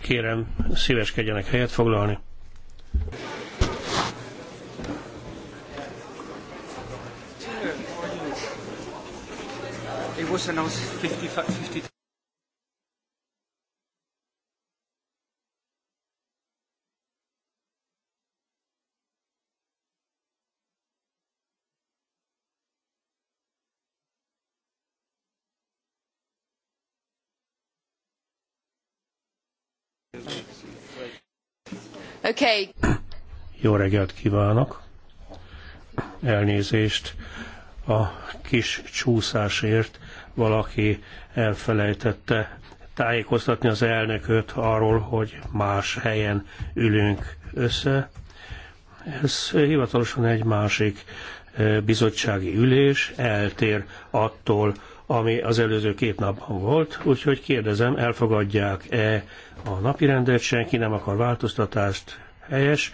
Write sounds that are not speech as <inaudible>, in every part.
Kérem, szíveskedjenek helyet foglalni. It was announced 50, 50 Okay. Jó reggelt kívánok! Elnézést a kis csúszásért valaki elfelejtette tájékoztatni az elnököt arról, hogy más helyen ülünk össze. Ez hivatalosan egy másik eh, bizottsági ülés eltér attól, ami az előző két napban volt, úgyhogy kérdezem, elfogadják-e a rendet, senki nem akar változtatást, helyes.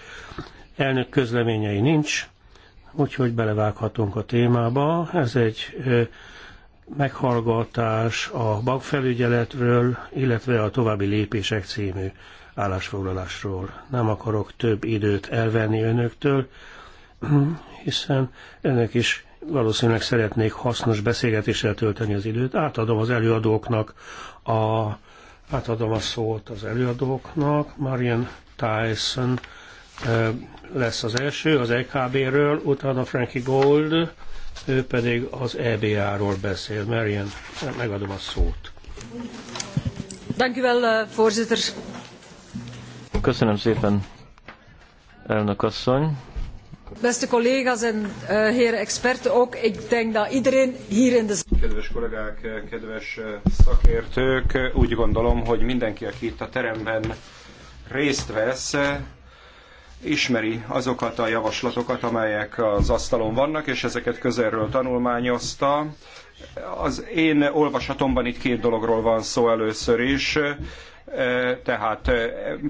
Elnök közleményei nincs, úgyhogy belevághatunk a témába. Ez egy meghallgatás a bankfelügyeletről, illetve a további lépések című állásfoglalásról. Nem akarok több időt elvenni önöktől, <clears throat> hiszen önök is valószínűleg szeretnék hasznos beszélgetéssel tölteni az időt. Átadom az előadóknak a, átadom a szót az előadóknak. Marian Tyson lesz az első az EKB-ről, utána Frankie Gold, ő pedig az EBA-ról beszél. Marian, megadom a szót. Eh, Köszönöm szépen, elnök asszony. Beste collega's en uh, heren experten ook, ik denk dat iedereen hier in de... Kedves kollégák, eh, kedves eh, szakértők, úgy gondolom, hogy mindenki, aki itt a teremben részt vesz, ismeri azokat a javaslatokat, amelyek az asztalon vannak, és ezeket közelről tanulmányozta. Az én olvasatomban itt két dologról van szó először is tehát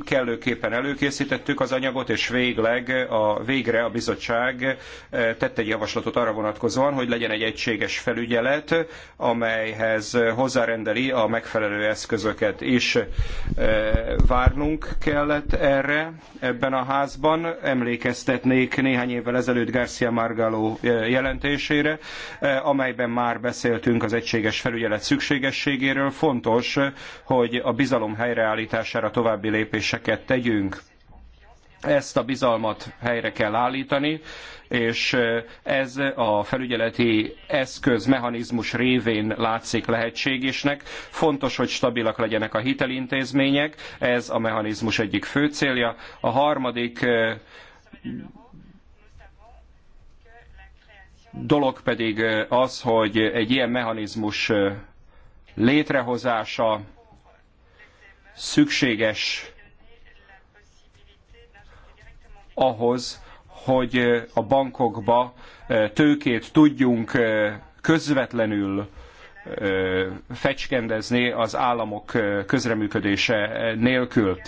kellőképpen előkészítettük az anyagot, és végleg a, végre a bizottság tett egy javaslatot arra vonatkozóan, hogy legyen egy egységes felügyelet, amelyhez hozzárendeli a megfelelő eszközöket is. Várnunk kellett erre ebben a házban. Emlékeztetnék néhány évvel ezelőtt Garcia Margaló jelentésére, amelyben már beszéltünk az egységes felügyelet szükségességéről. Fontos, hogy a bizalom helyett helyreállítására további lépéseket tegyünk. Ezt a bizalmat helyre kell állítani, és ez a felügyeleti eszköz mechanizmus révén látszik lehetségesnek. Fontos, hogy stabilak legyenek a hitelintézmények, ez a mechanizmus egyik fő célja. A harmadik eh, dolog pedig eh, az, hogy egy ilyen mechanizmus eh, létrehozása szükséges ahhoz, hogy a bankokba tőkét tudjunk közvetlenül fecskendezni az államok közreműködése nélkül.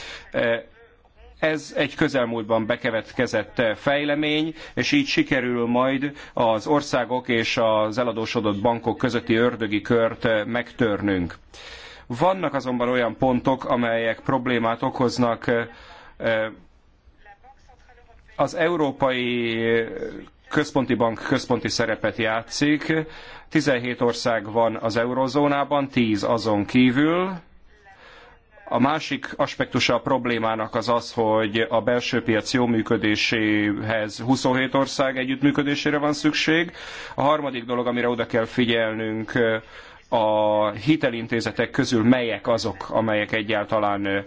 Ez egy közelmúltban bekevetkezett fejlemény, és így sikerül majd az országok és az eladósodott bankok közötti ördögi kört megtörnünk. Vannak azonban olyan pontok, amelyek problémát okoznak az Európai Központi Bank központi szerepet játszik. 17 ország van az eurozónában, 10 azon kívül. A másik aspektusa a problémának az az, hogy a belső piac jó működéséhez 27 ország együttműködésére van szükség. A harmadik dolog, amire oda kell figyelnünk, a hitelintézetek közül melyek azok, amelyek egyáltalán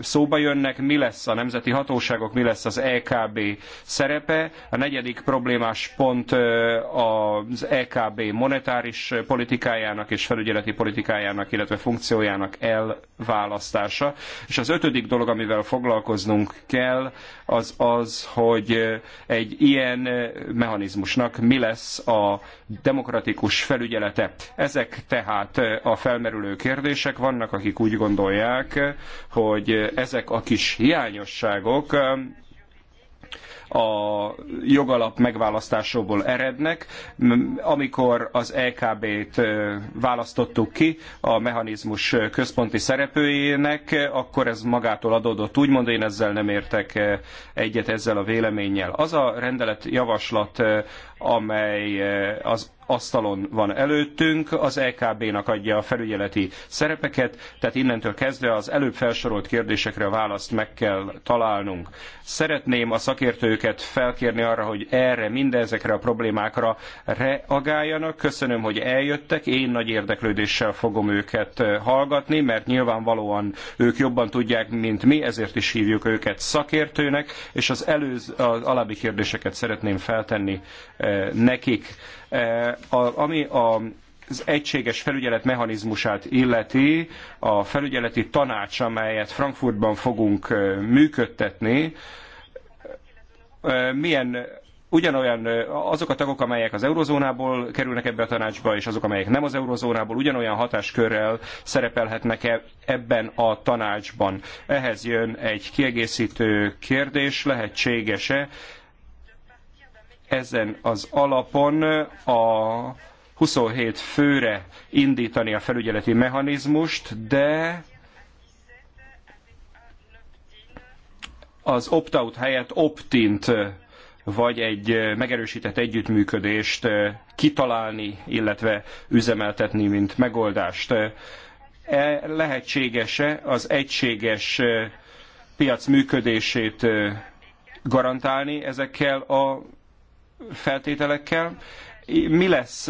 szóba jönnek, mi lesz a nemzeti hatóságok, mi lesz az EKB szerepe. A negyedik problémás pont az EKB monetáris politikájának és felügyeleti politikájának, illetve funkciójának elválasztása. És az ötödik dolog, amivel foglalkoznunk kell, az az, hogy egy ilyen mechanizmusnak mi lesz a demokratikus felügyelete ezek tehát a felmerülő kérdések. Vannak, akik úgy gondolják, hogy ezek a kis hiányosságok a jogalap megválasztásából erednek. Amikor az EKB-t választottuk ki a mechanizmus központi szereplőjének, akkor ez magától adódott. Úgymond én ezzel nem értek egyet ezzel a véleménnyel. Az a rendelet javaslat, amely az asztalon van előttünk, az EKB-nak adja a felügyeleti szerepeket, tehát innentől kezdve az előbb felsorolt kérdésekre a választ meg kell találnunk. Szeretném a szakértőket felkérni arra, hogy erre, mindezekre a problémákra reagáljanak. Köszönöm, hogy eljöttek, én nagy érdeklődéssel fogom őket eh, hallgatni, mert nyilvánvalóan ők jobban tudják, mint mi, ezért is hívjuk őket szakértőnek, és az előző az alábbi kérdéseket szeretném feltenni eh, nekik. Eh, ami a az egységes felügyelet mechanizmusát illeti, a felügyeleti tanács, amelyet Frankfurtban fogunk eh, működtetni, eh, milyen ugyanolyan azok a tagok, amelyek az eurozónából kerülnek ebbe a tanácsba, és azok, amelyek nem az eurozónából, ugyanolyan hatáskörrel szerepelhetnek e, ebben a tanácsban. Ehhez jön egy kiegészítő kérdés, lehetséges-e ezen az alapon a 27 főre indítani a felügyeleti mechanizmust, de az opt-out helyett opt vagy egy megerősített együttműködést kitalálni, illetve üzemeltetni, mint megoldást. E lehetséges-e az egységes piac működését garantálni ezekkel a feltételekkel. Mi lesz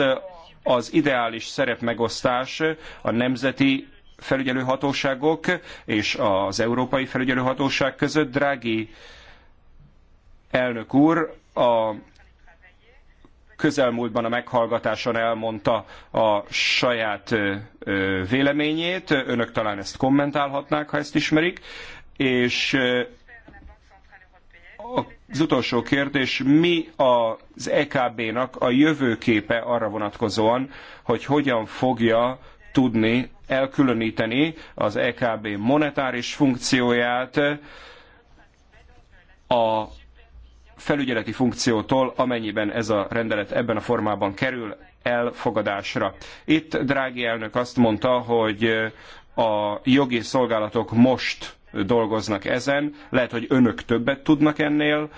az ideális szerepmegosztás a nemzeti felügyelőhatóságok és az Európai Felügyelőhatóság között. Drági elnök úr, a közelmúltban a meghallgatáson elmondta a saját véleményét, önök talán ezt kommentálhatnák, ha ezt ismerik, és az utolsó kérdés, mi az EKB-nak a jövőképe arra vonatkozóan, hogy hogyan fogja tudni elkülöníteni az EKB monetáris funkcióját a felügyeleti funkciótól, amennyiben ez a rendelet ebben a formában kerül elfogadásra. Itt Drági elnök azt mondta, hogy a jogi szolgálatok most dolgoznak ezen. Lehet, hogy önök többet tudnak ennél.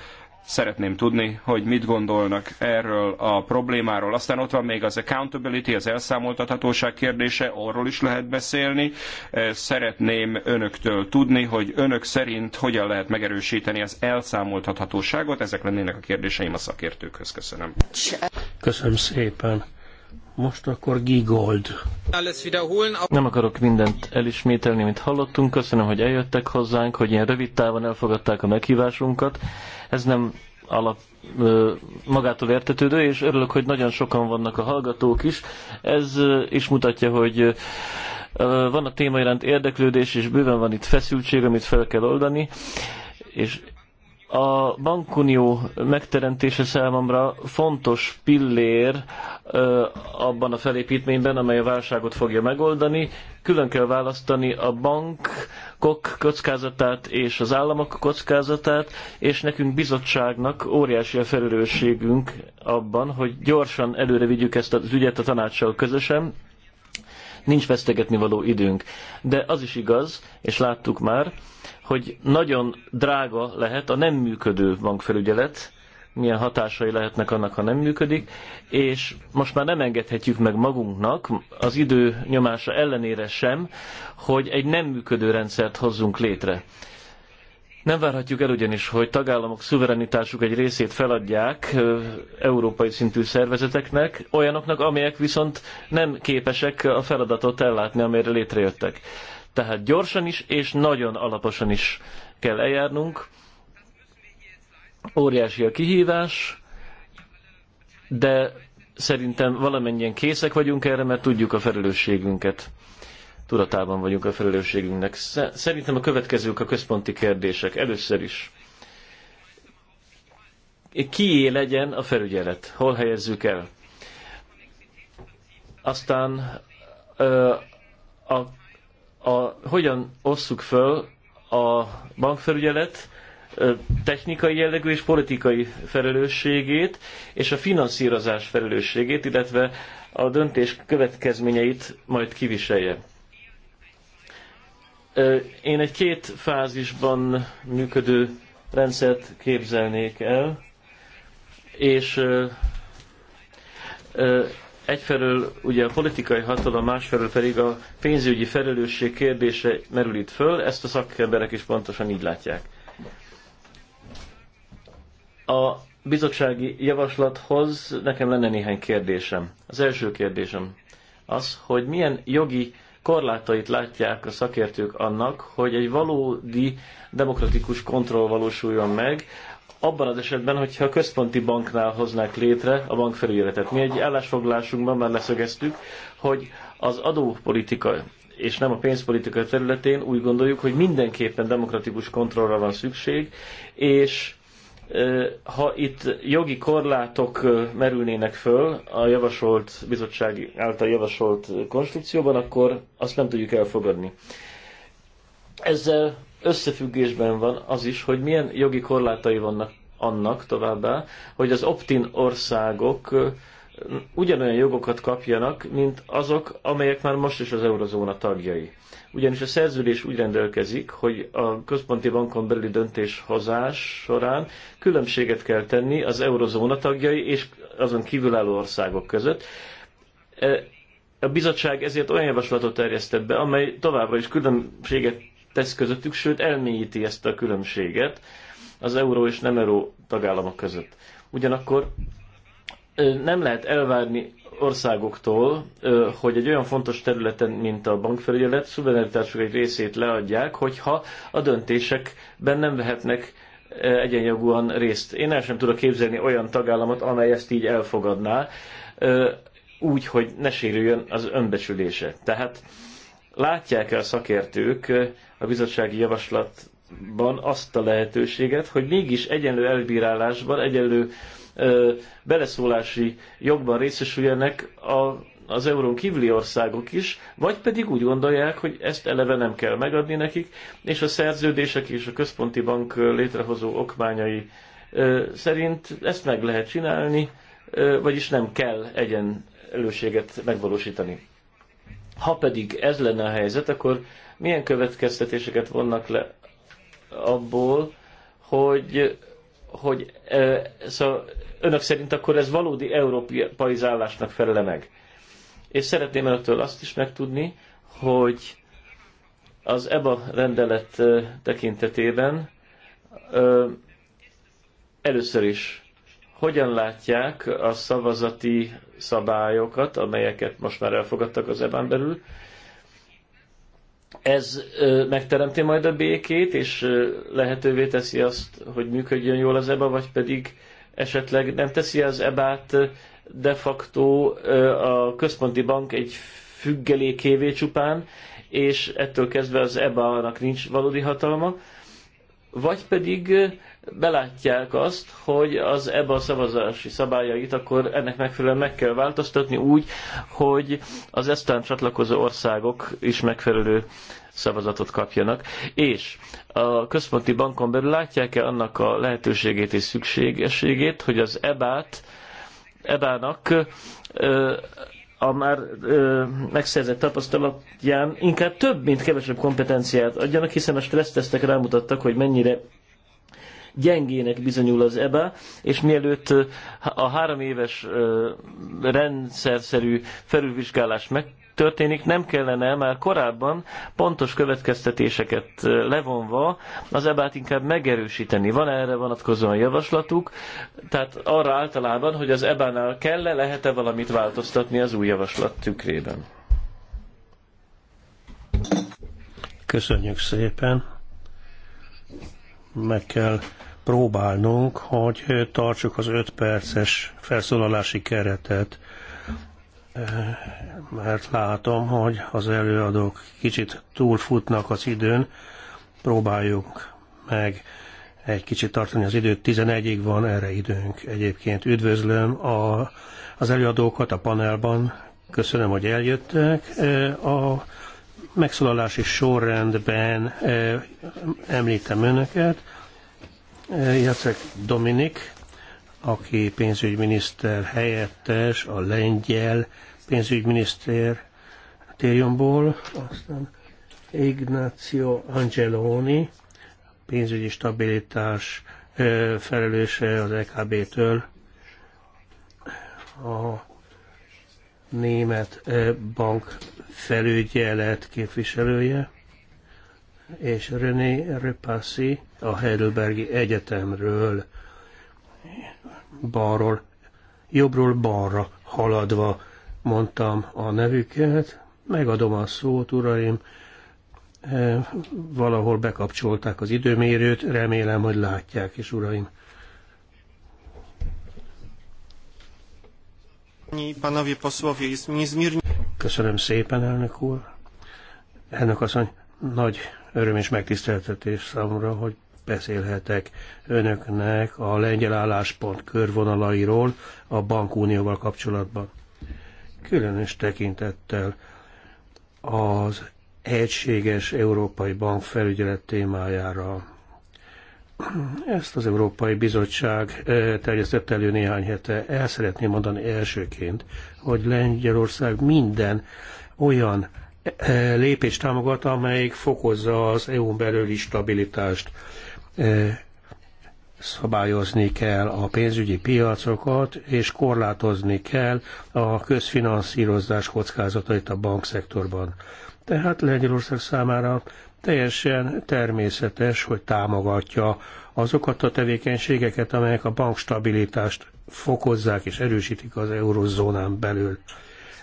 Szeretném tudni, hogy mit gondolnak erről a problémáról. Aztán ott van még az accountability, az elszámoltathatóság kérdése, arról is lehet beszélni. Szeretném önöktől tudni, hogy önök szerint hogyan lehet megerősíteni az elszámoltathatóságot. Ezek lennének a kérdéseim a szakértőkhöz. Köszönöm. Köszönöm szépen. Most akkor Gigold. Nem akarok mindent elismételni, mint hallottunk. Köszönöm, hogy eljöttek hozzánk, hogy ilyen rövid távon elfogadták a meghívásunkat. Ez nem alap magától értetődő, és örülök, hogy nagyon sokan vannak a hallgatók is. Ez is mutatja, hogy van a téma iránt érdeklődés, és bőven van itt feszültség, amit fel kell oldani, és a bankunió megteremtése számomra fontos pillér abban a felépítményben, amely a válságot fogja megoldani. Külön kell választani a bankok kockázatát és az államok kockázatát, és nekünk bizottságnak óriási a felelősségünk abban, hogy gyorsan előre vigyük ezt az ügyet a tanácssal közösen, nincs vesztegetni való időnk. De az is igaz, és láttuk már, hogy nagyon drága lehet a nem működő bankfelügyelet, milyen hatásai lehetnek annak, ha nem működik, és most már nem engedhetjük meg magunknak, az idő nyomása ellenére sem, hogy egy nem működő rendszert hozzunk létre. Nem várhatjuk el ugyanis, hogy tagállamok szuverenitásuk egy részét feladják európai szintű szervezeteknek, olyanoknak, amelyek viszont nem képesek a feladatot ellátni, amire létrejöttek. Tehát gyorsan is és nagyon alaposan is kell eljárnunk. Óriási a kihívás, de szerintem valamennyien készek vagyunk erre, mert tudjuk a felelősségünket. Tudatában vagyunk a felelősségünknek. Szerintem a következők a központi kérdések. Először is kié legyen a felügyelet, hol helyezzük el. Aztán a a, hogyan osszuk föl a bankfelügyelet technikai jellegű és politikai felelősségét, és a finanszírozás felelősségét, illetve a döntés következményeit majd kiviselje. Én egy két fázisban működő rendszert képzelnék el, és egyfelől ugye a politikai hatalom, másfelől pedig a pénzügyi felelősség kérdése merül itt föl, ezt a szakemberek is pontosan így látják. A bizottsági javaslathoz nekem lenne néhány kérdésem. Az első kérdésem az, hogy milyen jogi korlátait látják a szakértők annak, hogy egy valódi demokratikus kontroll valósuljon meg abban az esetben, hogyha a központi banknál hoznák létre a bankfelügyeletet. Mi egy állásfoglalásunkban már leszögeztük, hogy az adópolitika és nem a pénzpolitika területén úgy gondoljuk, hogy mindenképpen demokratikus kontrollra van szükség, és ha itt jogi korlátok merülnének föl a javasolt bizottság által javasolt konstrukcióban, akkor azt nem tudjuk elfogadni. Ezzel összefüggésben van az is, hogy milyen jogi korlátai vannak annak továbbá, hogy az optin országok ugyanolyan jogokat kapjanak, mint azok, amelyek már most is az eurozóna tagjai. Ugyanis a szerződés úgy rendelkezik, hogy a központi bankon belüli döntéshozás során különbséget kell tenni az eurozóna tagjai és azon kívülálló országok között. E, a bizottság ezért olyan javaslatot terjesztett be, amely továbbra is különbséget tesz közöttük, sőt elmélyíti ezt a különbséget az euró és nem euró tagállamok között. Ugyanakkor nem lehet elvárni országoktól, hogy egy olyan fontos területen, mint a bankfelügyelet, szuverenitásuk egy részét leadják, hogyha a döntésekben nem vehetnek egyenjogúan részt. Én el sem tudok képzelni olyan tagállamot, amely ezt így elfogadná, úgy, hogy ne sérüljön az önbecsülése. Tehát látják el a szakértők a bizottsági javaslatban azt a lehetőséget, hogy mégis egyenlő elbírálásban, egyenlő ö, beleszólási jogban részesüljenek a, az eurón kívüli országok is, vagy pedig úgy gondolják, hogy ezt eleve nem kell megadni nekik, és a szerződések és a központi bank létrehozó okmányai ö, szerint ezt meg lehet csinálni, ö, vagyis nem kell egyenlőséget megvalósítani. Ha pedig ez lenne a helyzet, akkor milyen következtetéseket vonnak le abból, hogy, hogy e, szóval önök szerint akkor ez valódi európai zálásnak felele meg. És szeretném önöktől azt is megtudni, hogy az EBA rendelet tekintetében e, először is hogyan látják a szavazati szabályokat, amelyeket most már elfogadtak az EBA-n belül, ez megteremti majd a békét, és lehetővé teszi azt, hogy működjön jól az EBA, vagy pedig esetleg nem teszi az EBA-t de facto a központi bank egy függelékévé csupán, és ettől kezdve az EBA-nak nincs valódi hatalma, vagy pedig belátják azt, hogy az ebben a szavazási szabályait akkor ennek megfelelően meg kell változtatni úgy, hogy az eztán csatlakozó országok is megfelelő szavazatot kapjanak, és a központi bankon belül látják-e annak a lehetőségét és szükségességét, hogy az EBA-t, EBA-nak a már ö, megszerzett tapasztalatján inkább több, mint kevesebb kompetenciát adjanak, hiszen a stressztesztek rámutattak, hogy mennyire gyengének bizonyul az EBA, és mielőtt a három éves rendszerszerű felülvizsgálás meg történik, nem kellene már korábban pontos következtetéseket levonva az ebát inkább megerősíteni. Van erre vonatkozóan javaslatuk, tehát arra általában, hogy az ebánál kell-e, lehet-e valamit változtatni az új javaslat tükrében. Köszönjük szépen meg kell próbálnunk, hogy tartsuk az 5 perces felszólalási keretet, eh, mert látom, hogy az előadók kicsit túlfutnak az időn, próbáljuk meg egy kicsit tartani az időt, 11-ig van erre időnk egyébként. Üdvözlöm a, az előadókat a panelban, köszönöm, hogy eljöttek. Eh, a megszólalási sorrendben említem önöket. Jacek Dominik, aki pénzügyminiszter helyettes a lengyel pénzügyminiszter térjomból, aztán Ignacio Angeloni, pénzügyi stabilitás felelőse az EKB-től, a német bank felügyelet képviselője, és René Repassi a Heidelbergi Egyetemről balról, jobbról balra haladva mondtam a nevüket. Megadom a szót, uraim. Valahol bekapcsolták az időmérőt, remélem, hogy látják is, uraim. Köszönöm szépen, elnök úr. Elnök asszony, nagy öröm és megtiszteltetés számomra, hogy beszélhetek önöknek a lengyel álláspont körvonalairól a bankunióval kapcsolatban. Különös tekintettel az egységes európai bank felügyelet témájára ezt az Európai Bizottság eh, terjesztett elő néhány hete. El szeretném mondani elsőként, hogy Lengyelország minden olyan eh, lépést támogat, amelyik fokozza az EU-n belüli stabilitást. Eh, szabályozni kell a pénzügyi piacokat, és korlátozni kell a közfinanszírozás kockázatait a bankszektorban. Tehát Lengyelország számára teljesen természetes, hogy támogatja azokat a tevékenységeket, amelyek a bankstabilitást fokozzák és erősítik az eurozónán belül.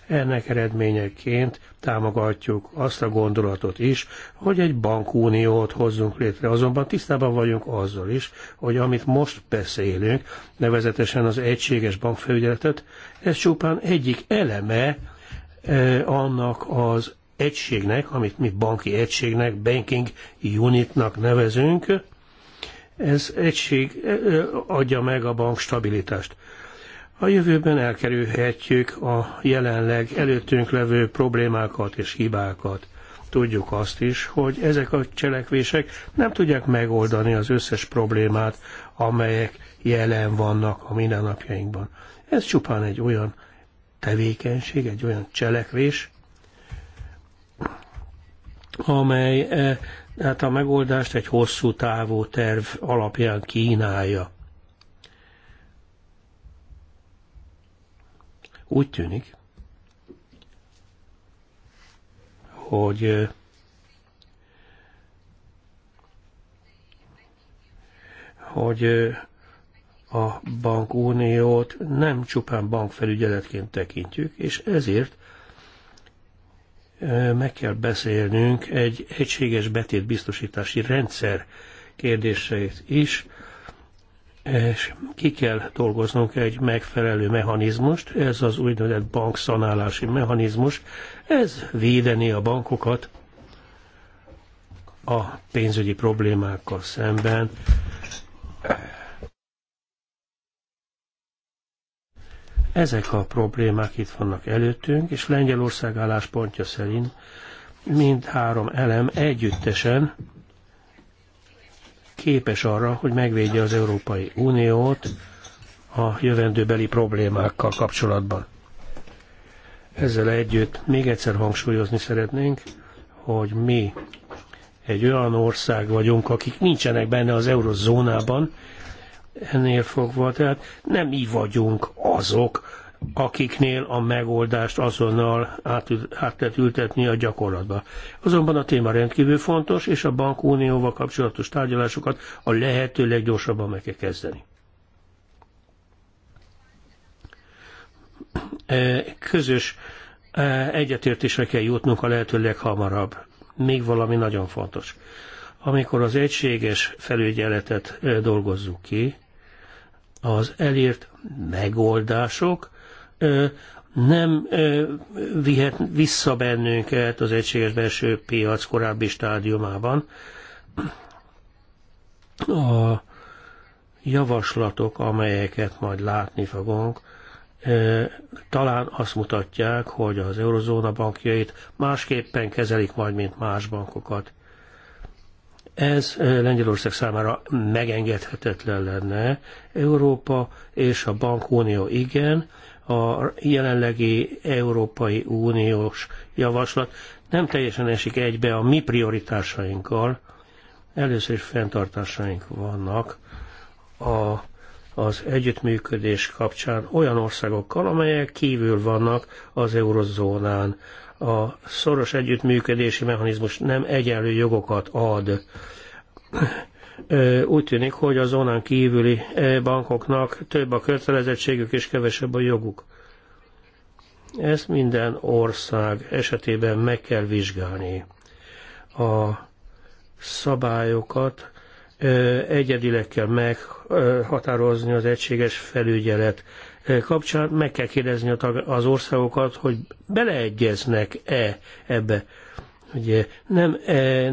Ennek eredményeként támogatjuk azt a gondolatot is, hogy egy bankuniót hozzunk létre. Azonban tisztában vagyunk azzal is, hogy amit most beszélünk, nevezetesen az egységes bankfelügyeletet, ez csupán egyik eleme eh, annak az egységnek, amit mi banki egységnek, banking unitnak nevezünk, ez egység adja meg a bank stabilitást. A jövőben elkerülhetjük a jelenleg előttünk levő problémákat és hibákat. Tudjuk azt is, hogy ezek a cselekvések nem tudják megoldani az összes problémát, amelyek jelen vannak a mindennapjainkban. Ez csupán egy olyan tevékenység, egy olyan cselekvés, amely eh, hát a megoldást egy hosszú távú terv alapján kínálja. Úgy tűnik, hogy eh, hogy eh, a bankuniót nem csupán bankfelügyeletként tekintjük, és ezért meg kell beszélnünk egy egységes betétbiztosítási rendszer kérdéseit is, és ki kell dolgoznunk egy megfelelő mechanizmust, ez az úgynevezett bankszanálási mechanizmus, ez védeni a bankokat a pénzügyi problémákkal szemben, Ezek a problémák itt vannak előttünk, és Lengyelország álláspontja szerint mind három elem együttesen képes arra, hogy megvédje az Európai Uniót a jövendőbeli problémákkal kapcsolatban. Ezzel együtt még egyszer hangsúlyozni szeretnénk, hogy mi egy olyan ország vagyunk, akik nincsenek benne az eurozónában, ennél fogva. Tehát nem mi vagyunk azok, akiknél a megoldást azonnal át, át lehet ültetni a gyakorlatba. Azonban a téma rendkívül fontos, és a bankunióval kapcsolatos tárgyalásokat a lehető leggyorsabban meg kell kezdeni. E, közös e, egyetértésre kell jutnunk a lehető leghamarabb. Még valami nagyon fontos. Amikor az egységes felügyeletet e, dolgozzuk ki, az elért megoldások nem vihet vissza bennünket az egységes belső piac korábbi stádiumában. A javaslatok, amelyeket majd látni fogunk, talán azt mutatják, hogy az eurozóna bankjait másképpen kezelik majd, mint más bankokat. Ez Lengyelország számára megengedhetetlen lenne. Európa és a bankunió igen, a jelenlegi Európai Uniós javaslat nem teljesen esik egybe a mi prioritásainkkal. Először is fenntartásaink vannak a, az együttműködés kapcsán olyan országokkal, amelyek kívül vannak az eurozónán a szoros együttműködési mechanizmus nem egyenlő jogokat ad. Úgy tűnik, hogy a zónán kívüli bankoknak több a kötelezettségük és kevesebb a joguk. Ezt minden ország esetében meg kell vizsgálni. A szabályokat egyedileg kell meghatározni az egységes felügyelet kapcsán meg kell kérdezni az országokat, hogy beleegyeznek-e ebbe. Ugye nem,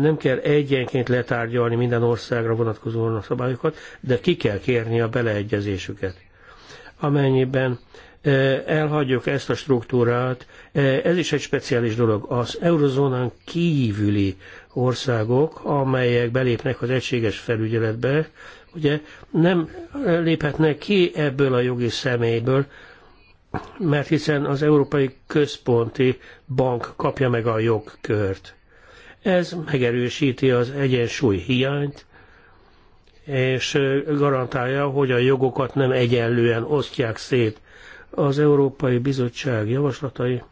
nem kell egyenként letárgyalni minden országra vonatkozóan a szabályokat, de ki kell kérni a beleegyezésüket. Amennyiben elhagyjuk ezt a struktúrát. Ez is egy speciális dolog. Az eurozónán kívüli országok, amelyek belépnek az egységes felügyeletbe, ugye nem léphetnek ki ebből a jogi személyből, mert hiszen az Európai Központi Bank kapja meg a jogkört. Ez megerősíti az egyensúly hiányt, és garantálja, hogy a jogokat nem egyenlően osztják szét az Európai Bizottság javaslatai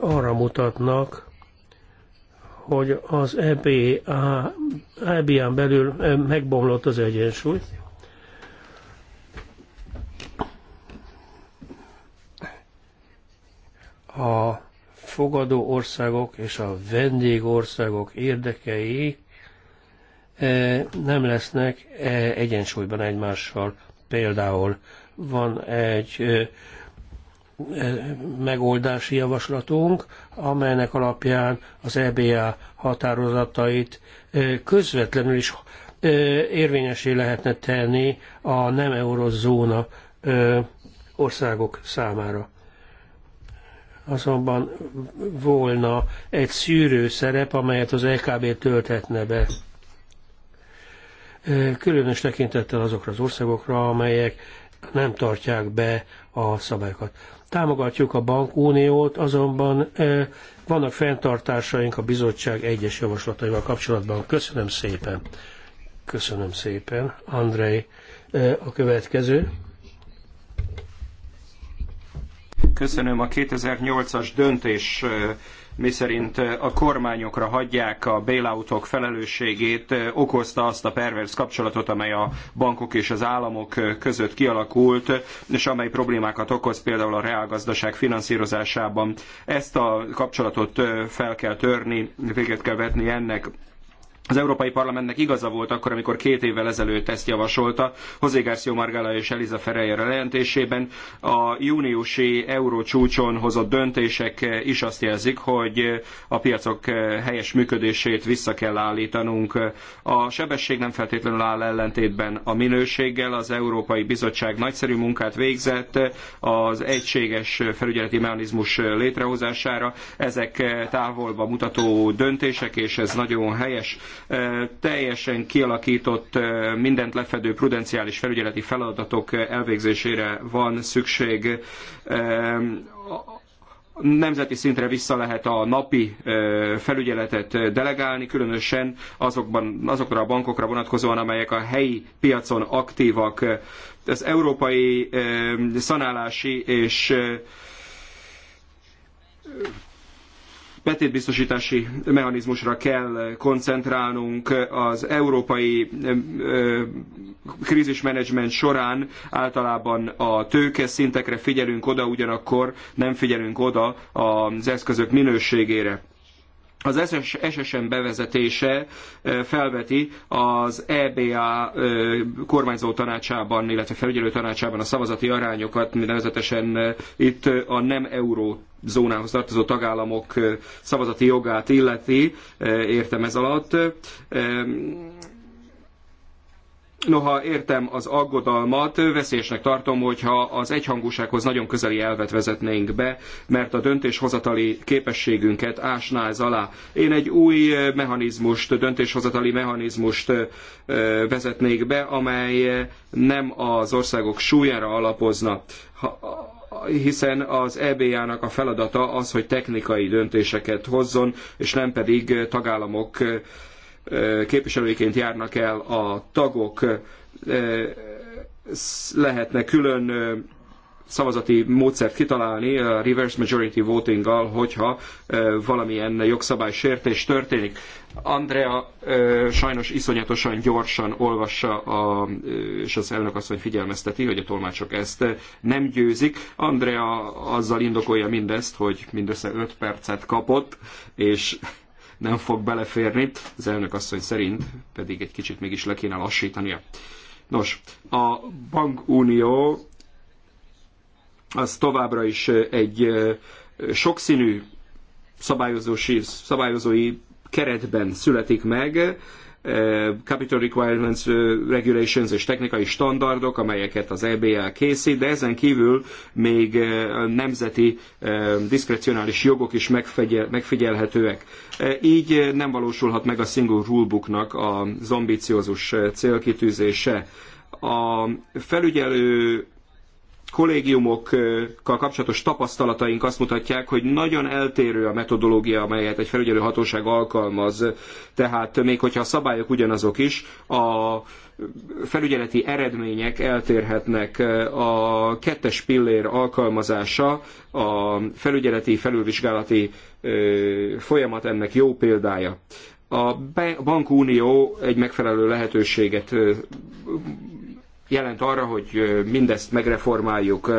arra mutatnak, hogy az EBA, e n belül megbomlott az egyensúly. A fogadó országok és a vendégországok érdekei E, nem lesznek e, egyensúlyban egymással. Például van egy e, megoldási javaslatunk, amelynek alapján az EBA határozatait közvetlenül is érvényesé lehetne tenni a nem eurozóna országok számára. Azonban volna egy szűrő szerep, amelyet az EKB tölthetne be különös tekintettel azokra az országokra, amelyek nem tartják be a szabályokat. Támogatjuk a bankuniót, azonban vannak fenntartásaink a bizottság egyes javaslataival kapcsolatban. Köszönöm szépen. Köszönöm szépen. Andrei, a következő. Köszönöm a 2008-as döntés miszerint a kormányokra hagyják a bailoutok felelősségét, okozta azt a pervers kapcsolatot, amely a bankok és az államok között kialakult, és amely problémákat okoz például a reálgazdaság finanszírozásában. Ezt a kapcsolatot fel kell törni, véget kell vetni ennek az Európai Parlamentnek igaza volt akkor, amikor két évvel ezelőtt ezt javasolta, José García Margala és Eliza Ferreira jelentésében. A júniusi eurócsúcson hozott döntések is azt jelzik, hogy a piacok helyes működését vissza kell állítanunk. A sebesség nem feltétlenül áll ellentétben a minőséggel. Az Európai Bizottság nagyszerű munkát végzett az egységes felügyeleti mechanizmus létrehozására. Ezek távolba mutató döntések, és ez nagyon helyes teljesen kialakított, mindent lefedő prudenciális felügyeleti feladatok elvégzésére van szükség nemzeti szintre vissza lehet a napi felügyeletet delegálni, különösen azokban, azokra a bankokra vonatkozóan, amelyek a helyi piacon aktívak. Az európai szanálási és betétbiztosítási mechanizmusra kell koncentrálnunk az európai krízismenedzsment során általában a tőke szintekre figyelünk oda, ugyanakkor nem figyelünk oda az eszközök minőségére. Az SSM bevezetése felveti az EBA kormányzó tanácsában, illetve felügyelő tanácsában a szavazati arányokat, nevezetesen itt a nem euró zónához tartozó tagállamok szavazati jogát illeti, értem ez alatt Noha értem az aggodalmat, veszélyesnek tartom, hogyha az egyhangúsághoz nagyon közeli elvet vezetnénk be, mert a döntéshozatali képességünket ásná ez alá. Én egy új mechanizmust, döntéshozatali mechanizmust vezetnék be, amely nem az országok súlyára alapozna hiszen az EBA-nak a feladata az, hogy technikai döntéseket hozzon, és nem pedig tagállamok képviselőiként járnak el a tagok, lehetne külön szavazati módszert kitalálni a reverse majority votinggal, hogyha valamilyen jogszabálysértés történik. Andrea sajnos iszonyatosan gyorsan olvassa, a, és az elnök asszony figyelmezteti, hogy a tolmácsok ezt nem győzik. Andrea azzal indokolja mindezt, hogy mindössze 5 percet kapott, és nem fog beleférni, az elnök asszony szerint pedig egy kicsit mégis le kéne lassítania. Nos, a bankunió az továbbra is egy sokszínű szabályozói keretben születik meg, capital requirements regulations és technikai standardok, amelyeket az EBA készít, de ezen kívül még nemzeti diszkrecionális jogok is megfigyelhetőek. Így nem valósulhat meg a single rulebooknak az ambiciózus célkitűzése. A felügyelő kollégiumokkal kapcsolatos tapasztalataink azt mutatják, hogy nagyon eltérő a metodológia, amelyet egy felügyelő hatóság alkalmaz. Tehát még hogyha a szabályok ugyanazok is, a felügyeleti eredmények eltérhetnek. A kettes pillér alkalmazása, a felügyeleti felülvizsgálati folyamat ennek jó példája. A bankunió egy megfelelő lehetőséget jelent arra, hogy mindezt megreformáljuk.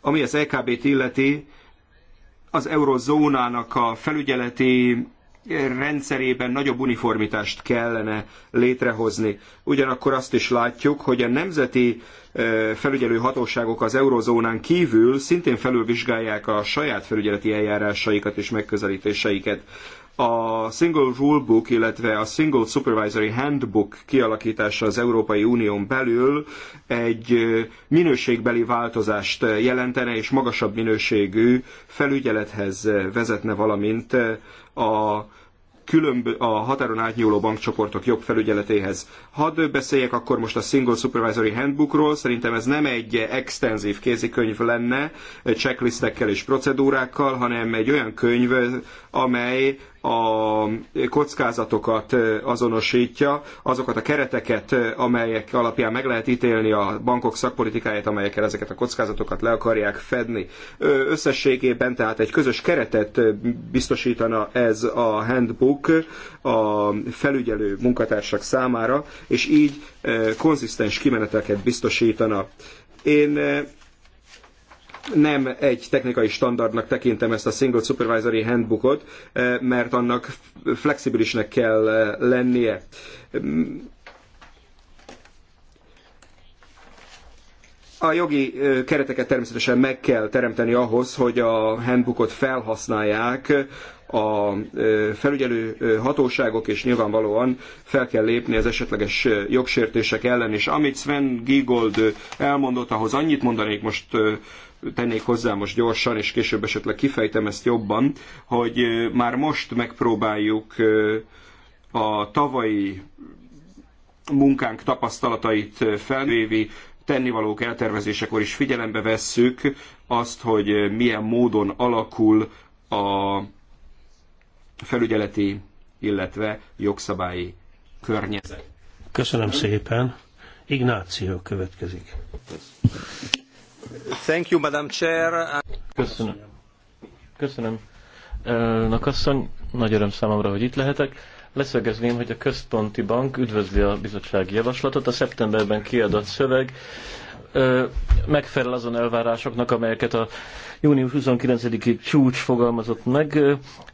Ami az EKB-t illeti, az eurozónának a felügyeleti rendszerében nagyobb uniformitást kellene létrehozni. Ugyanakkor azt is látjuk, hogy a nemzeti felügyelő hatóságok az eurozónán kívül szintén felülvizsgálják a saját felügyeleti eljárásaikat és megközelítéseiket a Single Rulebook, illetve a Single Supervisory Handbook kialakítása az Európai Unión belül egy minőségbeli változást jelentene, és magasabb minőségű felügyelethez vezetne, valamint a különb- a határon átnyúló bankcsoportok jobb felügyeletéhez. Hadd beszéljek akkor most a Single Supervisory Handbookról, szerintem ez nem egy extenzív kézikönyv lenne, checklistekkel és procedúrákkal, hanem egy olyan könyv, amely a kockázatokat azonosítja, azokat a kereteket, amelyek alapján meg lehet ítélni a bankok szakpolitikáját, amelyekkel ezeket a kockázatokat le akarják fedni. Összességében tehát egy közös keretet biztosítana ez a handbook a felügyelő munkatársak számára, és így konzisztens kimeneteket biztosítana. Én nem egy technikai standardnak tekintem ezt a Single Supervisory Handbookot, eh, mert annak flexibilisnek kell eh, lennie. A jogi eh, kereteket természetesen meg kell teremteni ahhoz, hogy a handbookot felhasználják a felügyelő hatóságok, és nyilvánvalóan fel kell lépni az esetleges jogsértések ellen. És amit Sven Giegold elmondott, ahhoz annyit mondanék most tennék hozzá most gyorsan, és később esetleg kifejtem ezt jobban, hogy már most megpróbáljuk a tavalyi munkánk tapasztalatait felvévi tennivalók eltervezésekor is figyelembe vesszük azt, hogy milyen módon alakul a felügyeleti, illetve jogszabályi környezet. Köszönöm szépen. Ignáció következik. Thank you, Madam Chair. Köszönöm. Köszönöm. Elnök nagy öröm számomra, hogy itt lehetek. Leszögezném, hogy a Központi Bank üdvözli a bizottsági javaslatot. A szeptemberben kiadott szöveg megfelel azon elvárásoknak, amelyeket a június 29-i csúcs fogalmazott meg,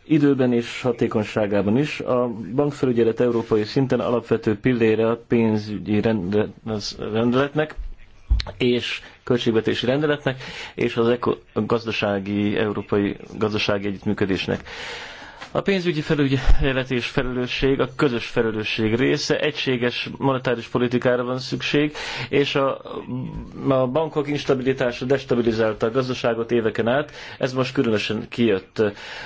időben és hatékonyságában is. A bankfelügyelet európai szinten alapvető pillére a pénzügyi rendeletnek, és költségvetési rendeletnek, és az gazdasági, európai gazdasági együttműködésnek. A pénzügyi felügyelet és felelősség a közös felelősség része, egységes monetáris politikára van szükség, és a, a bankok instabilitása destabilizálta a gazdaságot éveken át, ez most különösen kijött.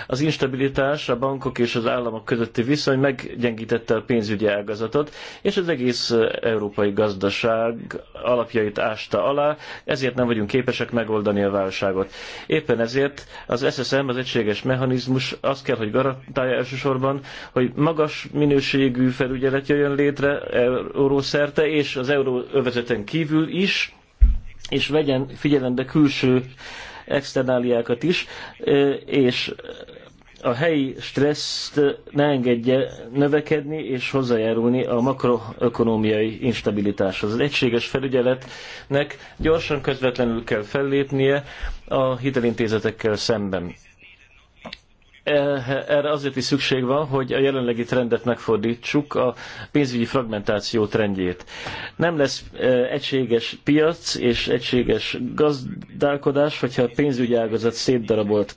Az instabilitás a bankok és az államok közötti viszony meggyengítette a pénzügyi ágazatot, és az egész európai gazdaság alapjait ásta alá, ezért nem vagyunk képesek megoldani a válságot. Éppen ezért az SSM, az egységes mechanizmus azt kell, hogy garantája elsősorban, hogy magas minőségű felügyelet jöjjön létre eurószerte, és az euróövezeten kívül is, és vegyen figyelembe külső externáliákat is, és a helyi stresszt ne engedje növekedni és hozzájárulni a makroökonómiai instabilitáshoz. Az egységes felügyeletnek gyorsan közvetlenül kell fellépnie a hitelintézetekkel szemben. Erre azért is szükség van, hogy a jelenlegi trendet megfordítsuk, a pénzügyi fragmentáció trendjét. Nem lesz e, egységes piac és egységes gazdálkodás, hogyha a pénzügyi ágazat szétdarabolt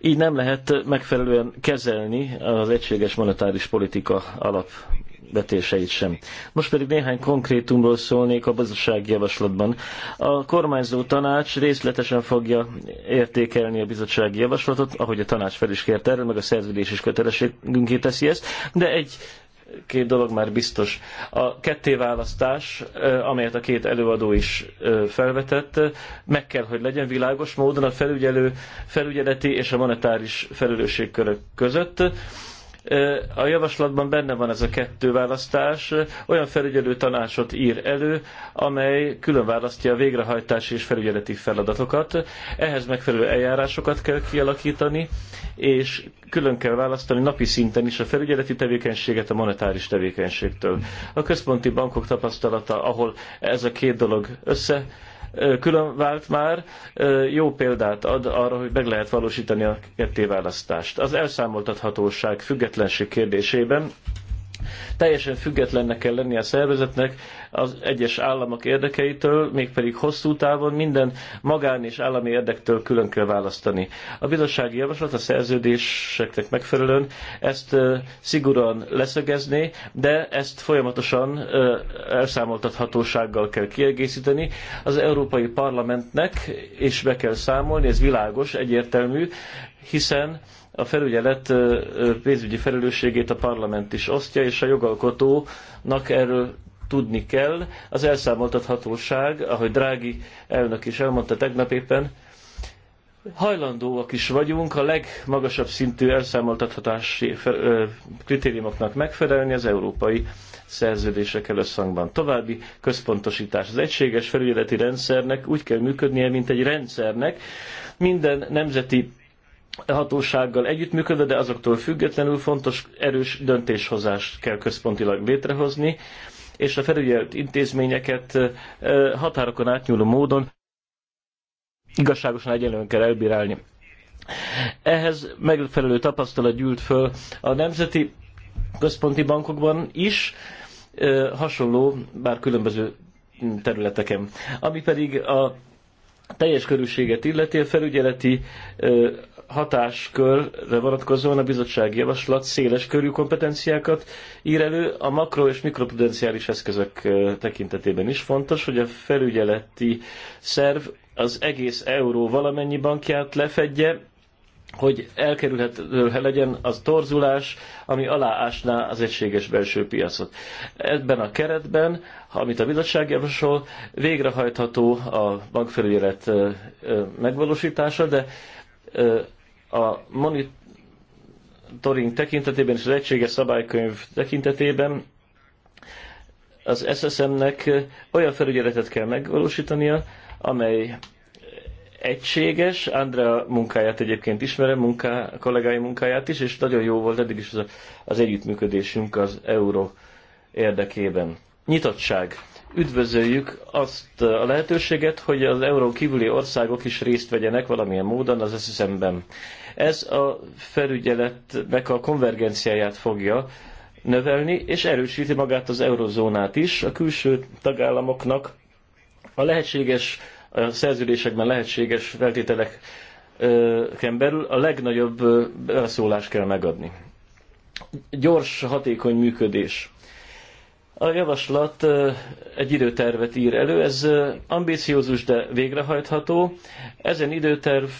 így nem lehet megfelelően kezelni az egységes monetáris politika alap vetéseit sem. Most pedig néhány konkrétumról szólnék a bizottsági javaslatban. A kormányzó tanács részletesen fogja értékelni a bizottsági javaslatot, ahogy a tanács fel is kért erről, meg a szerződés is kötelességünké teszi ezt, de egy két dolog már biztos. A kettéválasztás, amelyet a két előadó is felvetett, meg kell, hogy legyen világos módon a felügyelő, felügyeleti és a monetáris felelősségkörök között a javaslatban benne van ez a kettő választás. Olyan felügyelő tanácsot ír elő, amely külön választja a végrehajtási és felügyeleti feladatokat. Ehhez megfelelő eljárásokat kell kialakítani, és külön kell választani napi szinten is a felügyeleti tevékenységet a monetáris tevékenységtől. A központi bankok tapasztalata, ahol ez a két dolog össze külön vált már, jó példát ad arra, hogy meg lehet valósítani a kettéválasztást. Az elszámoltathatóság függetlenség kérdésében Teljesen függetlennek kell lenni a szervezetnek az egyes államok érdekeitől, mégpedig hosszú távon minden magán és állami érdektől külön kell választani. A bizottsági javaslat a szerződéseknek megfelelően ezt szigorúan leszögezné, de ezt folyamatosan elszámoltathatósággal kell kiegészíteni. Az Európai Parlamentnek is be kell számolni, ez világos, egyértelmű, hiszen a felügyelet pénzügyi felelősségét a parlament is osztja, és a jogalkotónak erről tudni kell. Az elszámoltathatóság, ahogy Drági elnök is elmondta tegnap éppen, hajlandóak is vagyunk a legmagasabb szintű elszámoltathatási kritériumoknak megfelelni az európai szerződésekkel összhangban. További központosítás. Az egységes felügyeleti rendszernek úgy kell működnie, mint egy rendszernek. Minden nemzeti hatósággal együttműködve, de azoktól függetlenül fontos, erős döntéshozást kell központilag létrehozni, és a felügyelt intézményeket határokon átnyúló módon igazságosan egyenlően kell elbírálni. Ehhez megfelelő tapasztalat gyűlt föl a nemzeti központi bankokban is, hasonló, bár különböző területeken. Ami pedig a teljes körülséget illeti, a felügyeleti hatáskörre vonatkozóan a bizottsági javaslat széles körű kompetenciákat ír elő, a makro- és mikroprudenciális eszközök tekintetében is fontos, hogy a felügyeleti szerv az egész euró valamennyi bankját lefedje, hogy elkerülhető legyen az torzulás, ami aláásná az egységes belső piacot. Ebben a keretben, amit a bizottság javasol, végrehajtható a bankfelügyelet megvalósítása, de a monitoring tekintetében és az egységes szabálykönyv tekintetében az SSM-nek olyan felügyeletet kell megvalósítania, amely egységes. Andrea munkáját egyébként ismerem, munká, kollégái munkáját is, és nagyon jó volt eddig is az, az együttműködésünk az euró érdekében. Nyitottság. Üdvözöljük azt a lehetőséget, hogy az euró kívüli országok is részt vegyenek valamilyen módon az eszemben. Ez a felügyeletnek a konvergenciáját fogja növelni, és erősíti magát az eurozónát is. A külső tagállamoknak a lehetséges a szerződésekben lehetséges feltételeken belül a legnagyobb beleszólást kell megadni. Gyors, hatékony működés. A javaslat egy időtervet ír elő, ez ambíciózus, de végrehajtható. Ezen időterv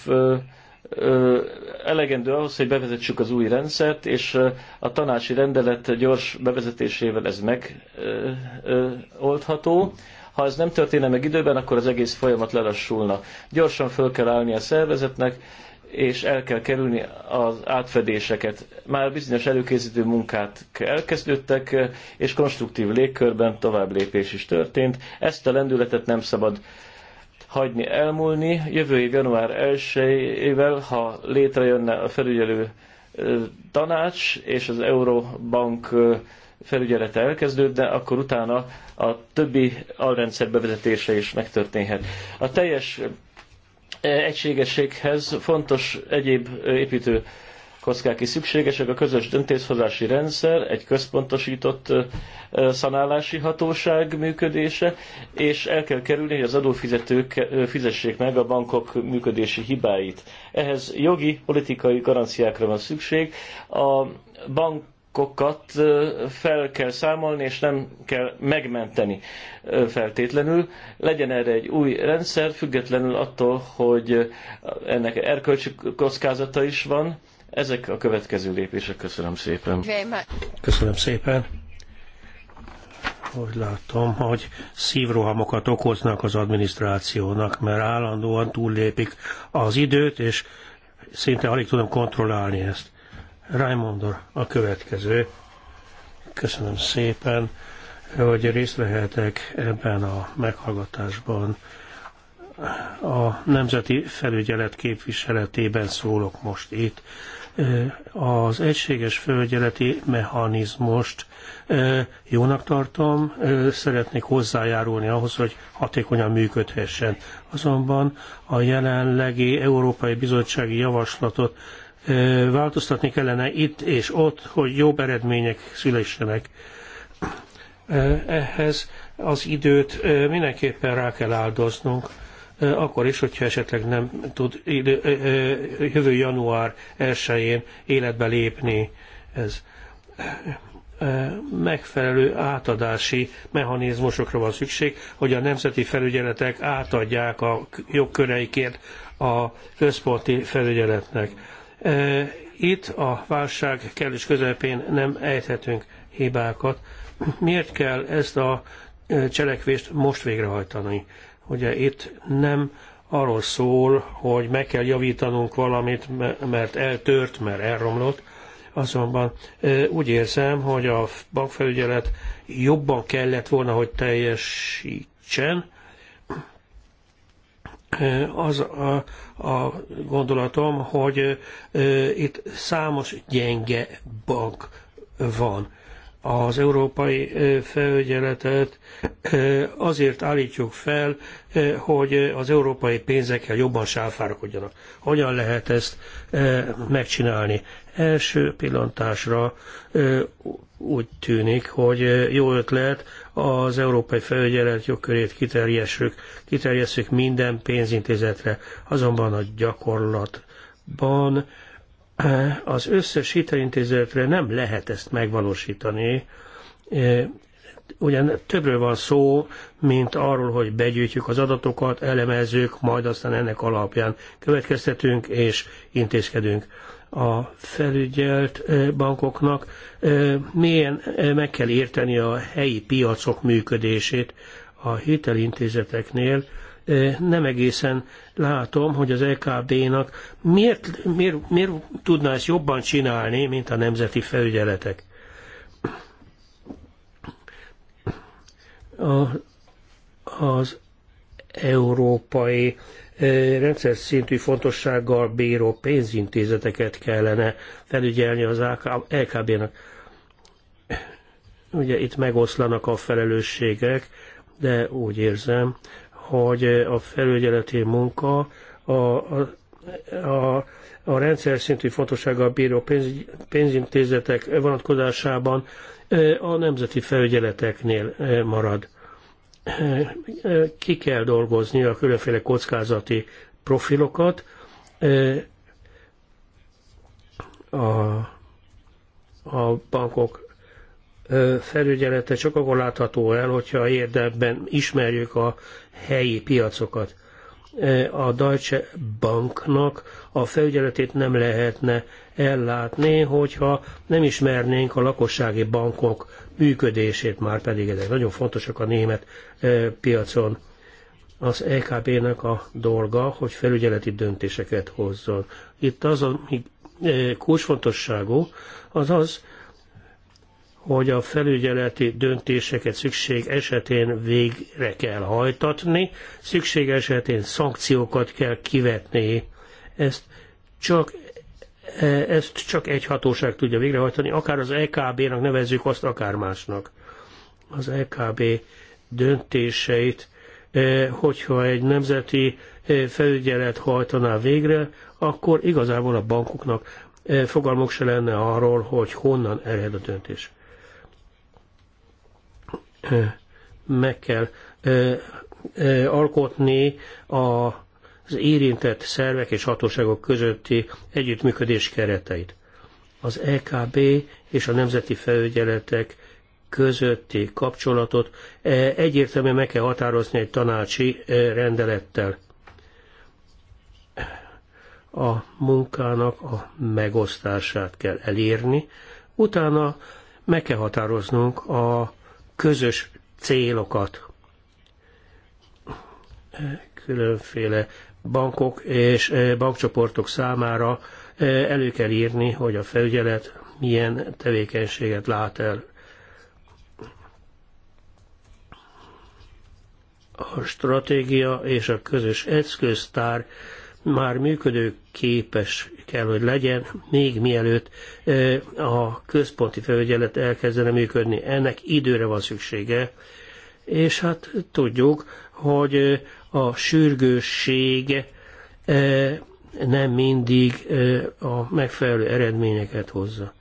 elegendő ahhoz, hogy bevezetsük az új rendszert, és a tanácsi rendelet gyors bevezetésével ez megoldható. Ha ez nem történne meg időben, akkor az egész folyamat lelassulna. Gyorsan föl kell állni a szervezetnek, és el kell kerülni az átfedéseket. Már bizonyos előkészítő munkát elkezdődtek, és konstruktív légkörben tovább lépés is történt. Ezt a lendületet nem szabad hagyni elmúlni. Jövő év január 1-ével, ha létrejönne a felügyelő tanács és az bank felügyelete elkezdőd, de akkor utána a többi alrendszer bevezetése is megtörténhet. A teljes e, egységességhez fontos egyéb e, építő kockák is szükségesek, a közös döntéshozási rendszer, egy központosított e, szanálási hatóság működése, és el kell kerülni, hogy az adófizetők fizessék meg a bankok működési hibáit. Ehhez jogi, politikai garanciákra van szükség. A bank bankokat fel kell számolni, és nem kell megmenteni feltétlenül. Legyen erre egy új rendszer, függetlenül attól, hogy ennek erkölcsi kockázata is van. Ezek a következő lépések. Köszönöm szépen. Köszönöm szépen. Hogy látom, hogy szívrohamokat okoznak az adminisztrációnak, mert állandóan túllépik az időt, és szinte alig tudom kontrollálni ezt. Raimondor a következő. Köszönöm szépen, hogy részt vehetek ebben a meghallgatásban. A Nemzeti Felügyelet képviseletében szólok most itt. Az egységes felügyeleti mechanizmust jónak tartom, szeretnék hozzájárulni ahhoz, hogy hatékonyan működhessen. Azonban a jelenlegi Európai Bizottsági Javaslatot változtatni kellene itt és ott, hogy jobb eredmények szülessenek. Ehhez az időt mindenképpen rá kell áldoznunk, akkor is, hogyha esetleg nem tud idő, jövő január 1-én életbe lépni ez megfelelő átadási mechanizmusokra van szükség, hogy a nemzeti felügyeletek átadják a jogköreikért a központi felügyeletnek itt a válság kellős közepén nem ejthetünk hibákat. Miért kell ezt a cselekvést most végrehajtani? Ugye itt nem arról szól, hogy meg kell javítanunk valamit, mert eltört, mert elromlott, azonban úgy érzem, hogy a bankfelügyelet jobban kellett volna, hogy teljesítsen, az a, a gondolatom, hogy itt számos gyenge bank van. Az európai felügyeletet azért állítjuk fel, hogy az európai pénzekkel jobban sáfárkodjanak. Hogyan lehet ezt megcsinálni? Első pillantásra úgy tűnik, hogy jó ötlet az európai felügyelet jogkörét kiterjessük, kiterjesszük minden pénzintézetre. Azonban a gyakorlatban eh, az összes hitelintézetre nem lehet ezt megvalósítani. Eh, ugyan többről van szó, mint arról, hogy begyűjtjük az adatokat, elemezzük, majd aztán ennek alapján következtetünk és intézkedünk a felügyelt bankoknak milyen meg kell érteni a helyi piacok működését a hitelintézeteknél. Nem egészen látom, hogy az lkb e nak miért, miért, miért tudná ezt jobban csinálni, mint a nemzeti felügyeletek. A, az európai rendszer szintű fontossággal bíró pénzintézeteket kellene felügyelni az LKB-nak. Ugye itt megoszlanak a felelősségek, de úgy érzem, hogy a felügyeleti munka a, a, a, a rendszer szintű fontossággal bíró pénz, pénzintézetek vonatkozásában a nemzeti felügyeleteknél marad ki kell dolgozni a különféle kockázati profilokat. A, a bankok felügyelete csak akkor látható el, hogyha érdemben ismerjük a helyi piacokat. A Deutsche Banknak a felügyeletét nem lehetne ellátni, hogyha nem ismernénk a lakossági bankok működését, már pedig ezek nagyon fontosak a német e, piacon. Az EKB-nek a dolga, hogy felügyeleti döntéseket hozzon. Itt az, ami e, kulcsfontosságú, az az, hogy a felügyeleti döntéseket szükség esetén végre kell hajtatni, szükség esetén szankciókat kell kivetni. Ezt csak E, ezt csak egy hatóság tudja végrehajtani, akár az EKB-nak nevezzük azt, akár másnak. Az EKB döntéseit, e, hogyha egy nemzeti e, felügyelet hajtaná végre, akkor igazából a bankoknak fogalmuk se lenne arról, hogy honnan ered a döntés. Meg kell alkotni a az érintett szervek és hatóságok közötti együttműködés kereteit. Az EKB és a nemzeti felügyeletek közötti kapcsolatot e, egyértelműen meg kell határozni egy tanácsi e, rendelettel. A munkának a megosztását kell elérni, utána meg kell határoznunk a közös célokat. Különféle bankok és bankcsoportok számára elő kell írni, hogy a felügyelet milyen tevékenységet lát el. A stratégia és a közös eszköztár már működőképes kell, hogy legyen, még mielőtt a központi felügyelet elkezdene működni. Ennek időre van szüksége, és hát tudjuk, hogy a sürgősség e, nem mindig e, a megfelelő eredményeket hozza.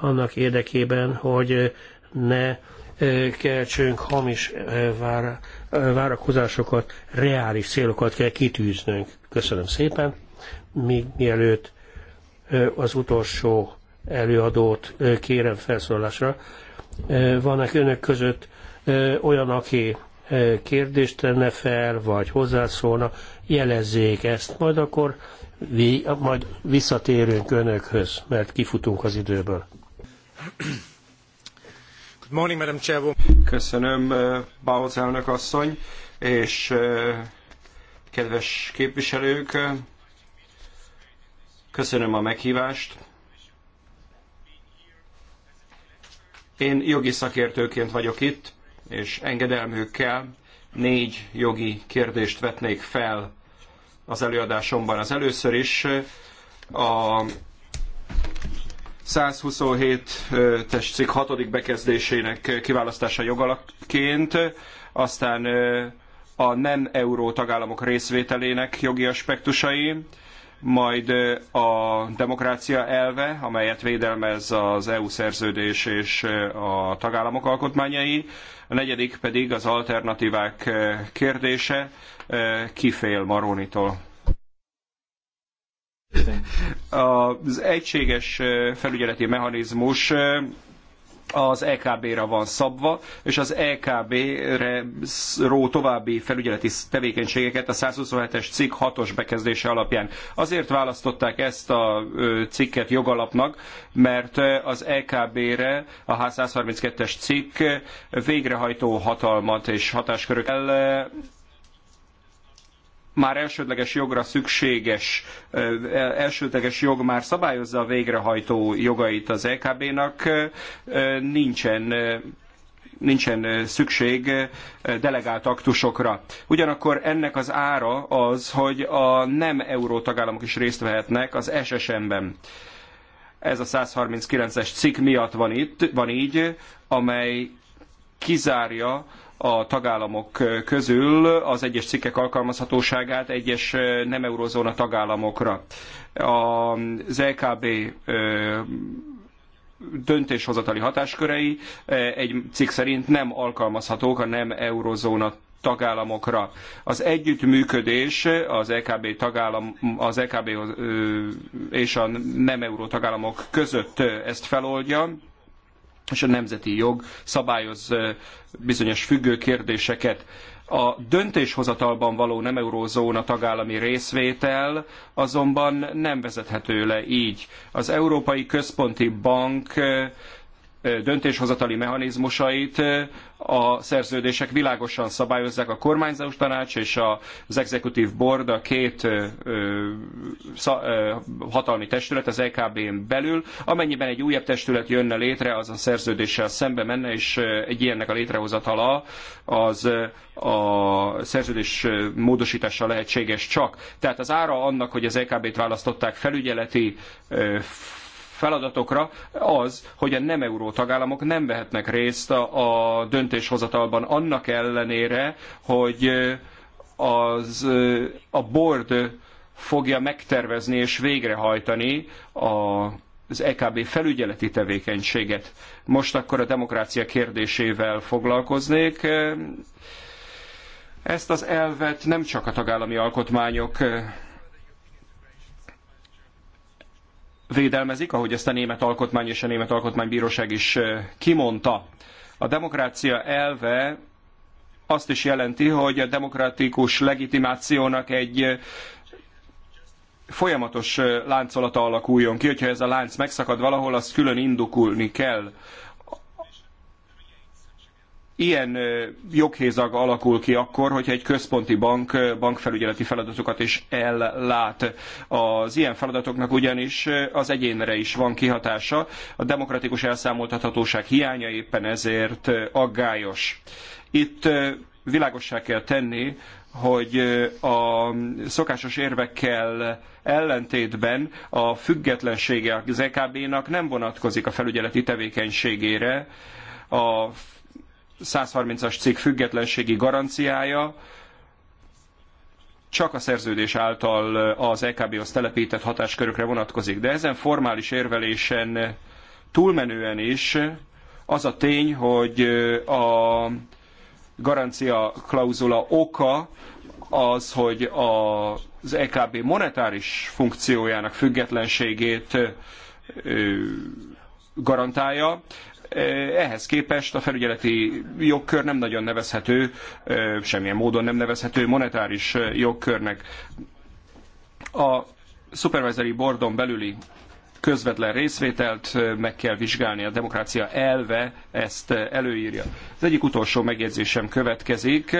Annak érdekében, hogy ne e, keltsünk hamis várakozásokat, reális célokat kell kitűznünk. Köszönöm szépen. Még mielőtt az utolsó előadót kérem felszólásra, vannak önök között olyan, aki kérdést tenne fel, vagy hozzászólna, jelezzék ezt, majd akkor vi, majd visszatérünk önökhöz, mert kifutunk az időből. Good morning, Madam Chairwoman. Köszönöm, Bához elnök asszony, és kedves képviselők, köszönöm a meghívást. Én jogi szakértőként vagyok itt, és engedelmükkel négy jogi kérdést vetnék fel az előadásomban. Az először is eh, a 127-es eh, 6. bekezdésének eh, kiválasztása jogalapként, aztán a nem euró tagállamok részvételének jogi aspektusai, majd a demokrácia elve, amelyet védelmez az EU szerződés és a tagállamok alkotmányai, a negyedik pedig az alternatívák kérdése, kifél Maronitól. Az egységes felügyeleti mechanizmus az EKB-ra van szabva, és az EKB-re ró további felügyeleti tevékenységeket a 127-es cikk 6-os bekezdése alapján. Azért választották ezt a cikket jogalapnak, mert az EKB-re a H132-es cikk végrehajtó hatalmat és hatáskörökkel már elsődleges jogra szükséges, e, elsődleges jog már szabályozza a végrehajtó jogait az EKB-nak, nincsen nincsen szükség delegált aktusokra. Ugyanakkor ennek az ára az, hogy a nem euró tagállamok is részt vehetnek az SSM-ben. Ez a 139-es cikk miatt van itt, van így, amely kizárja a tagállamok közül az egyes cikkek alkalmazhatóságát egyes nem eurozóna tagállamokra. Az LKB döntéshozatali hatáskörei egy cikk szerint nem alkalmazhatók a nem eurozóna tagállamokra. Az együttműködés az EKB tagállam, az EKB és a nem euró tagállamok között ezt feloldja és a nemzeti jog szabályoz bizonyos függő kérdéseket. A döntéshozatalban való nem eurózóna tagállami részvétel azonban nem vezethető le így. Az Európai Központi Bank döntéshozatali mechanizmusait a szerződések világosan szabályozzák a kormányzás tanács és az executive board, a két hatalmi testület az EKB-n belül. Amennyiben egy újabb testület jönne létre, az a szerződéssel szembe menne, és egy ilyennek a létrehozatala az a szerződés módosítása lehetséges csak. Tehát az ára annak, hogy az EKB-t választották felügyeleti feladatokra az, hogy a nem euró tagállamok nem vehetnek részt a, a döntéshozatalban annak ellenére, hogy az, a board fogja megtervezni és végrehajtani a az EKB felügyeleti tevékenységet. Most akkor a demokrácia kérdésével foglalkoznék. Ezt az elvet nem csak a tagállami alkotmányok védelmezik, ahogy ezt a német alkotmány és a német alkotmánybíróság is kimondta. A demokrácia elve azt is jelenti, hogy a demokratikus legitimációnak egy folyamatos láncolata alakuljon ki, hogyha ez a lánc megszakad valahol, azt külön indokolni kell. Ilyen joghézag alakul ki akkor, hogyha egy központi bank bankfelügyeleti feladatokat is ellát. Az ilyen feladatoknak ugyanis az egyénre is van kihatása. A demokratikus elszámoltathatóság hiánya éppen ezért aggályos. Itt világossá kell tenni, hogy a szokásos érvekkel ellentétben a függetlensége az EKB-nak nem vonatkozik a felügyeleti tevékenységére, a 130-as cikk függetlenségi garanciája csak a szerződés által az ekb hoz telepített hatáskörökre vonatkozik. De ezen formális érvelésen túlmenően is az a tény, hogy a garancia klauzula oka az, hogy az EKB monetáris funkciójának függetlenségét garantálja. Ehhez képest a felügyeleti jogkör nem nagyon nevezhető, semmilyen módon nem nevezhető monetáris jogkörnek. A supervisory boardon belüli közvetlen részvételt meg kell vizsgálni, a demokrácia elve ezt előírja. Az egyik utolsó megjegyzésem következik.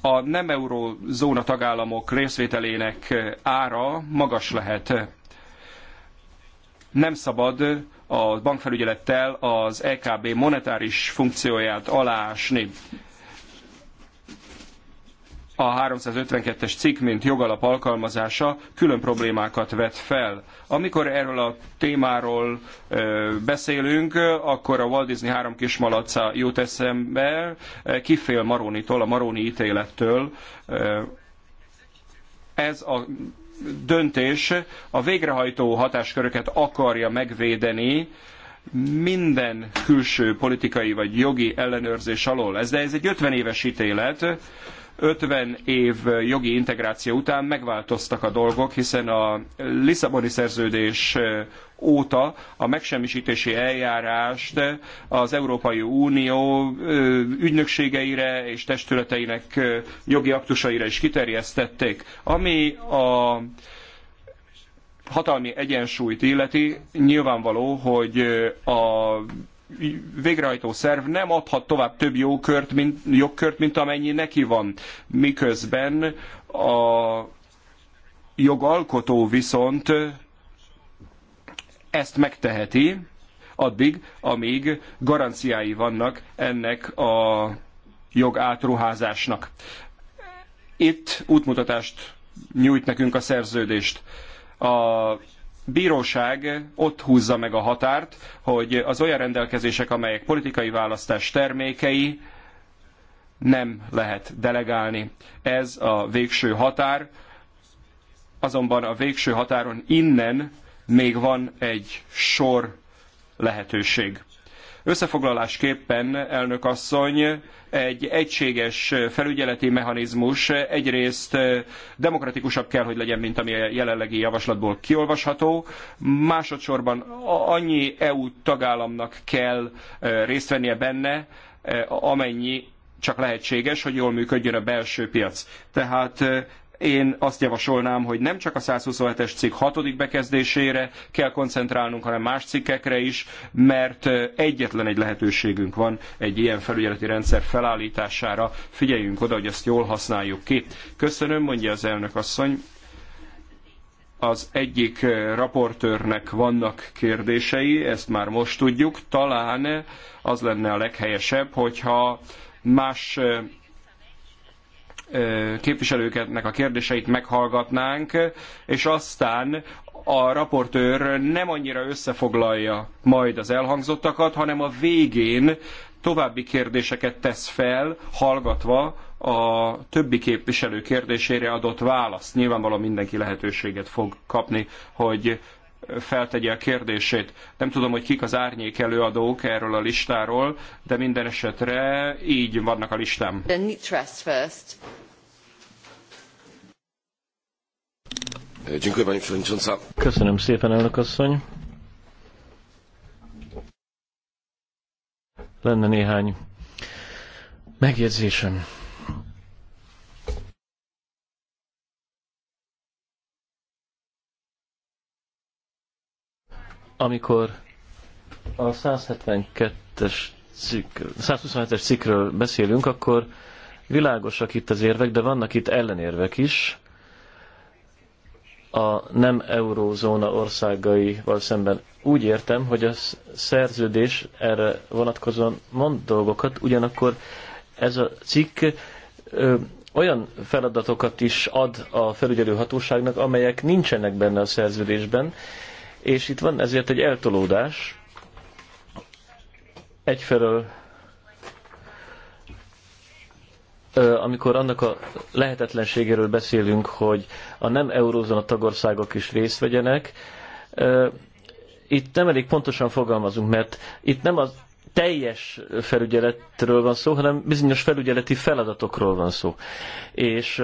A nem eurózóna tagállamok részvételének ára magas lehet. Nem szabad a bankfelügyelettel az EKB monetáris funkcióját alásni. A 352-es cikk, mint jogalap alkalmazása külön problémákat vet fel. Amikor erről a témáról beszélünk, akkor a Walt Disney három kismalaca jut eszembe, kifél Maronitól, a Maroni ítélettől. ez a döntés a végrehajtó hatásköröket akarja megvédeni minden külső politikai vagy jogi ellenőrzés alól. Ez, de ez egy 50 éves ítélet, 50 év jogi integráció után megváltoztak a dolgok, hiszen a Lisszaboni szerződés óta a megsemmisítési eljárást az Európai Unió ügynökségeire és testületeinek jogi aktusaira is kiterjesztették, ami a hatalmi egyensúlyt illeti, nyilvánvaló, hogy a végrehajtó szerv nem adhat tovább több jogkört, mint, jogkört, mint amennyi neki van. Miközben a jogalkotó viszont ezt megteheti addig, amíg garanciái vannak ennek a jogátruházásnak. Itt útmutatást nyújt nekünk a szerződést. A bíróság ott húzza meg a határt, hogy az olyan rendelkezések, amelyek politikai választás termékei, nem lehet delegálni. Ez a végső határ, azonban a végső határon innen még van egy sor lehetőség. Összefoglalásképpen, elnök asszony, egy egységes felügyeleti mechanizmus egyrészt demokratikusabb kell, hogy legyen, mint ami a jelenlegi javaslatból kiolvasható, másodszorban annyi EU tagállamnak kell részt vennie benne, amennyi csak lehetséges, hogy jól működjön a belső piac. Tehát én azt javasolnám, hogy nem csak a 127-es cikk hatodik bekezdésére kell koncentrálnunk, hanem más cikkekre is, mert egyetlen egy lehetőségünk van egy ilyen felügyeleti rendszer felállítására. Figyeljünk oda, hogy ezt jól használjuk ki. Köszönöm, mondja az elnök asszony az egyik raportőrnek vannak kérdései, ezt már most tudjuk. Talán az lenne a leghelyesebb, hogyha más képviselőketnek a kérdéseit meghallgatnánk, és aztán a raportőr nem annyira összefoglalja majd az elhangzottakat, hanem a végén további kérdéseket tesz fel, hallgatva a többi képviselő kérdésére adott választ. Nyilvánvalóan mindenki lehetőséget fog kapni, hogy feltegye a kérdését. Nem tudom, hogy kik az árnyék előadók erről a listáról, de minden esetre így vannak a listám. Köszönöm szépen, elnök asszony. Lenne néhány megjegyzésem. amikor a 172-es cikk, 127-es cikkről beszélünk, akkor világosak itt az érvek, de vannak itt ellenérvek is a nem eurózóna országaival szemben. Úgy értem, hogy a szerződés erre vonatkozóan mond dolgokat, ugyanakkor ez a cikk ö, olyan feladatokat is ad a felügyelő hatóságnak, amelyek nincsenek benne a szerződésben, és itt van ezért egy eltolódás. Egyfelől amikor annak a lehetetlenségéről beszélünk, hogy a nem a tagországok is részt vegyenek, itt nem elég pontosan fogalmazunk, mert itt nem az teljes felügyeletről van szó, hanem bizonyos felügyeleti feladatokról van szó. És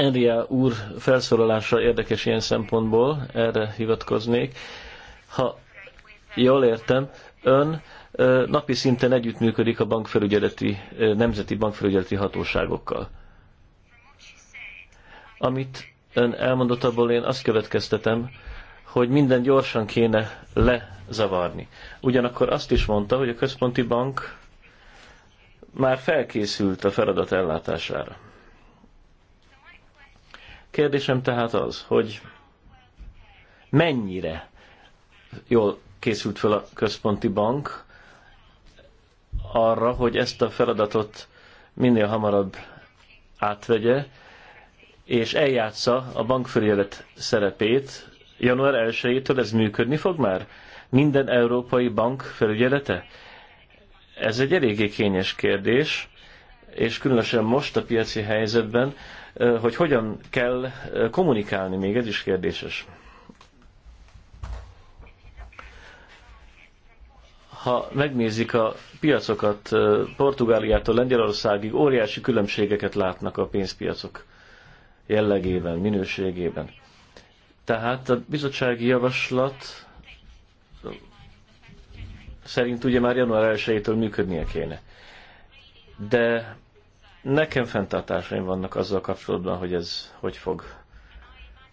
Enria úr felszólalása érdekes ilyen szempontból, erre hivatkoznék. Ha jól értem, ön napi szinten együttműködik a bankfelügyeleti, nemzeti bankfelügyeleti hatóságokkal. Amit ön elmondott, abból én azt következtetem, hogy minden gyorsan kéne lezavarni. Ugyanakkor azt is mondta, hogy a központi bank már felkészült a feladat ellátására. Kérdésem tehát az, hogy mennyire jól készült fel a központi bank arra, hogy ezt a feladatot minél hamarabb átvegye, és eljátsza a bankfelügyelet szerepét. Január 1-től ez működni fog már? Minden európai bank felügyelete? Ez egy eléggé kényes kérdés, és különösen most a piaci helyzetben, hogy hogyan kell kommunikálni, még ez is kérdéses. Ha megnézik a piacokat Portugáliától Lengyelországig, óriási különbségeket látnak a pénzpiacok jellegében, minőségében. Tehát a bizottsági javaslat szerint ugye már január 1-től működnie kéne. De Nekem fenntartásaim vannak azzal kapcsolatban, hogy ez hogy fog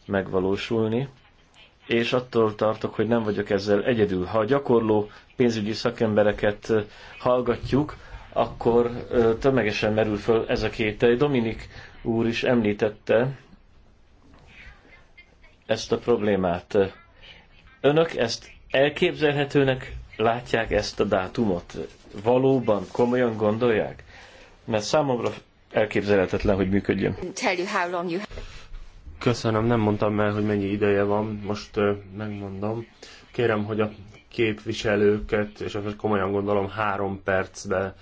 megvalósulni, és attól tartok, hogy nem vagyok ezzel egyedül. Ha a gyakorló pénzügyi szakembereket hallgatjuk, akkor tömegesen merül föl ez a kétel. Dominik úr is említette ezt a problémát. Önök ezt elképzelhetőnek látják ezt a dátumot? Valóban komolyan gondolják? mert számomra elképzelhetetlen, hogy működjön. Köszönöm, nem mondtam meg, hogy mennyi ideje van, most uh, megmondom. Kérem, hogy a képviselőket, és azt komolyan gondolom három percbe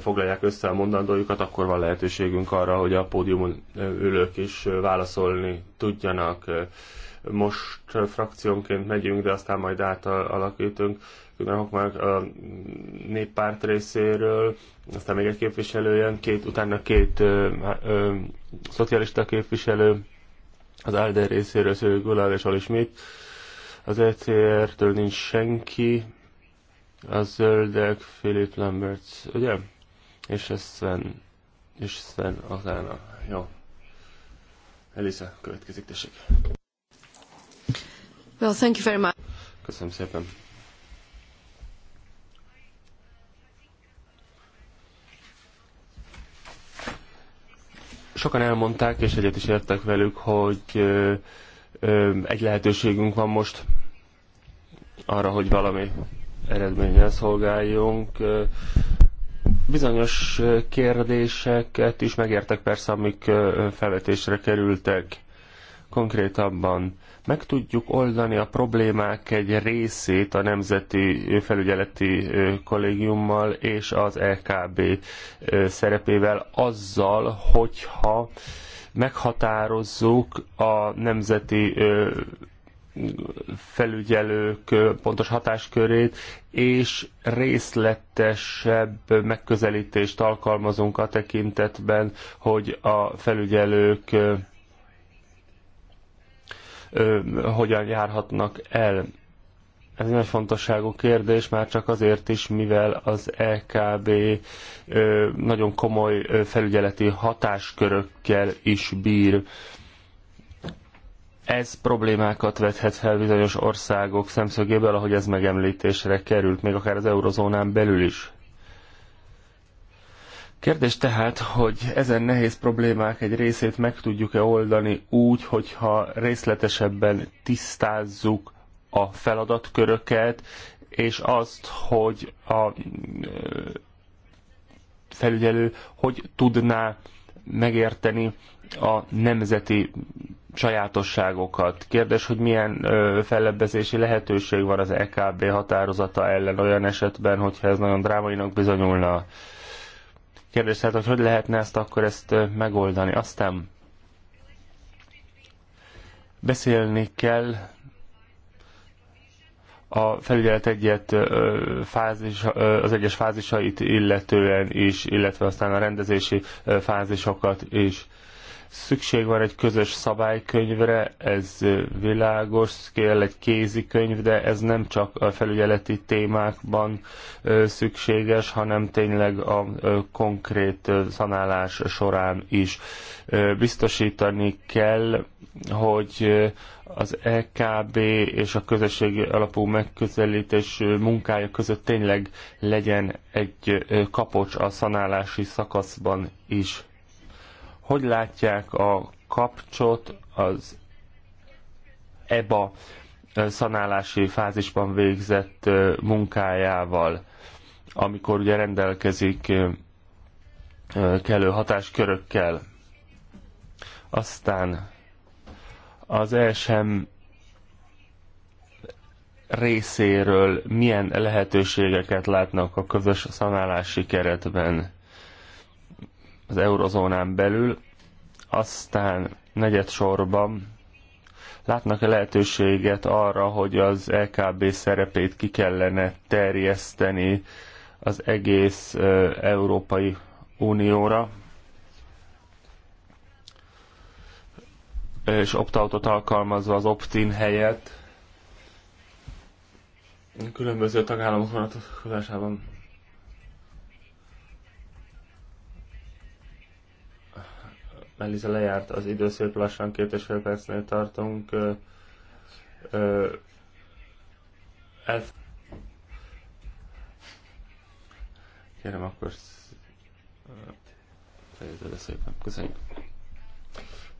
foglalják össze a mondandójukat, akkor van lehetőségünk arra, hogy a pódiumon ülők is válaszolni tudjanak. Most frakciónként megyünk, de aztán majd átalakítunk. Hokmark a néppárt részéről, aztán még egy képviselő jön, két, utána két ö, ö, szocialista képviselő, az ALDE részéről Szőlő Gulag és Oli Schmidt, az ECR-től nincs senki, a zöldek Philip Lambert, ugye? És ez Sven, és Sven Akána. Jó. Elisa, következik, tessék. Well, thank you very much. Köszönöm szépen. sokan elmondták, és egyet is értek velük, hogy ö, ö, egy lehetőségünk van most arra, hogy valami eredménnyel szolgáljunk. bizonyos kérdéseket is megértek persze, amik felvetésre kerültek konkrétabban meg tudjuk oldani a problémák egy részét a Nemzeti Felügyeleti Kollégiummal és az LKB e szerepével azzal, hogyha meghatározzuk a nemzeti felügyelők pontos hatáskörét, és részletesebb megközelítést alkalmazunk a tekintetben, hogy a felügyelők ö, hogyan járhatnak el. Ez egy nagy fontosságú kérdés, már csak azért is, mivel az EKB ö, nagyon komoly ö, felügyeleti hatáskörökkel is bír. Ez problémákat vethet fel bizonyos országok szemszögéből, ahogy ez megemlítésre került, még akár az eurozónán belül is. Kérdés tehát, hogy ezen nehéz problémák egy részét meg tudjuk-e oldani úgy, hogyha részletesebben tisztázzuk a feladatköröket, és azt, hogy a felügyelő hogy tudná megérteni a nemzeti sajátosságokat. Kérdés, hogy milyen fellebbezési lehetőség van az EKB határozata ellen olyan esetben, hogyha ez nagyon drámainak bizonyulna kérdés, tehát hogy, lehetne ezt akkor ezt megoldani. Aztán beszélni kell a felügyelet egyet fázis, az egyes fázisait illetően is, illetve aztán a rendezési fázisokat is Szükség van egy közös szabálykönyvre, ez világos, kell egy kézikönyv, de ez nem csak a felügyeleti témákban szükséges, hanem tényleg a konkrét szanálás során is. Biztosítani kell, hogy az EKB és a közösség alapú megközelítés munkája között tényleg legyen egy kapocs a szanálási szakaszban is. Hogy látják a kapcsot az EBA szanálási fázisban végzett munkájával, amikor ugye rendelkezik kellő hatáskörökkel. Aztán az ESM részéről milyen lehetőségeket látnak a közös szanálási keretben? az eurozónán belül, aztán negyed sorban látnak-e lehetőséget arra, hogy az LKB e szerepét ki kellene terjeszteni az egész Európai Unióra, és optautot alkalmazva az opt-in helyett különböző tagállamok vonatkozásában Melisa lejárt az időszép, lassan két és fél percnél tartunk. elf... Kérem, akkor fejezd le szépen. Köszönjük.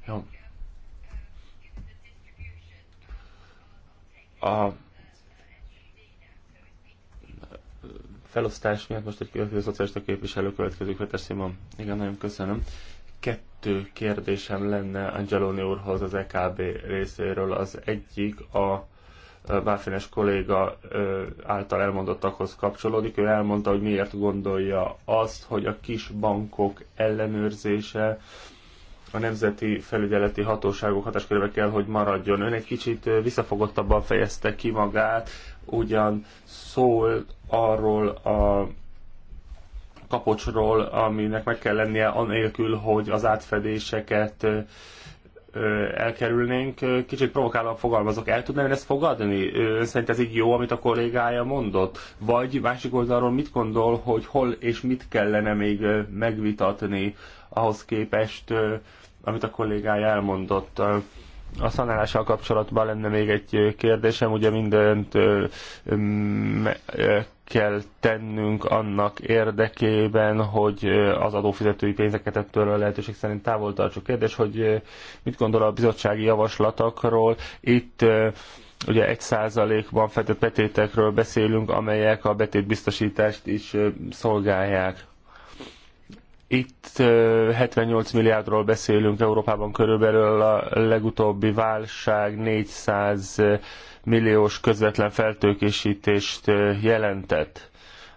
Jó. A felosztás miatt most egy a szociálista képviselő következik, Vetes Simon. Igen, nagyon köszönöm. Kett kettő kérdésem lenne Angeloni úrhoz az EKB részéről. Az egyik a Báfines kolléga által elmondottakhoz kapcsolódik. Ő elmondta, hogy miért gondolja azt, hogy a kis bankok ellenőrzése a nemzeti felügyeleti hatóságok hatáskörébe kell, hogy maradjon. Ön egy kicsit visszafogottabban fejezte ki magát, ugyan szól arról a kapocsról, aminek meg kell lennie anélkül, hogy az átfedéseket elkerülnénk. Kicsit provokálva fogalmazok, el tudnám ezt fogadni? Ön szerint ez így jó, amit a kollégája mondott? Vagy másik oldalról mit gondol, hogy hol és mit kellene még megvitatni ahhoz képest, amit a kollégája elmondott? A szanálással kapcsolatban lenne még egy kérdésem, ugye mindent kell tennünk annak érdekében, hogy az adófizetői pénzeket ettől a lehetőség szerint távol tartsuk. Kérdés, hogy mit gondol a bizottsági javaslatokról? Itt ugye egy százalékban fedett betétekről beszélünk, amelyek a betétbiztosítást is szolgálják. Itt 78 milliárdról beszélünk Európában körülbelül a legutóbbi válság 400 milliós közvetlen feltőkésítést jelentett.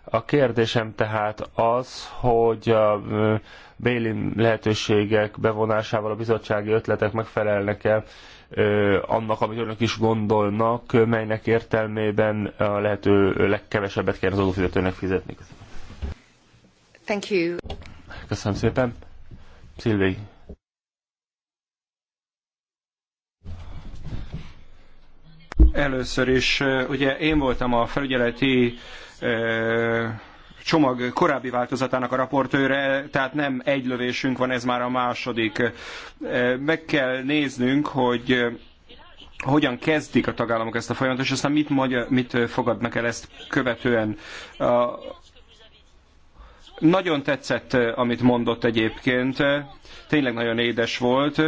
A kérdésem tehát az, hogy a Bélin lehetőségek bevonásával a bizottsági ötletek megfelelnek-e annak, amit önök is gondolnak, melynek értelmében a lehető legkevesebbet kell az adófizetőnek fizetni. Thank you. Köszönöm szépen. Szilvi Először is, ugye én voltam a felügyeleti csomag korábbi változatának a raportőre, tehát nem egy lövésünk van, ez már a második. Meg kell néznünk, hogy hogyan kezdik a tagállamok ezt a folyamatot, és aztán mit, magyar, mit fogadnak el ezt követően. Nagyon tetszett, amit mondott egyébként, tényleg nagyon édes volt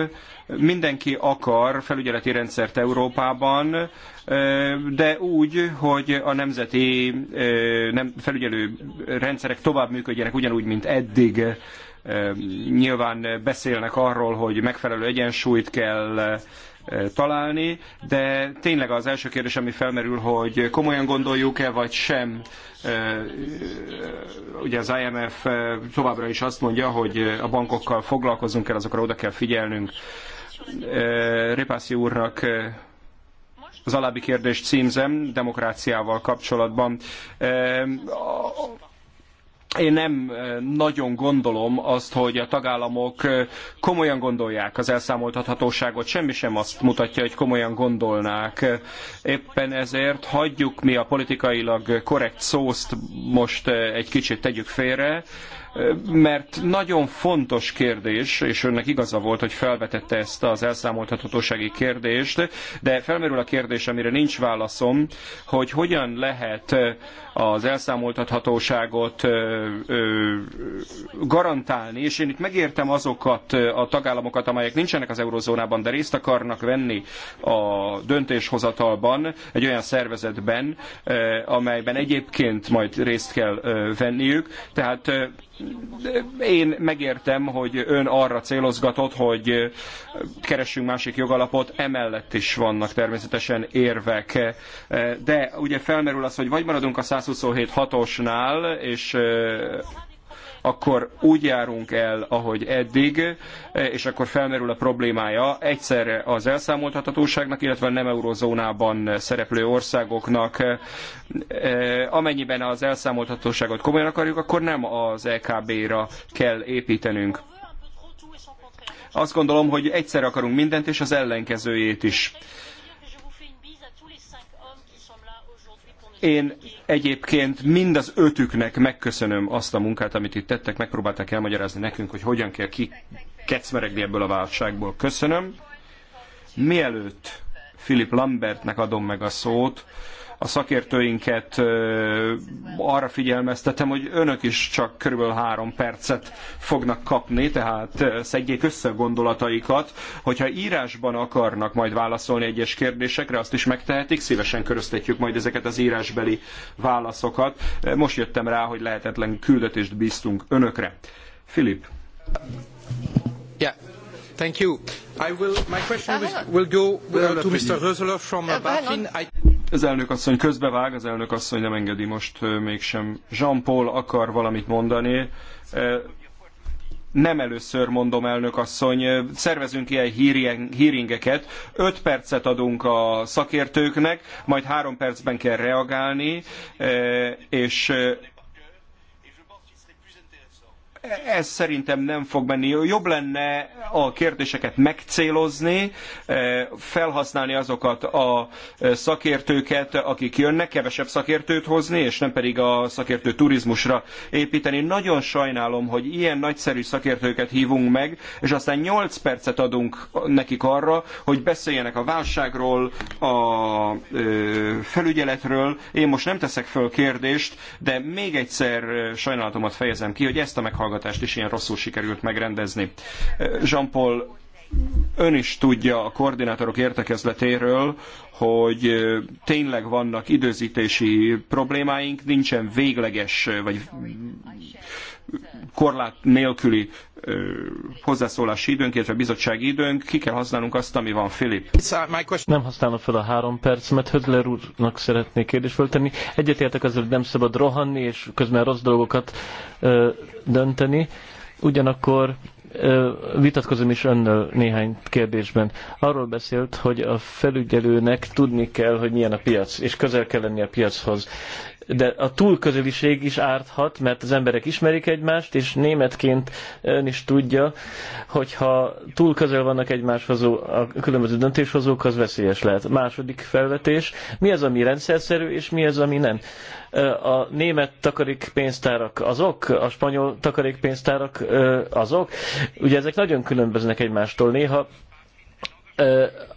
Mindenki akar felügyeleti rendszert Európában, de úgy, hogy a nemzeti nem felügyelő rendszerek tovább működjenek ugyanúgy, mint eddig. Nyilván beszélnek arról, hogy megfelelő egyensúlyt kell találni, de tényleg az első kérdés, ami felmerül, hogy komolyan gondoljuk-e, vagy sem. Ugye az IMF továbbra is azt mondja, hogy a bankokkal foglalkozunk kell, azokra oda kell figyelnünk. Ripászi úrnak az alábbi kérdést címzem demokráciával kapcsolatban. Én nem nagyon gondolom azt, hogy a tagállamok komolyan gondolják az elszámoltathatóságot, semmi sem azt mutatja, hogy komolyan gondolnák. Éppen ezért hagyjuk mi a politikailag korrekt szózt most egy kicsit tegyük félre, mert nagyon fontos kérdés, és önnek igaza volt, hogy felvetette ezt az elszámoltathatósági kérdést, de felmerül a kérdés, amire nincs válaszom, hogy hogyan lehet az elszámoltathatóságot garantálni, és én itt megértem azokat a tagállamokat, amelyek nincsenek az eurozónában, de részt akarnak venni a döntéshozatalban egy olyan szervezetben, amelyben egyébként majd részt kell venniük. Tehát én megértem, hogy ön arra célozgatott, hogy keressünk másik jogalapot, emellett is vannak természetesen érvek, de ugye felmerül az, hogy vagy maradunk a 127 hatosnál, és akkor úgy járunk el, ahogy eddig, és akkor felmerül a problémája egyszerre az elszámoltathatóságnak, illetve a nem eurozónában szereplő országoknak. Amennyiben az elszámoltathatóságot komolyan akarjuk, akkor nem az EKB-ra kell építenünk azt gondolom, hogy egyszer akarunk mindent, és az ellenkezőjét is. Én egyébként mind az ötüknek megköszönöm azt a munkát, amit itt tettek, megpróbálták elmagyarázni nekünk, hogy hogyan kell kikecmeregni ebből a válságból. Köszönöm. Mielőtt Philip Lambertnek adom meg a szót, a szakértőinket arra figyelmeztetem, hogy önök is csak körülbelül három percet fognak kapni, tehát szedjék össze a gondolataikat. Hogyha írásban akarnak majd válaszolni egyes kérdésekre, azt is megtehetik, szívesen köröztetjük majd ezeket az írásbeli válaszokat. Most jöttem rá, hogy lehetetlen küldetést bíztunk önökre. Filip. Yeah. Thank you. I will, my question ah, will go uh, to uh, Mr. Rösler from uh, BaFin. I... Az elnök asszony közbevág, az elnök asszony nem engedi most mégsem. Jean-Paul akar valamit mondani. Nem először mondom, elnök asszony, szervezünk ilyen híringeket, Öt percet adunk a szakértőknek, majd három percben kell reagálni, és ez szerintem nem fog menni. Jobb lenne a kérdéseket megcélozni, eh, felhasználni azokat a eh, szakértőket, akik jönnek, kevesebb szakértőt hozni, és nem pedig a szakértő turizmusra építeni. Nagyon sajnálom, hogy ilyen nagyszerű szakértőket hívunk meg, és aztán 8 percet adunk nekik arra, hogy beszéljenek a válságról, a eh, felügyeletről. Én most nem teszek föl kérdést, de még egyszer sajnálatomat fejezem ki, hogy ezt a meghallgatást meghallgatást is ilyen rosszul sikerült megrendezni. Jean-Paul, ön is tudja a koordinátorok értekezletéről, hogy tényleg vannak időzítési problémáink, nincsen végleges vagy korlát nélküli hozzászólási időnk, illetve bizottsági időnk, ki kell használnunk azt, ami van, Filip. Nem használom fel a három percemet, Hödler úrnak szeretnék kérdést föltenni. Egyetértek azzal, hogy nem szabad rohanni, és közben rossz dolgokat ö, dönteni. Ugyanakkor ö, vitatkozom is önnel néhány kérdésben. Arról beszélt, hogy a felügyelőnek tudni kell, hogy milyen a piac, és közel kell lenni a piachoz de a túlközeliség is árthat, mert az emberek ismerik egymást, és németként ön is tudja, hogyha túl közel vannak egymáshoz a különböző döntéshozók, az veszélyes lehet. Második felvetés, mi az, ami rendszerszerű, és mi az, ami nem. A német takarékpénztárak azok, a spanyol takarékpénztárak azok, ugye ezek nagyon különböznek egymástól. Néha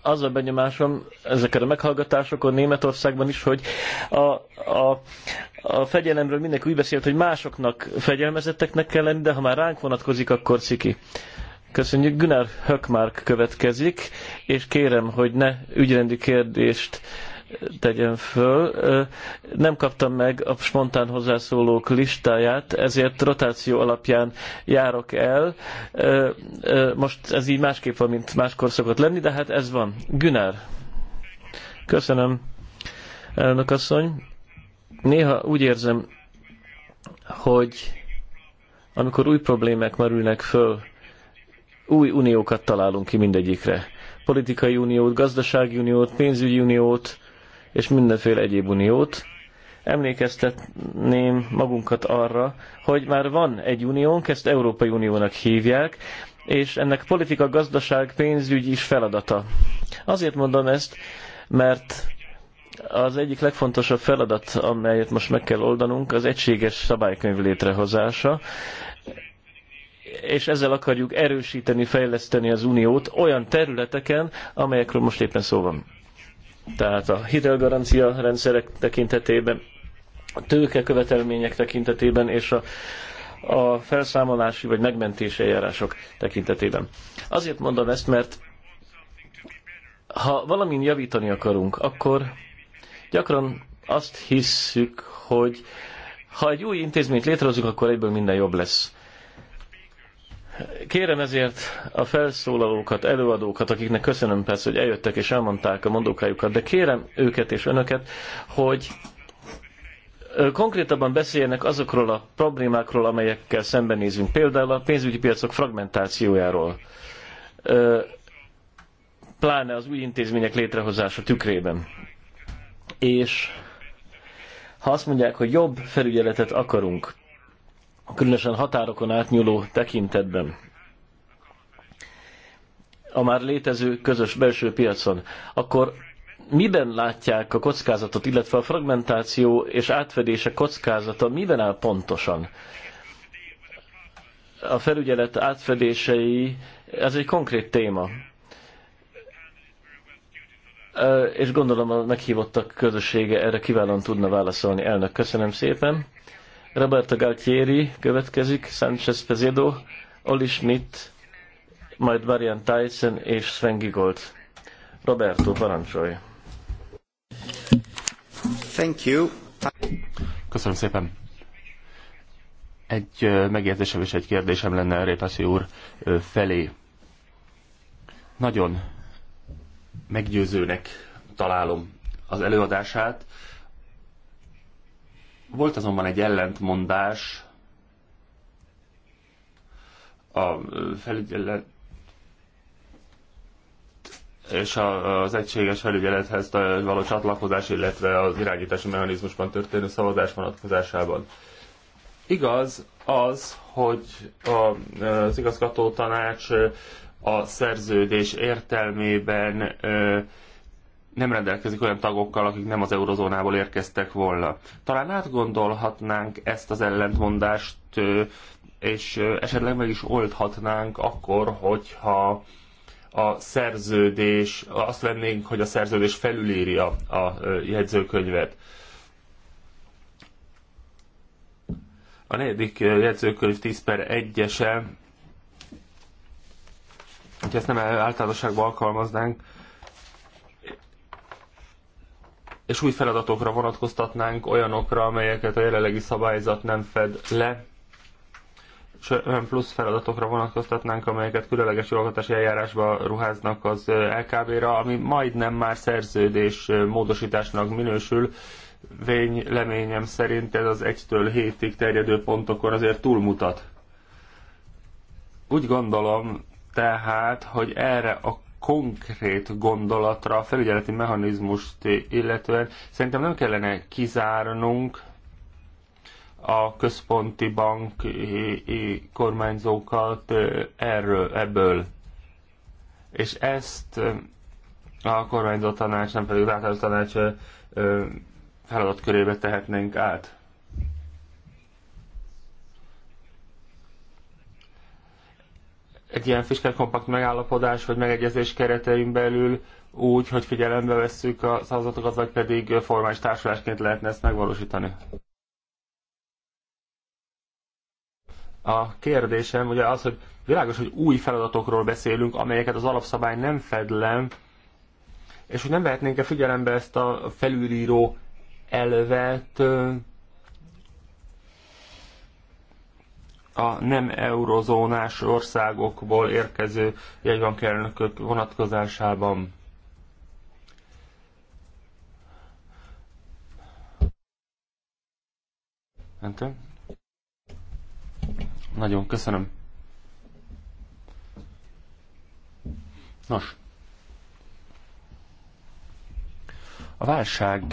az a benyomásom ezeken a meghallgatásokon Németországban is, hogy a, a, a fegyelemről mindenki úgy beszélt, hogy másoknak fegyelmezetteknek kell lenni, de ha már ránk vonatkozik, akkor ciki. Köszönjük. Gunnar Höckmark következik, és kérem, hogy ne ügyrendi kérdést tegyen föl. Nem kaptam meg a spontán hozzászólók listáját, ezért rotáció alapján járok el. Most ez így másképp van, mint máskor szokott lenni, de hát ez van. Günár. Köszönöm, elnök asszony. Néha úgy érzem, hogy amikor új problémák merülnek föl, új uniókat találunk ki mindegyikre. Politikai uniót, gazdasági uniót, pénzügyi uniót, és mindenféle egyéb uniót. Emlékeztetném magunkat arra, hogy már van egy uniónk, ezt Európai Uniónak hívják, és ennek politika, gazdaság, pénzügy is feladata. Azért mondom ezt, mert az egyik legfontosabb feladat, amelyet most meg kell oldanunk, az egységes szabálykönyv létrehozása, és ezzel akarjuk erősíteni, fejleszteni az uniót olyan területeken, amelyekről most éppen szó van tehát a hitelgarancia rendszerek tekintetében, a tőke követelmények tekintetében és a, a felszámolási vagy megmentési eljárások tekintetében. Azért mondom ezt, mert ha valamin javítani akarunk, akkor gyakran azt hisszük, hogy ha egy új intézményt létrehozunk, akkor egyből minden jobb lesz. Kérem ezért a felszólalókat, előadókat, akiknek köszönöm persze, hogy eljöttek és elmondták a mondókájukat, de kérem őket és önöket, hogy konkrétabban beszéljenek azokról a problémákról, amelyekkel szembenézünk, például a pénzügyi piacok fragmentációjáról, pláne az új intézmények létrehozása tükrében. És ha azt mondják, hogy jobb felügyeletet akarunk, különösen határokon átnyúló tekintetben a már létező közös belső piacon, akkor miben látják a kockázatot, illetve a fragmentáció és átfedése kockázata miben áll pontosan? A felügyelet átfedései, ez egy konkrét téma. És gondolom a meghívottak közössége erre kiválóan tudna válaszolni. Elnök, köszönöm szépen. Roberto Galtieri következik, Sánchez Pezedo, Oli Schmidt, majd Marian Tyson és Sven Gigold. Roberto, parancsolj! Thank you. Köszönöm szépen. Egy megjegyzésem és egy kérdésem lenne Répeszi úr felé. Nagyon meggyőzőnek találom az előadását, volt azonban egy ellentmondás a felügyelet és az egységes felügyelethez való csatlakozás, illetve az irányítási mechanizmusban történő szavazás vonatkozásában. Igaz az, hogy az igazgató tanács a szerződés értelmében nem rendelkezik olyan tagokkal, akik nem az eurozónából érkeztek volna. Talán átgondolhatnánk ezt az ellentmondást, és esetleg meg is oldhatnánk akkor, hogyha a szerződés, azt vennénk, hogy a szerződés felülírja a jegyzőkönyvet. A negyedik jegyzőkönyv 10 per 1-ese, hogyha ezt nem általánosságban alkalmaznánk, és új feladatokra vonatkoztatnánk olyanokra, amelyeket a jelenlegi szabályzat nem fed le, és olyan plusz feladatokra vonatkoztatnánk, amelyeket különleges jogalkotási eljárásba ruháznak az LKB-ra, ami majdnem már szerződés módosításnak minősül. leményem szerint ez az 1-től 7-ig terjedő pontokon azért túlmutat. Úgy gondolom tehát, hogy erre a konkrét gondolatra, a felügyeleti mechanizmust illetően szerintem nem kellene kizárnunk a központi bank kormányzókat erről, ebből. És ezt a kormányzó tanács, nem pedig az általános tanács feladatkörébe tehetnénk át. egy ilyen fiskál kompakt megállapodás vagy megegyezés keretein belül úgy, hogy figyelembe vesszük a szavazatokat, vagy pedig formális társulásként lehetne ezt megvalósítani? A kérdésem ugye az, hogy világos, hogy új feladatokról beszélünk, amelyeket az alapszabály nem fed le, és hogy nem vehetnénk-e figyelembe ezt a felülíró elvet, a nem eurozónás országokból érkező jegybankelnökök vonatkozásában. Mentem. Nagyon köszönöm. Nos, a válság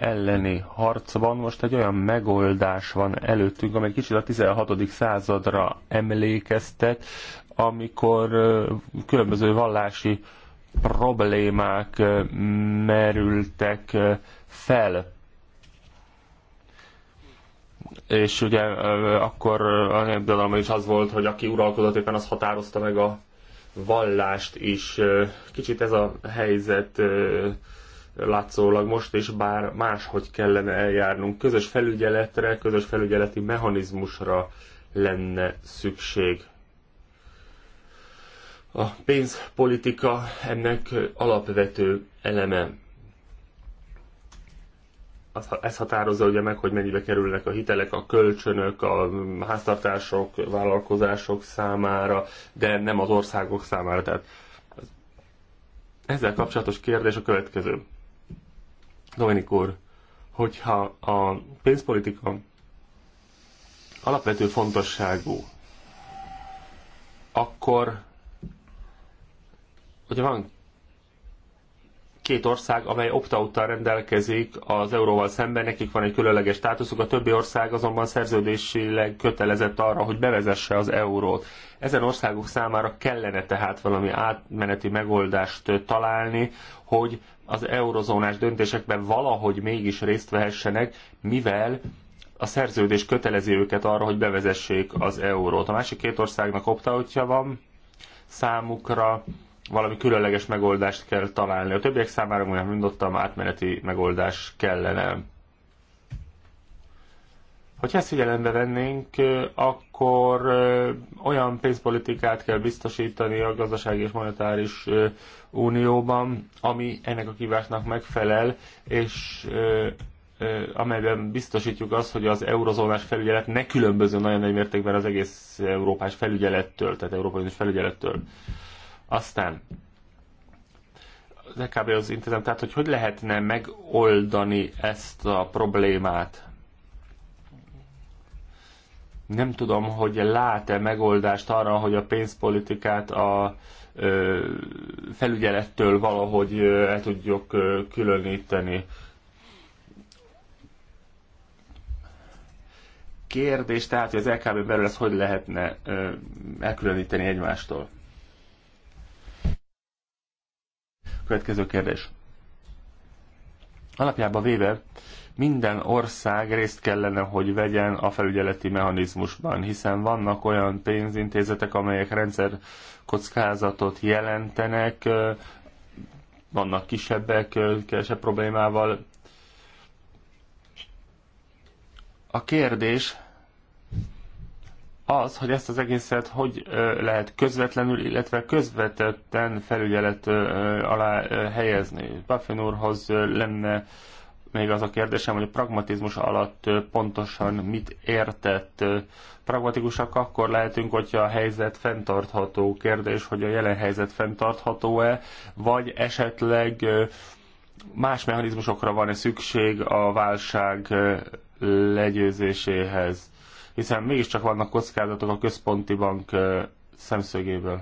elleni harcban most egy olyan megoldás van előttünk, amely kicsit a 16. századra emlékeztet, amikor különböző vallási problémák merültek fel. És ugye akkor a népdalom is az volt, hogy aki uralkodott, éppen az határozta meg a vallást is. Kicsit ez a helyzet látszólag most is, bár máshogy kellene eljárnunk. Közös felügyeletre, közös felügyeleti mechanizmusra lenne szükség. A pénzpolitika ennek alapvető eleme. Ez határozza ugye meg, hogy mennyibe kerülnek a hitelek, a kölcsönök, a háztartások, vállalkozások számára, de nem az országok számára. Tehát ezzel kapcsolatos kérdés a következő. Dominik úr, hogyha a pénzpolitika alapvető fontosságú, akkor hogy van két ország, amely opt rendelkezik az euróval szemben, nekik van egy különleges státuszuk, a többi ország azonban szerződésileg kötelezett arra, hogy bevezesse az eurót. Ezen országok számára kellene tehát valami átmeneti megoldást találni, hogy az eurozónás döntésekben valahogy mégis részt vehessenek, mivel a szerződés kötelezi őket arra, hogy bevezessék az eurót. A másik két országnak optautja van, számukra valami különleges megoldást kell találni. A többiek számára, mondjam, mondottam, átmeneti megoldás kellene. Hogyha ezt figyelembe vennénk, akkor olyan pénzpolitikát kell biztosítani a gazdasági és monetáris unióban, ami ennek a kívásnak megfelel, és amelyben biztosítjuk azt, hogy az eurozónás felügyelet ne különbözön nagyon nagy mértékben az egész európás felügyelettől, tehát európai uniós felügyelettől. Aztán az EKB az intézem, tehát hogy hogy lehetne megoldani ezt a problémát? Nem tudom, hogy lát-e megoldást arra, hogy a pénzpolitikát a felügyelettől valahogy el tudjuk különíteni. Kérdés tehát, hogy az LKB belül ezt hogy lehetne elkülöníteni egymástól? Következő kérdés. Alapjában véve minden ország részt kellene, hogy vegyen a felügyeleti mechanizmusban, hiszen vannak olyan pénzintézetek, amelyek rendszer kockázatot jelentenek, vannak kisebbek, kevesebb problémával. A kérdés az, hogy ezt az egészet hogy lehet közvetlenül, illetve közvetetten felügyelet alá helyezni. Buffin úrhoz lenne még az a kérdésem, hogy a pragmatizmus alatt pontosan mit értett pragmatikusak, akkor lehetünk, hogyha a helyzet fenntartható. Kérdés, hogy a jelen helyzet fenntartható-e, vagy esetleg más mechanizmusokra van-e szükség a válság legyőzéséhez? Hiszen mégiscsak vannak kockázatok a központi bank szemszögéből.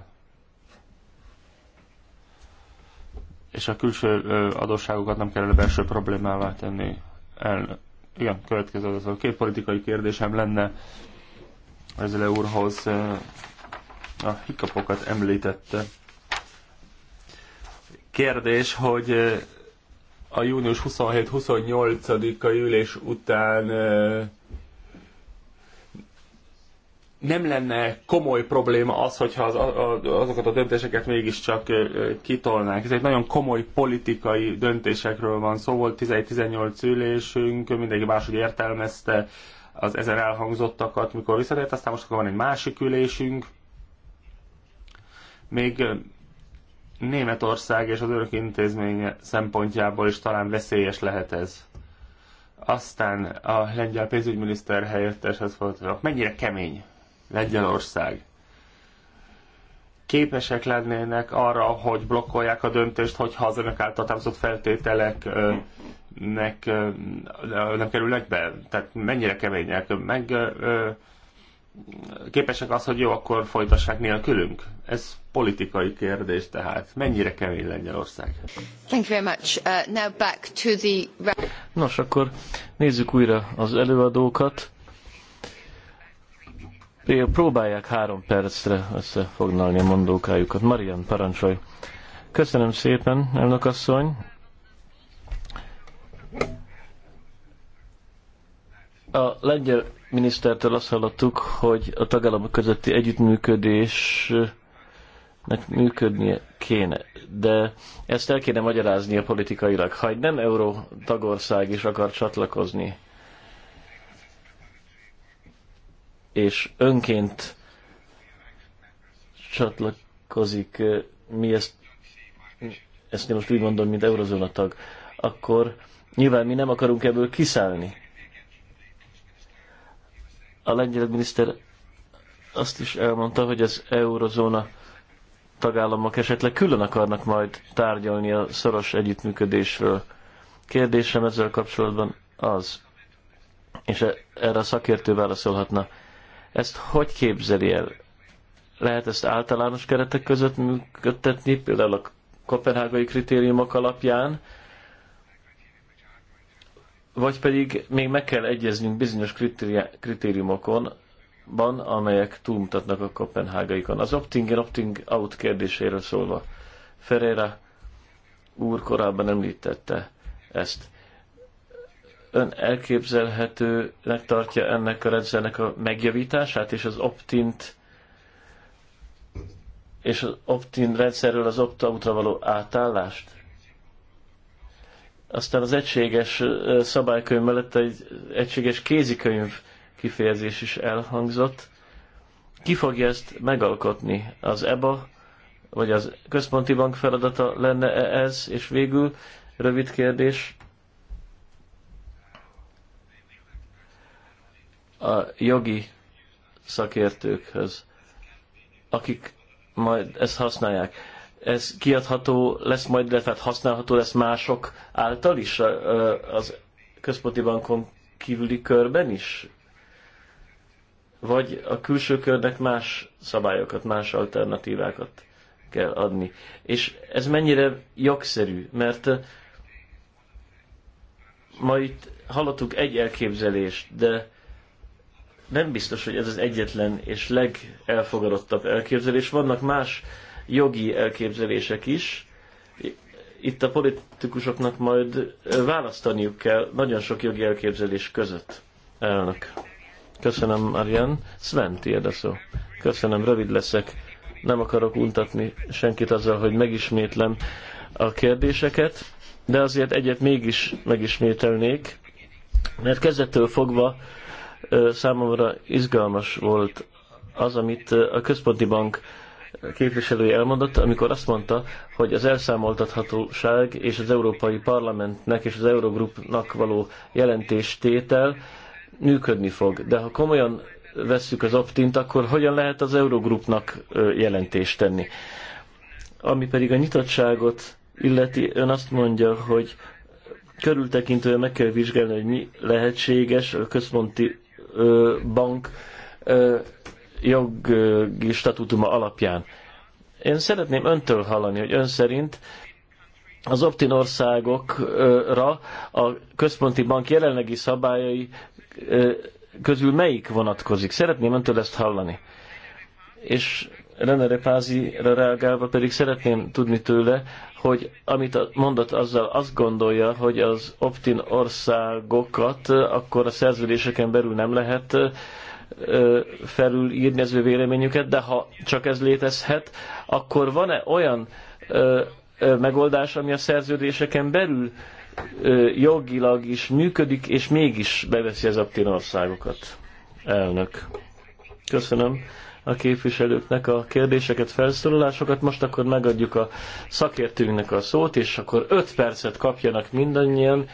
és a külső adósságokat nem kellene belső problémává tenni. El, igen, következő az a két politikai kérdésem lenne Az úrhoz a hikapokat említette. Kérdés, hogy a június 27 28 a ülés után nem lenne komoly probléma az, hogyha az, a, azokat a döntéseket mégiscsak kitolnák. Ez egy nagyon komoly politikai döntésekről van szó, volt 11-18 ülésünk, mindenki máshogy értelmezte az ezen elhangzottakat, mikor visszatért, aztán most akkor van egy másik ülésünk. Még Németország és az örök intézmény szempontjából is talán veszélyes lehet ez aztán a lengyel pénzügyminiszter volt, hogy: Mennyire kemény Lengyelország képesek lennének arra, hogy blokkolják a döntést, hogyha az önök által támasztott feltételeknek nem kerülnek be? Tehát mennyire kemények? Meg képesek az, hogy jó, akkor folytassák nélkülünk? Ez politikai kérdés tehát. Mennyire kemény Lengyelország? Thank you very much. Uh, now back to the... Nos, akkor nézzük újra az előadókat. Próbálják három percre összefoglalni a mondókájukat. Marian, parancsolj! Köszönöm szépen, elnök asszony! A lengyel minisztertől azt hallottuk, hogy a tagállamok közötti együttműködésnek működnie kéne, de ezt el kéne magyaráznia politikailag. Ha egy nem euró tagország is akar csatlakozni és önként csatlakozik, mi ezt, ezt most úgy mondom, mint eurozóna tag, akkor nyilván mi nem akarunk ebből kiszállni. A lengyel miniszter azt is elmondta, hogy az eurozóna tagállamok esetleg külön akarnak majd tárgyalni a szoros együttműködésről. Kérdésem ezzel kapcsolatban az, és e- erre a szakértő válaszolhatna, ezt hogy képzeli el? Lehet ezt általános keretek között működtetni, például a kopenhágai kritériumok alapján, vagy pedig még meg kell egyeznünk bizonyos kritériumokon, ban, amelyek túlmutatnak a kopenhágaikon. Az opting in, opting out kérdéséről szólva, Ferreira úr korábban említette ezt ön elképzelhetőnek tartja ennek a rendszernek a megjavítását, és az optint és az optin rendszerről az opt-outra való átállást? Aztán az egységes szabálykönyv mellett egy egységes kézikönyv kifejezés is elhangzott. Ki fogja ezt megalkotni? Az EBA, vagy az központi bank feladata lenne -e ez? És végül, rövid kérdés, a jogi szakértőkhöz, akik majd ezt használják. Ez kiadható lesz majd, illetve használható lesz mások által is az központi bankon kívüli körben is? Vagy a külső körnek más szabályokat, más alternatívákat kell adni. És ez mennyire jogszerű, mert ma itt hallottuk egy elképzelést, de nem biztos, hogy ez az egyetlen és legelfogadottabb elképzelés. Vannak más jogi elképzelések is. Itt a politikusoknak majd választaniuk kell nagyon sok jogi elképzelés között. Elnök. Köszönöm, Arjan. Sven, tiéd a szó. Köszönöm, rövid leszek. Nem akarok untatni senkit azzal, hogy megismétlem a kérdéseket, de azért egyet mégis megismételnék, mert kezdettől fogva számomra izgalmas volt az, amit a központi bank képviselője elmondott, amikor azt mondta, hogy az elszámoltathatóság és az Európai Parlamentnek és az Eurogrupnak való jelentéstétel működni fog. De ha komolyan vesszük az optint, akkor hogyan lehet az Eurogrupnak jelentést tenni? Ami pedig a nyitottságot illeti, ön azt mondja, hogy körültekintően meg kell vizsgálni, hogy mi lehetséges a központi bank jogi statutuma alapján. Én szeretném öntől hallani, hogy ön szerint az optin országokra a központi bank jelenlegi szabályai közül melyik vonatkozik? Szeretném öntől ezt hallani. És Renere Repázira reagálva pedig szeretném tudni tőle, hogy amit mondott azzal, azt gondolja, hogy az optin országokat akkor a szerződéseken belül nem lehet felülírni az ő véleményüket, de ha csak ez létezhet, akkor van-e olyan megoldás, ami a szerződéseken belül jogilag is működik, és mégis beveszi az optin országokat? Elnök. Köszönöm a képviselőknek a kérdéseket, felszólalásokat. Most akkor megadjuk a szakértőnknek a szót, és akkor 5 percet kapjanak mindannyian.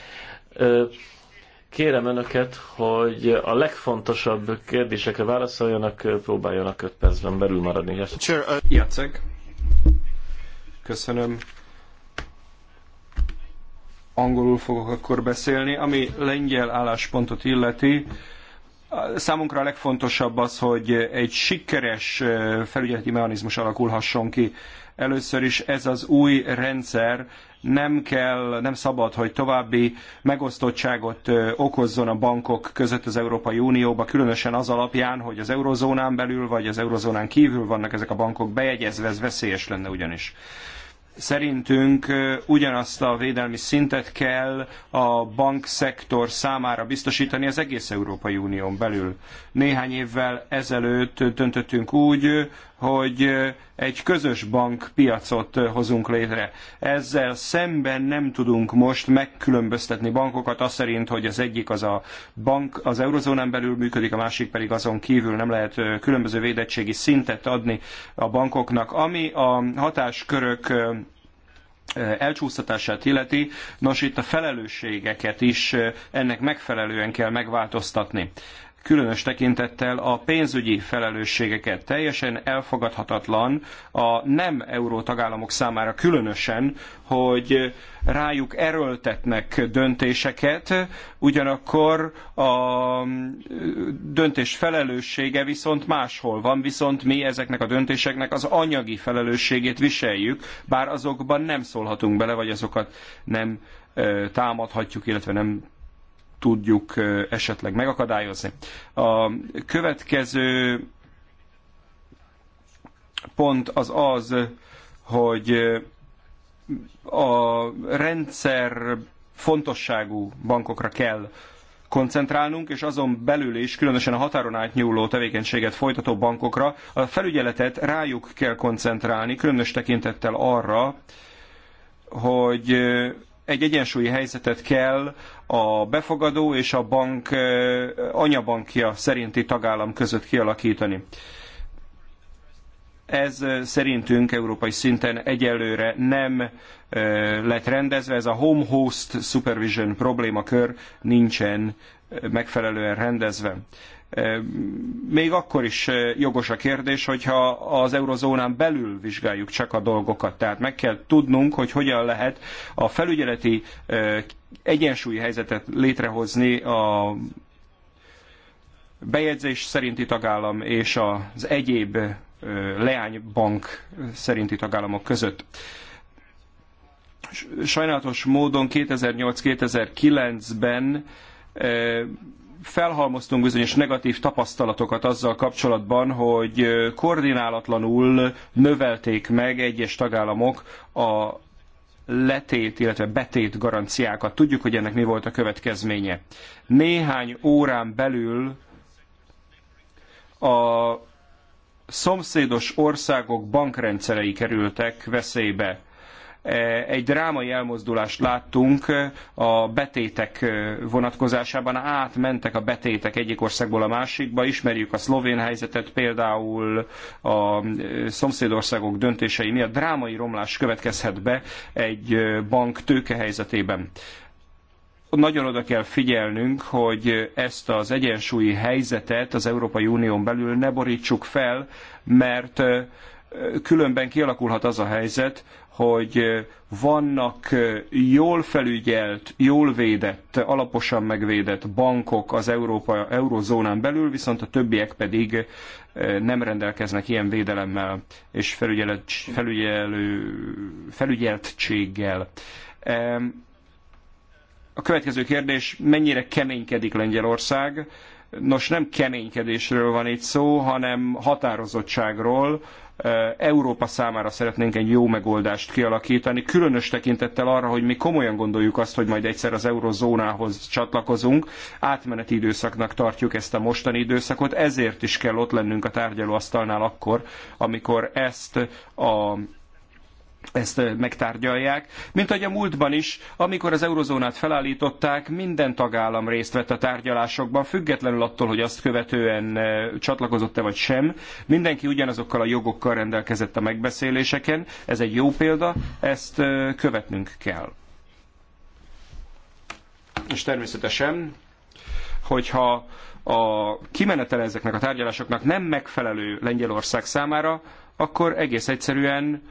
Kérem önöket, hogy a legfontosabb kérdésekre válaszoljanak, próbáljanak 5 percben belül maradni. Uh, Jacek. Köszönöm angolul fogok akkor beszélni. Ami lengyel álláspontot illeti, Számunkra a legfontosabb az, hogy egy sikeres felügyeleti mechanizmus alakulhasson ki. Először is ez az új rendszer nem kell, nem szabad, hogy további megosztottságot okozzon a bankok között az Európai Unióba, különösen az alapján, hogy az eurozónán belül vagy az eurozónán kívül vannak ezek a bankok bejegyezve, ez veszélyes lenne ugyanis. Szerintünk ugyanazt a védelmi szintet kell a bankszektor számára biztosítani az egész Európai Unión belül. Néhány évvel ezelőtt döntöttünk úgy, hogy egy közös bankpiacot hozunk létre. Ezzel szemben nem tudunk most megkülönböztetni bankokat, az szerint, hogy az egyik az a bank az eurozónán belül működik, a másik pedig azon kívül nem lehet különböző védettségi szintet adni a bankoknak. Ami a hatáskörök elcsúsztatását illeti, nos itt a felelősségeket is ennek megfelelően kell megváltoztatni különös tekintettel a pénzügyi felelősségeket. Teljesen elfogadhatatlan a nem euró tagállamok számára különösen, hogy rájuk erőltetnek döntéseket, ugyanakkor a döntés felelőssége viszont máshol van, viszont mi ezeknek a döntéseknek az anyagi felelősségét viseljük, bár azokban nem szólhatunk bele, vagy azokat nem támadhatjuk, illetve nem tudjuk esetleg megakadályozni. A következő pont az az, hogy a rendszer fontosságú bankokra kell koncentrálnunk, és azon belül is, különösen a határon átnyúló tevékenységet folytató bankokra, a felügyeletet rájuk kell koncentrálni, különös tekintettel arra, hogy egy egyensúlyi helyzetet kell a befogadó és a bank eh, anyabankja szerinti tagállam között kialakítani. Ez eh, szerintünk európai szinten egyelőre nem eh, lett rendezve, ez a home host supervision problémakör nincsen megfelelően rendezve. Még akkor is eh, jogos a kérdés, hogyha az eurozónán belül vizsgáljuk csak a dolgokat. Tehát meg kell tudnunk, hogy hogyan lehet a felügyeleti eh, egyensúlyi helyzetet létrehozni a bejegyzés szerinti tagállam és az egyéb eh, leánybank szerinti tagállamok között. Sajnálatos módon 2008-2009-ben felhalmoztunk bizonyos negatív tapasztalatokat azzal kapcsolatban, hogy koordinálatlanul növelték meg egyes tagállamok a letét, illetve betét garanciákat. Tudjuk, hogy ennek mi volt a következménye. Néhány órán belül a szomszédos országok bankrendszerei kerültek veszélybe. E, egy drámai elmozdulást láttunk a betétek vonatkozásában. Átmentek a betétek egyik országból a másikba. Ismerjük a szlovén helyzetet, például a e, szomszédországok döntései miatt drámai romlás következhet be egy e, bank tőke helyzetében nagyon oda kell figyelnünk, hogy ezt az egyensúlyi helyzetet az Európai Unión belül ne borítsuk fel, mert különben kialakulhat az a helyzet, hogy eh, vannak eh, jól felügyelt, jól védett, alaposan megvédett bankok az Európa, eurozónán belül, viszont a többiek pedig eh, nem rendelkeznek ilyen védelemmel és felügyelet, felügyelő, felügyeltséggel. A következő kérdés, mennyire keménykedik Lengyelország? Nos, nem keménykedésről van itt szó, hanem határozottságról, Európa számára szeretnénk egy jó megoldást kialakítani, különös tekintettel arra, hogy mi komolyan gondoljuk azt, hogy majd egyszer az eurozónához csatlakozunk, átmeneti időszaknak tartjuk ezt a mostani időszakot, ezért is kell ott lennünk a tárgyalóasztalnál akkor, amikor ezt a ezt megtárgyalják, mint ahogy a múltban is, amikor az eurozónát felállították, minden tagállam részt vett a tárgyalásokban, függetlenül attól, hogy azt követően csatlakozott-e vagy sem. Mindenki ugyanazokkal a jogokkal rendelkezett a megbeszéléseken, ez egy jó példa, ezt követnünk kell. És természetesen, hogyha a kimenetele ezeknek a tárgyalásoknak nem megfelelő Lengyelország számára, akkor egész egyszerűen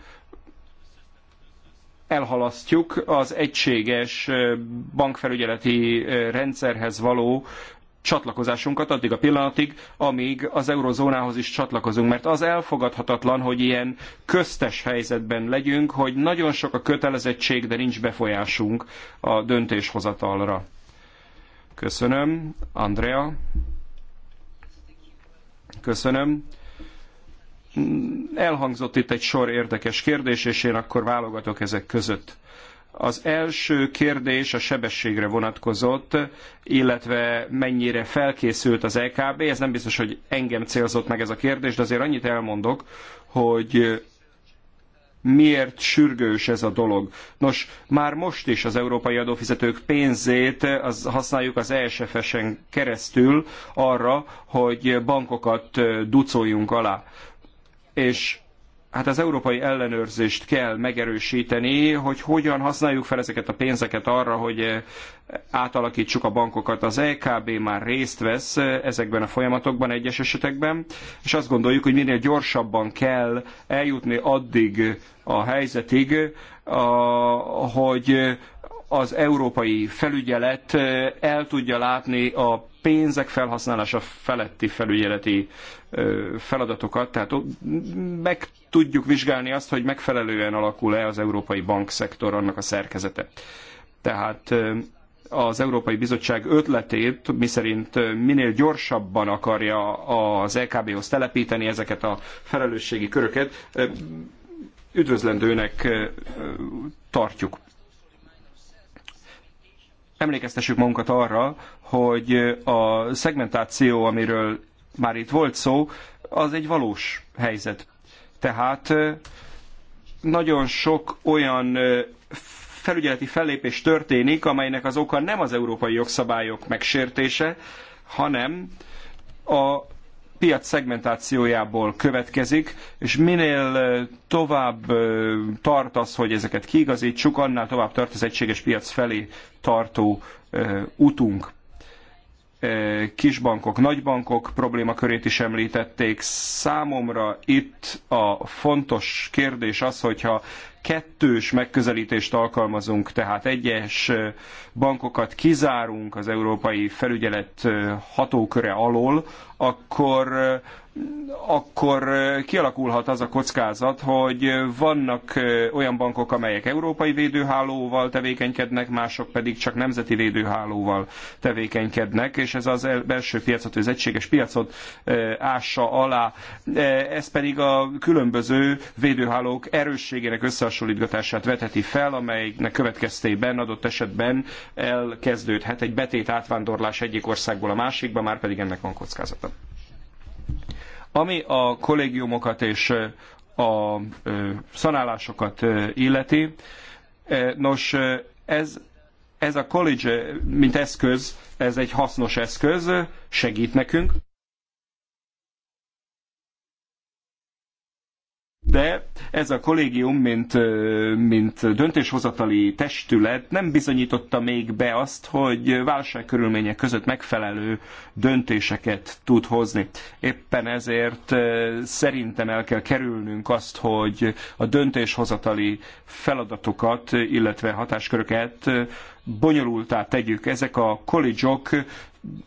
elhalasztjuk az egységes bankfelügyeleti rendszerhez való csatlakozásunkat addig a pillanatig, amíg az eurozónához is csatlakozunk. Mert az elfogadhatatlan, hogy ilyen köztes helyzetben legyünk, hogy nagyon sok a kötelezettség, de nincs befolyásunk a döntéshozatalra. Köszönöm, Andrea. Köszönöm. Elhangzott itt egy sor érdekes kérdés, és én akkor válogatok ezek között. Az első kérdés a sebességre vonatkozott, illetve mennyire felkészült az EKB. Ez nem biztos, hogy engem célzott meg ez a kérdés, de azért annyit elmondok, hogy miért sürgős ez a dolog. Nos, már most is az európai adófizetők pénzét az, használjuk az ESF-esen keresztül arra, hogy bankokat ducoljunk alá és hát az európai ellenőrzést kell megerősíteni, hogy hogyan használjuk fel ezeket a pénzeket arra, hogy eh, átalakítsuk a bankokat. Az EKB már részt vesz eh, ezekben a folyamatokban egyes esetekben, és azt gondoljuk, hogy minél gyorsabban kell eljutni addig a helyzetig, hogy az európai felügyelet eh, el tudja látni a pénzek felhasználása feletti felügyeleti feladatokat, tehát meg tudjuk vizsgálni azt, hogy megfelelően alakul-e az európai bankszektor, annak a szerkezete. Tehát az Európai Bizottság ötletét, miszerint minél gyorsabban akarja az LKB-hoz telepíteni ezeket a felelősségi köröket, üdvözlendőnek tartjuk. Emlékeztessük magunkat arra, hogy a szegmentáció, amiről már itt volt szó, az egy valós helyzet. Tehát nagyon sok olyan felügyeleti fellépés történik, amelynek az oka nem az európai jogszabályok megsértése, hanem a piac szegmentációjából következik, és minél tovább tart az, hogy ezeket kiigazítsuk, annál tovább tart az egységes piac felé tartó utunk kisbankok, nagybankok problémakörét is említették. Számomra itt a fontos kérdés az, hogyha kettős megközelítést alkalmazunk, tehát egyes bankokat kizárunk az európai felügyelet hatóköre alól, akkor akkor eh, kialakulhat az a kockázat, hogy eh, vannak eh, olyan bankok, amelyek európai védőhálóval tevékenykednek, mások pedig csak nemzeti védőhálóval tevékenykednek, és ez az belső piacot, az egységes piacot ássa alá. Ez pedig a különböző védőhálók erősségének összehasonlítgatását veteti fel, amelynek következtében adott esetben elkezdődhet egy betét átvándorlás egyik országból a másikba, már pedig ennek van kockázata. Ami a kollégiumokat és a szanálásokat illeti, nos, ez, ez a college, mint eszköz, ez egy hasznos eszköz, segít nekünk. de ez a kollégium, mint, mint döntéshozatali testület nem bizonyította még be azt, hogy válságkörülmények között megfelelő döntéseket tud hozni. Éppen ezért szerintem el kell kerülnünk azt, hogy a döntéshozatali feladatokat, illetve hatásköröket bonyolultá tegyük. Ezek a kollégiok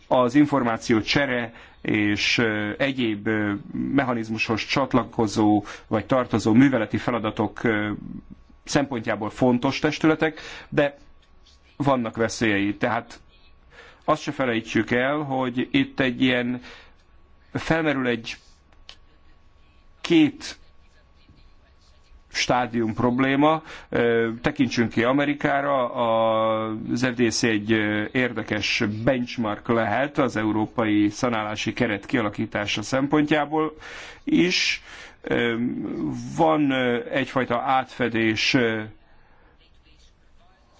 az információ csere és egyéb mechanizmushoz csatlakozó vagy tartozó műveleti feladatok szempontjából fontos testületek, de vannak veszélyei. Tehát azt se felejtsük el, hogy itt egy ilyen felmerül egy két stádium probléma. Tekintsünk ki Amerikára, az FDC egy érdekes benchmark lehet az európai szanálási keret kialakítása szempontjából is. Van egyfajta átfedés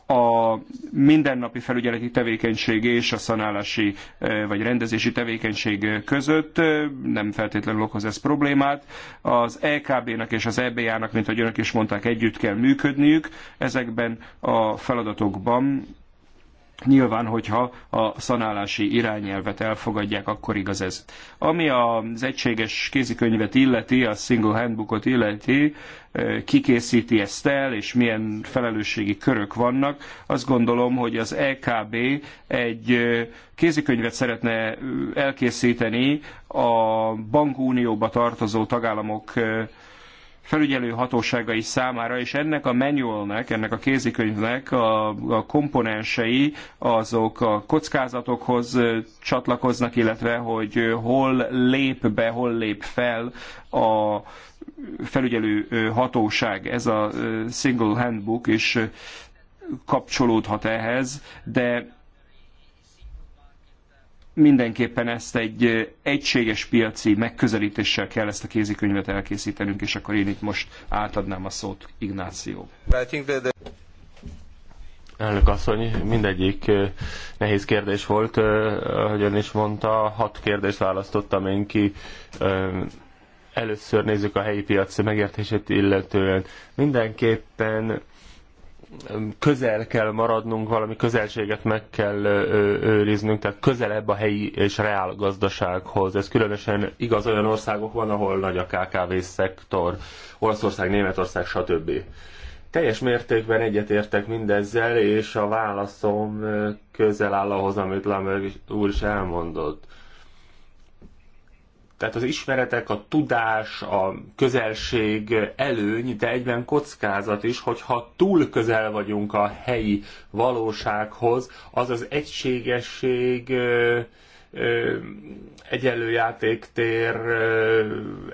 a mindennapi felügyeleti tevékenység és a szanálási eh, vagy rendezési tevékenység között. Eh, nem feltétlenül okoz ez problémát. Az EKB-nak és az EBA-nak, mint ahogy önök is mondták, együtt kell működniük ezekben a feladatokban Nyilván, hogyha a szanálási irányelvet elfogadják, akkor igaz ez. Ami az egységes kézikönyvet illeti, a single handbookot illeti, eh, készíti ezt el, és milyen felelősségi körök vannak, azt gondolom, hogy az EKB egy eh, kézikönyvet szeretne eh, elkészíteni a bankunióba tartozó tagállamok felügyelő hatóságai számára, és ennek a manualnek, ennek a kézikönyvnek a, a komponensei azok a kockázatokhoz csatlakoznak, illetve hogy hol lép be, hol lép fel a felügyelő hatóság. Ez a single handbook is kapcsolódhat ehhez, de mindenképpen ezt egy egységes piaci megközelítéssel kell ezt a kézikönyvet elkészítenünk, és akkor én itt most átadnám a szót Ignáció. Elnök asszony, mindegyik nehéz kérdés volt, ahogy ön is mondta, hat kérdést választottam én ki. Először nézzük a helyi piac megértését illetően. Mindenképpen közel kell maradnunk, valami közelséget meg kell őriznünk, tehát közelebb a helyi és reál gazdasághoz. Ez különösen igaz olyan országok van, ahol nagy a KKV szektor, Olaszország, Németország, stb. Teljes mértékben egyetértek mindezzel, és a válaszom közel áll ahhoz, amit Lamer úr is elmondott. Tehát az ismeretek, a tudás, a közelség előny, de egyben kockázat is, hogyha túl közel vagyunk a helyi valósághoz, az az egységesség, egyenlő játéktér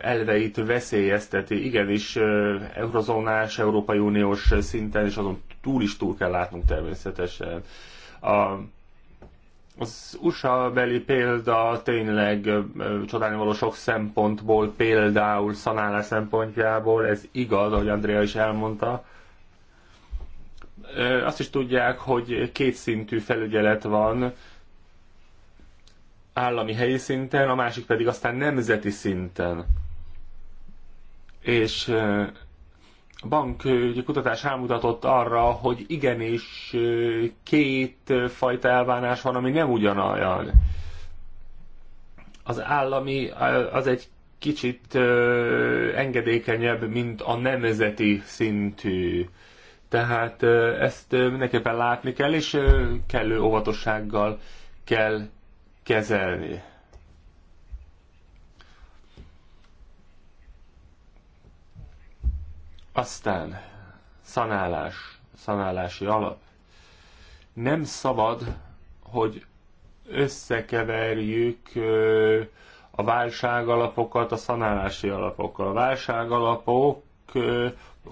elveit veszélyezteti. Igenis, eurozónás, Európai Uniós szinten, és azon túl is túl kell látnunk természetesen. A az USA beli példa tényleg csodálni való sok szempontból, például szanálás szempontjából, ez igaz, ahogy Andrea is elmondta. Azt is tudják, hogy kétszintű felügyelet van, állami helyi szinten, a másik pedig aztán nemzeti szinten. És bankügyi kutatás rámutatott arra, hogy igenis két fajta elvánás van, ami nem ugyanolyan. Az állami az egy kicsit engedékenyebb, mint a nemzeti szintű. Tehát ezt mindenképpen látni kell, és kellő óvatossággal kell kezelni. Aztán szanálás, szanálási alap. Nem szabad, hogy összekeverjük a válságalapokat a szanálási alapokkal. A válságalapok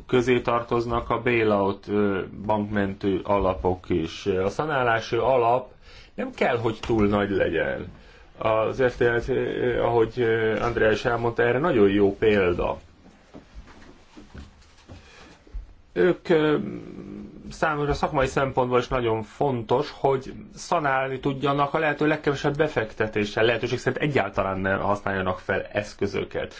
közé tartoznak a bailout bankmentő alapok is. A szanálási alap nem kell, hogy túl nagy legyen. Azért, ahogy Andrea is elmondta, erre nagyon jó példa ők számomra szakmai szempontból is nagyon fontos, hogy szanálni tudjanak a lehető legkevesebb befektetéssel, lehetőség szerint egyáltalán ne használjanak fel eszközöket.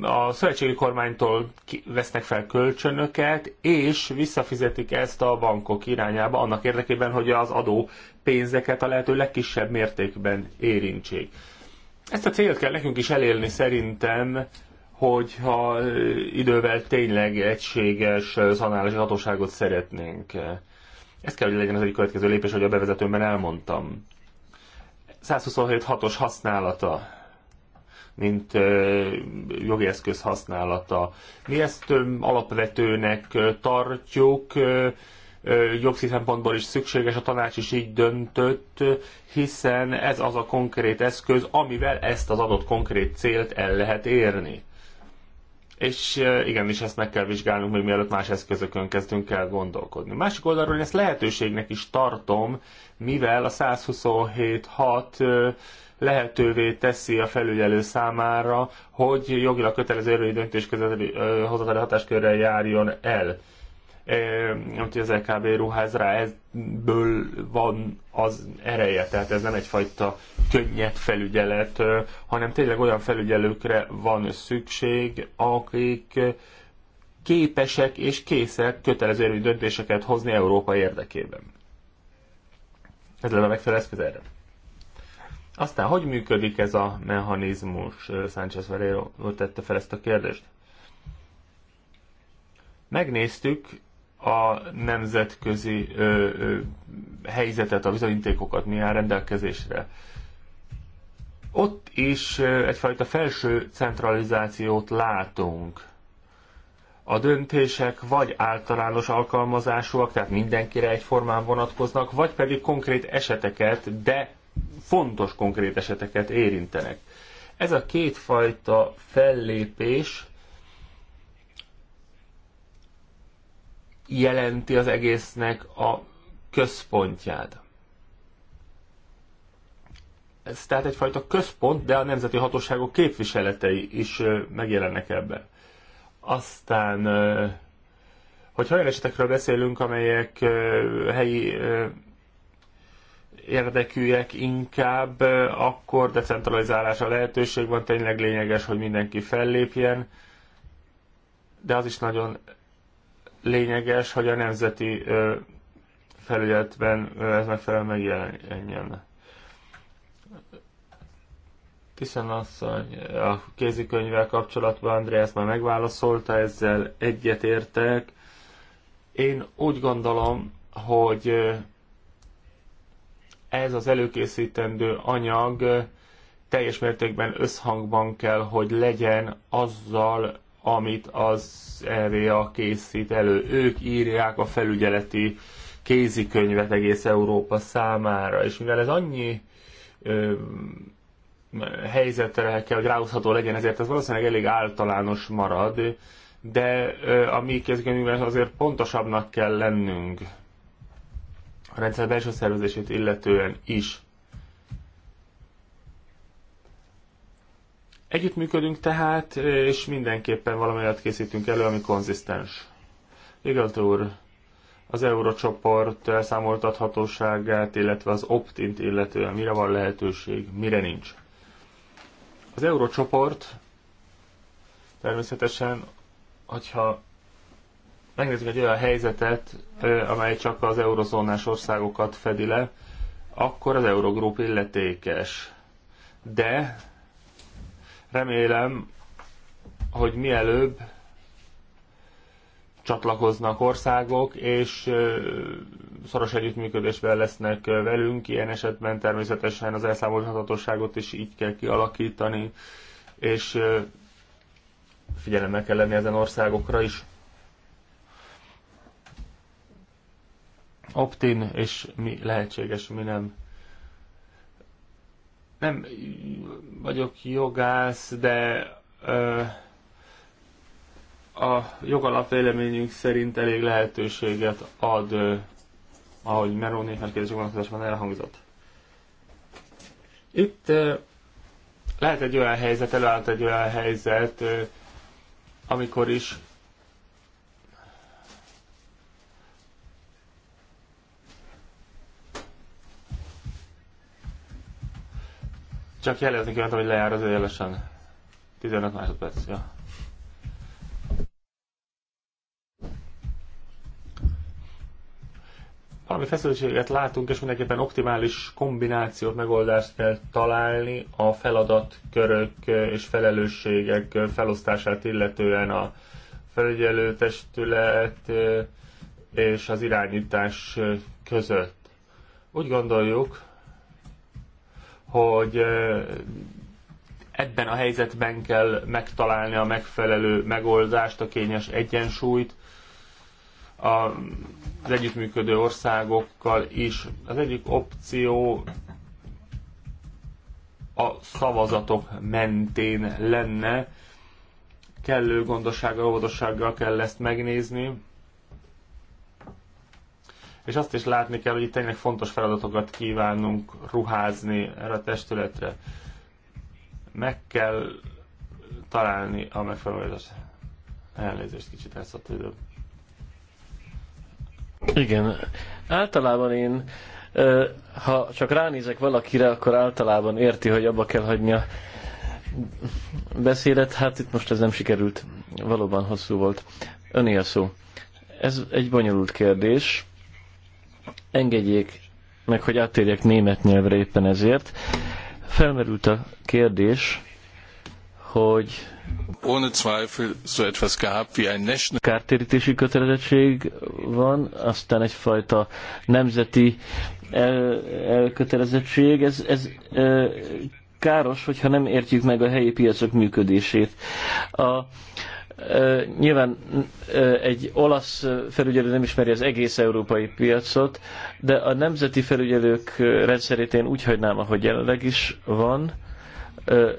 A szövetségi kormánytól vesznek fel kölcsönöket, és visszafizetik ezt a bankok irányába annak érdekében, hogy az adó pénzeket a lehető legkisebb mértékben érintsék. Ezt a célt kell nekünk is elérni szerintem, hogyha idővel tényleg egységes szanálási hatóságot szeretnénk. Ez kell, hogy legyen az egyik következő lépés, hogy a bevezetőmben elmondtam. 127 hatos használata, mint jogi eszköz használata. Mi ezt alapvetőnek tartjuk, jogszi szempontból is szükséges, a tanács is így döntött, hiszen ez az a konkrét eszköz, amivel ezt az adott konkrét célt el lehet érni és igenis ezt meg kell vizsgálnunk, még mielőtt más eszközökön kezdünk el gondolkodni. Másik oldalról én ezt lehetőségnek is tartom, mivel a 127.6 lehetővé teszi a felügyelő számára, hogy jogilag kötelező erői döntés hozatali hatáskörrel járjon el úgyhogy az LKB e ruház rá, ebből van az ereje, tehát ez nem egyfajta könnyed felügyelet, hanem tényleg olyan felügyelőkre van szükség, akik képesek és készek kötelező érvényű döntéseket hozni Európa érdekében. Ez lenne a megfelelő eszköz erre. Aztán, hogy működik ez a mechanizmus? Sánchez Valero tette fel ezt a kérdést. Megnéztük a nemzetközi ö, ö, helyzetet, a bizonyítékokat mi áll rendelkezésre. Ott is egyfajta felső centralizációt látunk. A döntések vagy általános alkalmazásúak, tehát mindenkire egyformán vonatkoznak, vagy pedig konkrét eseteket, de fontos konkrét eseteket érintenek. Ez a kétfajta fellépés jelenti az egésznek a központját. Ez tehát egyfajta központ, de a nemzeti hatóságok képviseletei is megjelennek ebben. Aztán, hogyha olyan esetekről beszélünk, amelyek helyi érdekűek inkább, akkor decentralizálása lehetőség van, tényleg lényeges, hogy mindenki fellépjen, de az is nagyon lényeges, hogy a nemzeti felületben ez megfelelően megjelenjen. Hiszen asszony, a kézikönyvvel kapcsolatban Andreas már megválaszolta, ezzel egyetértek. Én úgy gondolom, hogy ez az előkészítendő anyag teljes mértékben összhangban kell, hogy legyen azzal amit az EVA készít elő. Ők írják a felügyeleti kézikönyvet egész Európa számára, és mivel ez annyi ö, helyzetre kell, hogy ráhozható legyen, ezért ez valószínűleg elég általános marad, de ö, a mi kézikönyvünkben azért pontosabbnak kell lennünk a rendszer belső szervezését illetően is. Együttműködünk tehát, és mindenképpen valamelyet készítünk elő, ami konzisztens. Igaz úr, az eurocsoport elszámoltathatóságát, illetve az optint illetően mire van lehetőség, mire nincs. Az eurocsoport természetesen, hogyha megnézzük egy olyan helyzetet, amely csak az eurozónás országokat fedi le, akkor az Eurogroup illetékes. De Remélem, hogy mielőbb csatlakoznak országok, és szoros együttműködésben lesznek velünk. Ilyen esetben természetesen az elszámolhatatosságot is így kell kialakítani, és figyelemmel kell lenni ezen országokra is. Optin és mi lehetséges, mi nem. Nem vagyok jogász, de ö, a jogalap véleményünk szerint elég lehetőséget ad, ö, ahogy Merón néhány kérdés vonatkozásban elhangzott. Itt ö, lehet egy olyan helyzet, előállt egy olyan helyzet, ö, amikor is Csak jelezni kívántam, hogy lejár az egyenlesen. 15 másodperc, ja. valami feszültséget látunk, és mindenképpen optimális kombinációt, megoldást kell találni a feladatkörök és felelősségek felosztását illetően a felügyelőtestület és az irányítás között. Úgy gondoljuk, hogy ebben a helyzetben kell megtalálni a megfelelő megoldást, a kényes egyensúlyt az együttműködő országokkal is. Az egyik opció a szavazatok mentén lenne. Kellő gondossággal, óvatossággal kell ezt megnézni és azt is látni kell, hogy itt tényleg fontos feladatokat kívánunk ruházni erre a testületre. Meg kell találni a megfelelő elnézést kicsit a időm. Igen. Általában én, ha csak ránézek valakire, akkor általában érti, hogy abba kell hagyni a Hát itt most ez nem sikerült. Valóban hosszú volt. Öné a szó. Ez egy bonyolult kérdés. Engedjék meg, hogy áttérjek német nyelvre éppen ezért. Felmerült a kérdés, hogy ohne Zweifel so etwas gehabt wie ein national kártérítési kötelezettség van, aztán egyfajta nemzeti el, elkötelezettség. Ez, ez ö, káros, hogyha nem értjük meg a helyi piacok működését. A Nyilván egy olasz felügyelő nem ismeri az egész európai piacot, de a nemzeti felügyelők rendszerét én úgy hagynám, ahogy jelenleg is van,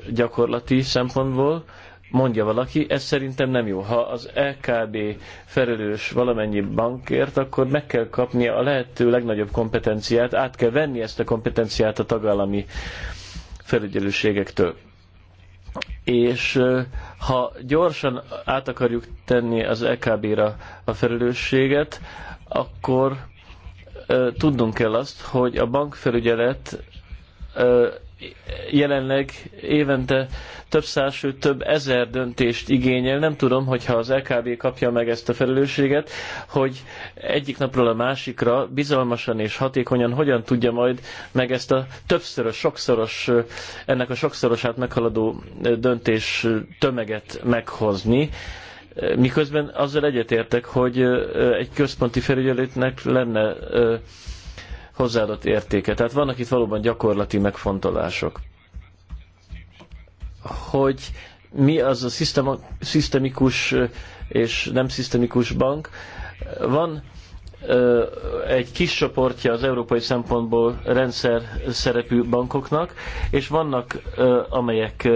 gyakorlati szempontból, mondja valaki, ez szerintem nem jó. Ha az LKB felelős valamennyi bankért, akkor meg kell kapnia a lehető legnagyobb kompetenciát, át kell venni ezt a kompetenciát a tagállami felügyelőségektől. És ha gyorsan át akarjuk tenni az EKB-ra a felelősséget, akkor tudnunk kell azt, hogy a bankfelügyelet jelenleg évente több száz, sőt több ezer döntést igényel. Nem tudom, hogyha az LKB kapja meg ezt a felelősséget, hogy egyik napról a másikra bizalmasan és hatékonyan hogyan tudja majd meg ezt a többszörös, sokszoros, ennek a sokszorosát meghaladó döntés tömeget meghozni. Miközben azzal egyetértek, hogy egy központi felügyelőtnek lenne hozzáadott értéke. Tehát vannak itt valóban gyakorlati megfontolások. Hogy mi az a szisztema, szisztemikus és nem szisztemikus bank. Van egy kis csoportja az európai szempontból rendszer szerepű bankoknak, és vannak, amelyek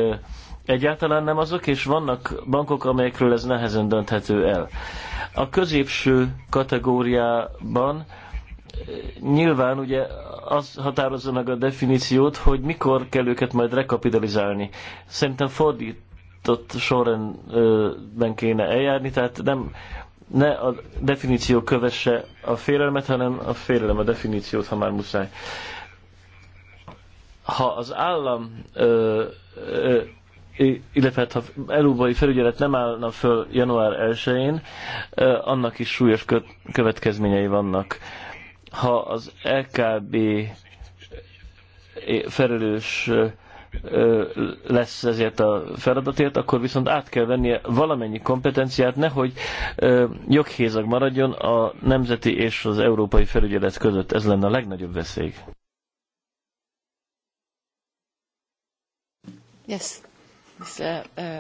egyáltalán nem azok, és vannak bankok, amelyekről ez nehezen dönthető el. A középső kategóriában nyilván ugye az határozza meg a definíciót, hogy mikor kell őket majd rekapitalizálni. Szerintem fordított sorrendben kéne eljárni, tehát nem, ne a definíció kövesse a félelmet, hanem a félelem a definíciót, ha már muszáj. Ha az állam, ö, ö, illetve hát ha elúbai felügyelet nem állna föl január 1-én, annak is súlyos következményei vannak ha az LKB felelős lesz ezért a feladatért, akkor viszont át kell vennie valamennyi kompetenciát, nehogy joghézag maradjon a nemzeti és az európai felügyelet között. Ez lenne a legnagyobb veszély. Yes. uh, uh...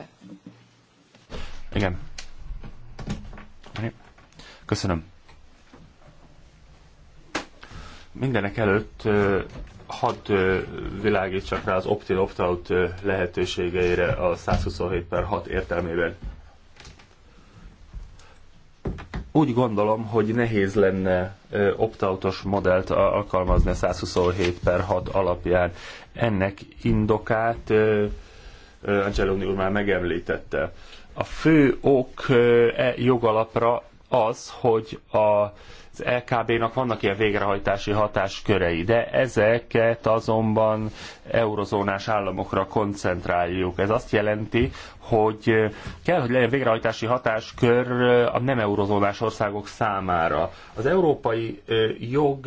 Igen. Köszönöm. Mindenek előtt hadd világítsak rá az opt-in opt-out lehetőségeire a 127 per 6 értelmében. Úgy gondolom, hogy nehéz lenne opt-outos modellt alkalmazni a 127 per 6 alapján. Ennek indokát Angeloni úr már megemlítette. A fő ok e jogalapra az, hogy a az LKB-nak vannak ilyen végrehajtási hatáskörei, de ezeket azonban eurozónás államokra koncentráljuk. Ez azt jelenti, hogy kell, hogy legyen végrehajtási hatáskör a nem eurozónás országok számára. Az európai jog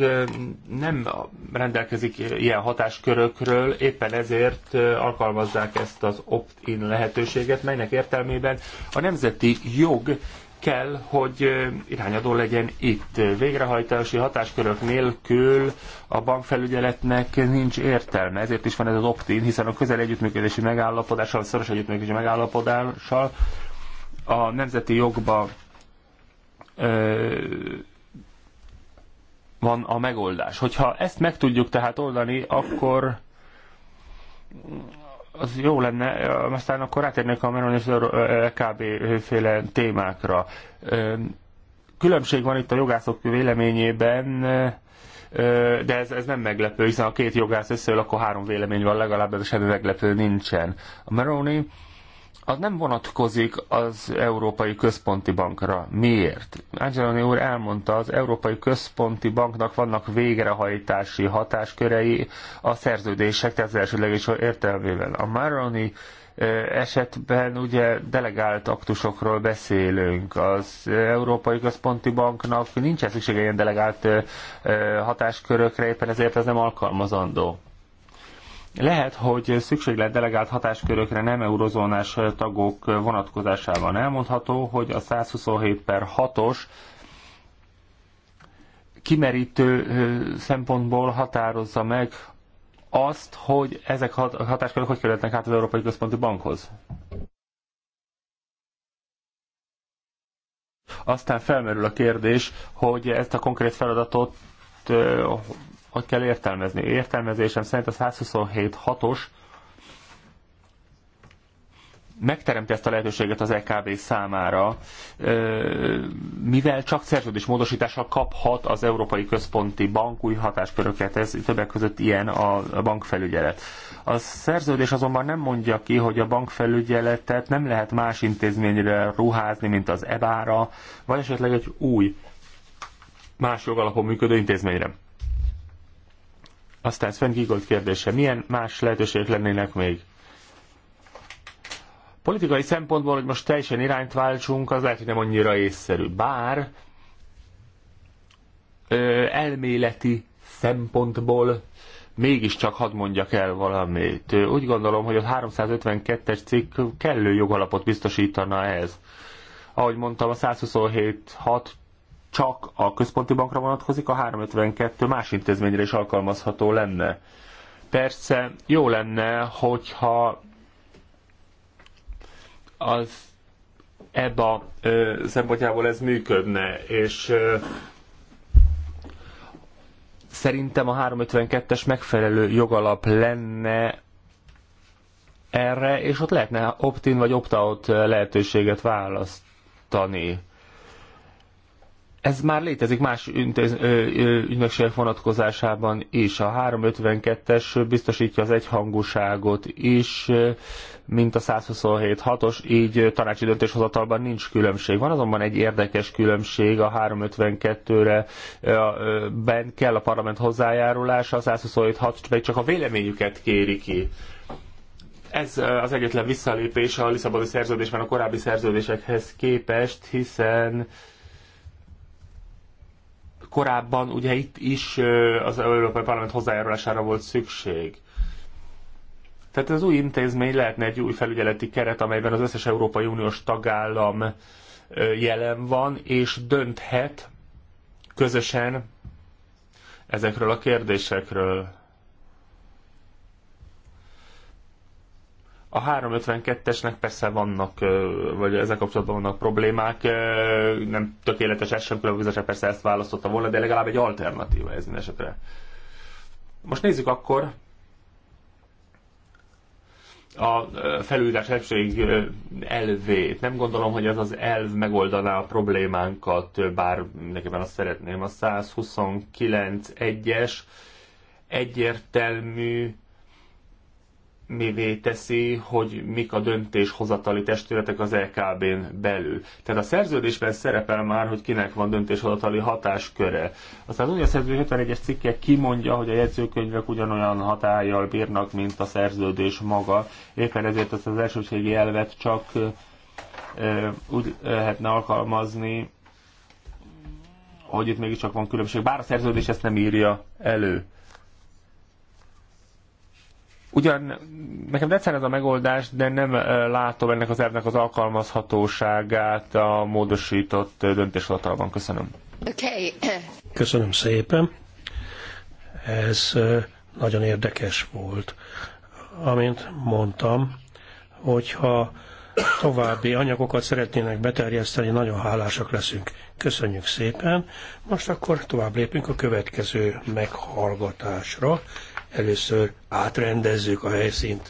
nem rendelkezik ilyen hatáskörökről, éppen ezért alkalmazzák ezt az opt-in lehetőséget, melynek értelmében a nemzeti jog kell, hogy irányadó legyen itt. Végrehajtási hatáskörök nélkül a bankfelügyeletnek nincs értelme, ezért is van ez az opt-in, hiszen a közel együttműködési megállapodással, szoros együttműködési megállapodással a nemzeti jogba ö, van a megoldás. Hogyha ezt meg tudjuk tehát oldani, akkor az jó lenne, aztán akkor rátérnék a Menon és LKB féle témákra. Különbség van itt a jogászok véleményében, de ez, ez nem meglepő, hiszen a két jogász összeül, akkor három vélemény van, legalább ez semmi meglepő nincsen. A Meroni az nem vonatkozik az Európai Központi Bankra. Miért? Angeloni úr elmondta, az Európai Központi Banknak vannak végrehajtási hatáskörei a szerződések, tehát az elsődleges értelmében. A Maroni esetben ugye delegált aktusokról beszélünk. Az Európai Központi Banknak nincsen szüksége ilyen delegált hatáskörökre, éppen ezért ez nem alkalmazandó. Lehet, hogy szükség lett delegált hatáskörökre nem eurozónás tagok vonatkozásában elmondható, hogy a 127 per 6-os kimerítő szempontból határozza meg azt, hogy ezek a hatáskörök hogy kerülhetnek át az Európai Központi Bankhoz. Aztán felmerül a kérdés, hogy ezt a konkrét feladatot hogy kell értelmezni? Értelmezésem szerint a 127.6-os megteremti ezt a lehetőséget az EKB számára, mivel csak szerződés módosítással kaphat az Európai Központi Bank új hatásköröket, ez többek között ilyen a bankfelügyelet. A szerződés azonban nem mondja ki, hogy a bankfelügyeletet nem lehet más intézményre ruházni, mint az EBA-ra, vagy esetleg egy új, más jogalapon működő intézményre. Aztán Sven Gigold kérdése, milyen más lehetőségek lennének még? Politikai szempontból, hogy most teljesen irányt váltsunk, az lehet, hogy nem annyira észszerű. Bár ö, elméleti szempontból mégiscsak hadd mondjak el valamit. Úgy gondolom, hogy a 352-es cikk kellő jogalapot biztosítana ez. Ahogy mondtam, a 127.6 csak a központi bankra vonatkozik, a 352 más intézményre is alkalmazható lenne. Persze jó lenne, hogyha az EBA ö, szempontjából ez működne, és ö, szerintem a 352-es megfelelő jogalap lenne erre, és ott lehetne opt-in vagy opt-out lehetőséget választani. Ez már létezik más ügynökségek vonatkozásában is. A 352-es biztosítja az egyhangúságot is, mint a 127-6-os, így tanácsi döntéshozatalban nincs különbség. Van azonban egy érdekes különbség, a 352-re ben kell a parlament hozzájárulása, a 127-6 pedig csak a véleményüket kéri ki. Ez az egyetlen visszalépés a Lisszaboni szerződésben a korábbi szerződésekhez képest, hiszen Korábban ugye itt is az Európai Parlament hozzájárulására volt szükség. Tehát az új intézmény lehetne egy új felügyeleti keret, amelyben az összes Európai Uniós tagállam jelen van, és dönthet közösen ezekről a kérdésekről. A 352-esnek persze vannak, vagy ezzel kapcsolatban vannak problémák, nem tökéletes ez sem, különbözősen persze ezt választotta volna, de legalább egy alternatíva ez esetre. Most nézzük akkor a felújítás elsőség elvét. Nem gondolom, hogy ez az elv megoldaná a problémánkat, bár nekem azt szeretném. A 129 egyes egyértelmű mivé teszi, hogy mik a döntéshozatali testületek az LKB-n e belül. Tehát a szerződésben szerepel már, hogy kinek van döntéshozatali hatásköre. Aztán az Unió Szerződés 51-es cikke kimondja, hogy a jegyzőkönyvek ugyanolyan hatállyal bírnak, mint a szerződés maga. Éppen ezért ezt az elsőségi elvet csak úgy lehetne alkalmazni, hogy itt mégiscsak van különbség. Bár a szerződés ezt nem írja elő. Ugyan nekem tetszen ez a megoldás, de nem látom ennek az elvnek az alkalmazhatóságát a módosított döntéshozatalban. Köszönöm. Okay. <coughs> Köszönöm szépen. Ez nagyon érdekes volt. Amint mondtam, hogyha további anyagokat szeretnének beterjeszteni, nagyon hálásak leszünk. Köszönjük szépen. Most akkor tovább lépünk a következő meghallgatásra. Először átrendezzük a helyszínt.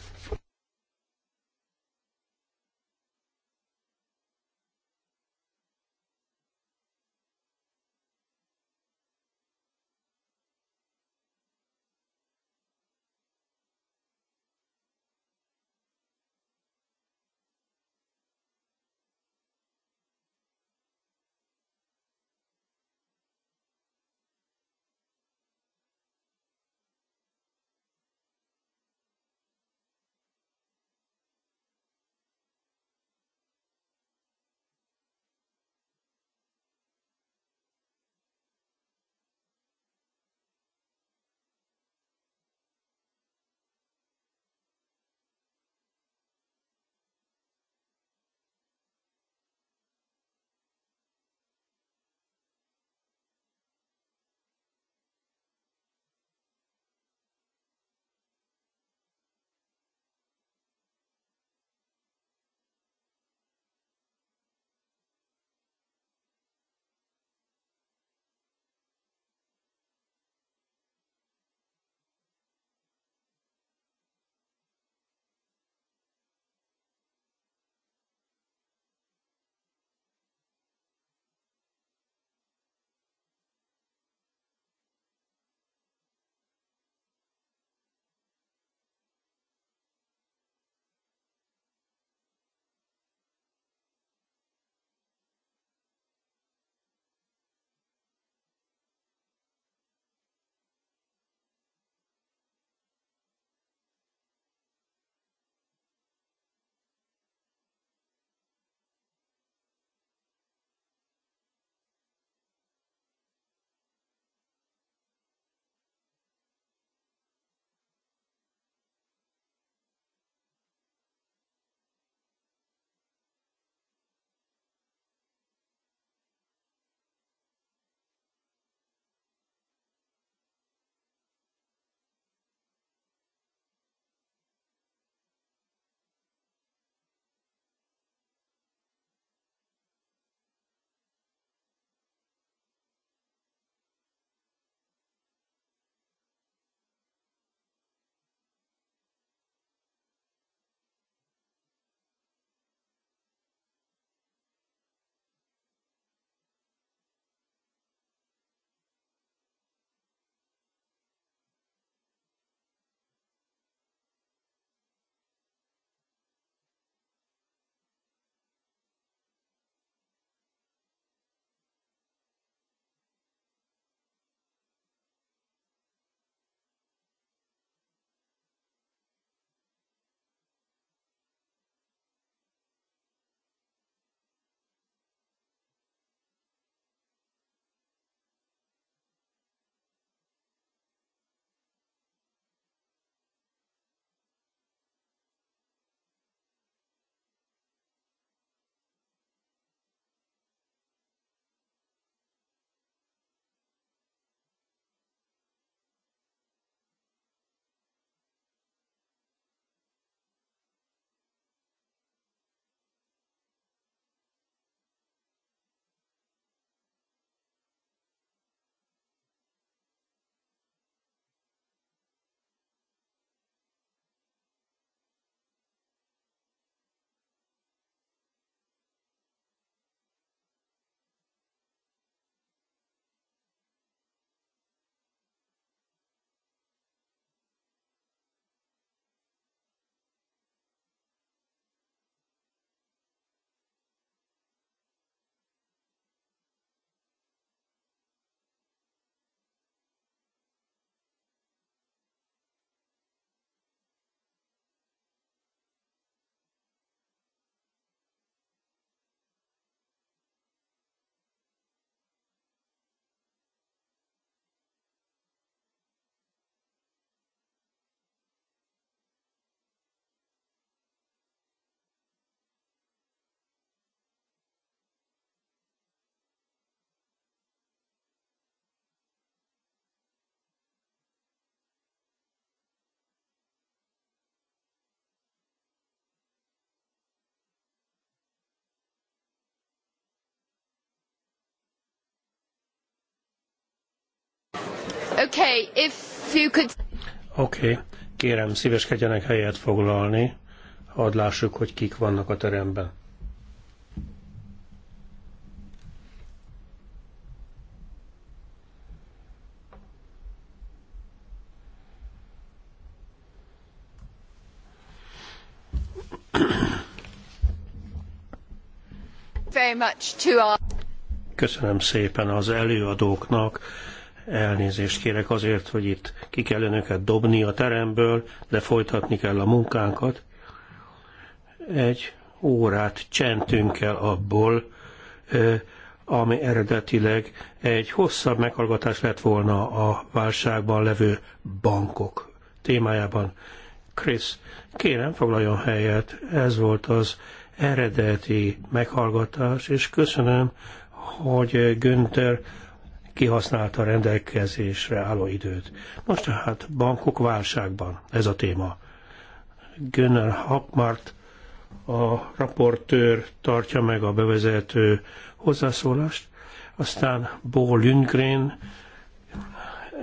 Oké, okay. kérem, szíveskedjenek helyet foglalni. Hadd lássuk, hogy kik vannak a teremben. Very much to our... Köszönöm szépen az előadóknak Elnézést kérek azért, hogy itt ki kell önöket dobni a teremből, de folytatni kell a munkánkat. Egy órát csentünk el abból, ami eredetileg egy hosszabb meghallgatás lett volna a válságban levő bankok témájában. Krisz, kérem foglaljon helyet, ez volt az eredeti meghallgatás, és köszönöm, hogy Günther kihasználta rendelkezésre álló időt. Most tehát bankok válságban ez a téma. Gönner Hackmart a raportőr tartja meg a bevezető hozzászólást, aztán Bo Lundgren,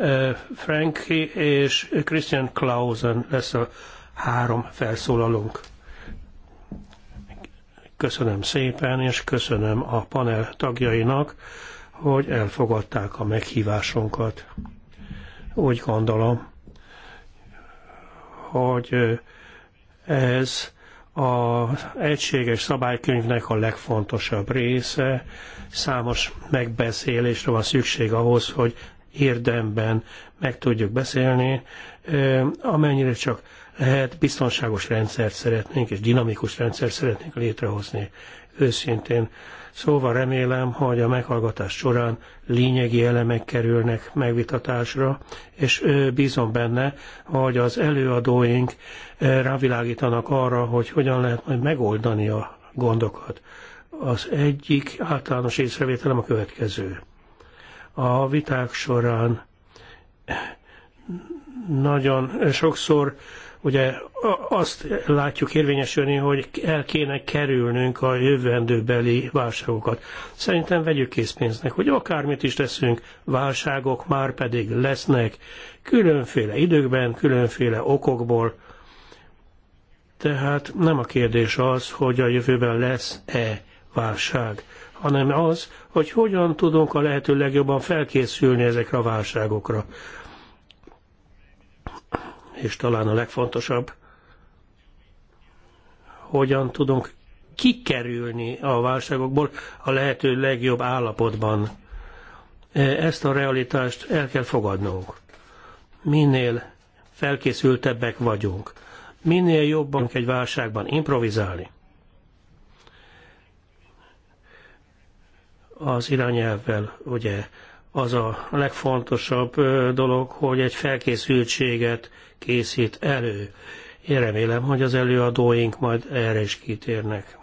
eh, Frankie és Christian Clausen lesz a három felszólalunk. Köszönöm szépen, és köszönöm a panel tagjainak, hogy elfogadták a meghívásunkat. Úgy gondolom, hogy ez az egységes szabálykönyvnek a legfontosabb része. Számos megbeszélésre van szükség ahhoz, hogy érdemben meg tudjuk beszélni, amennyire csak lehet biztonságos rendszert szeretnénk, és dinamikus rendszert szeretnénk létrehozni. Őszintén Szóval remélem, hogy a meghallgatás során lényegi elemek kerülnek megvitatásra, és bízom benne, hogy az előadóink rávilágítanak arra, hogy hogyan lehet majd megoldani a gondokat. Az egyik általános észrevételem a következő. A viták során nagyon sokszor Ugye azt látjuk érvényesülni, hogy el kéne kerülnünk a jövendőbeli válságokat. Szerintem vegyük készpénznek, hogy akármit is teszünk, válságok már pedig lesznek különféle időkben, különféle okokból. Tehát nem a kérdés az, hogy a jövőben lesz-e válság, hanem az, hogy hogyan tudunk a lehető legjobban felkészülni ezekre a válságokra és talán a legfontosabb, hogyan tudunk kikerülni a válságokból a lehető legjobb állapotban. E, ezt a realitást el kell fogadnunk. Minél felkészültebbek vagyunk, minél jobban egy válságban improvizálni. Az irányelvvel ugye az a legfontosabb dolog, hogy egy felkészültséget készít elő. Én remélem, hogy az előadóink majd erre is kitérnek.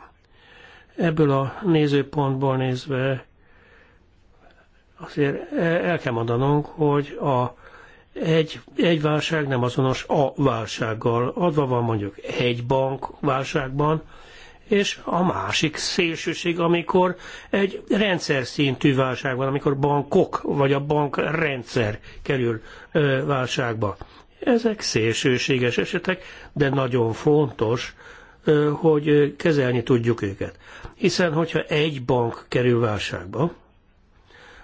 Ebből a nézőpontból nézve azért el kell mondanunk, hogy a, egy, egy válság nem azonos a válsággal. Adva van mondjuk egy bank válságban, és a másik szélsőség, amikor egy rendszer szintű válság van, amikor bankok vagy a bankrendszer kerül válságba. Ezek szélsőséges esetek, de nagyon fontos, hogy kezelni tudjuk őket. Hiszen, hogyha egy bank kerül válságba,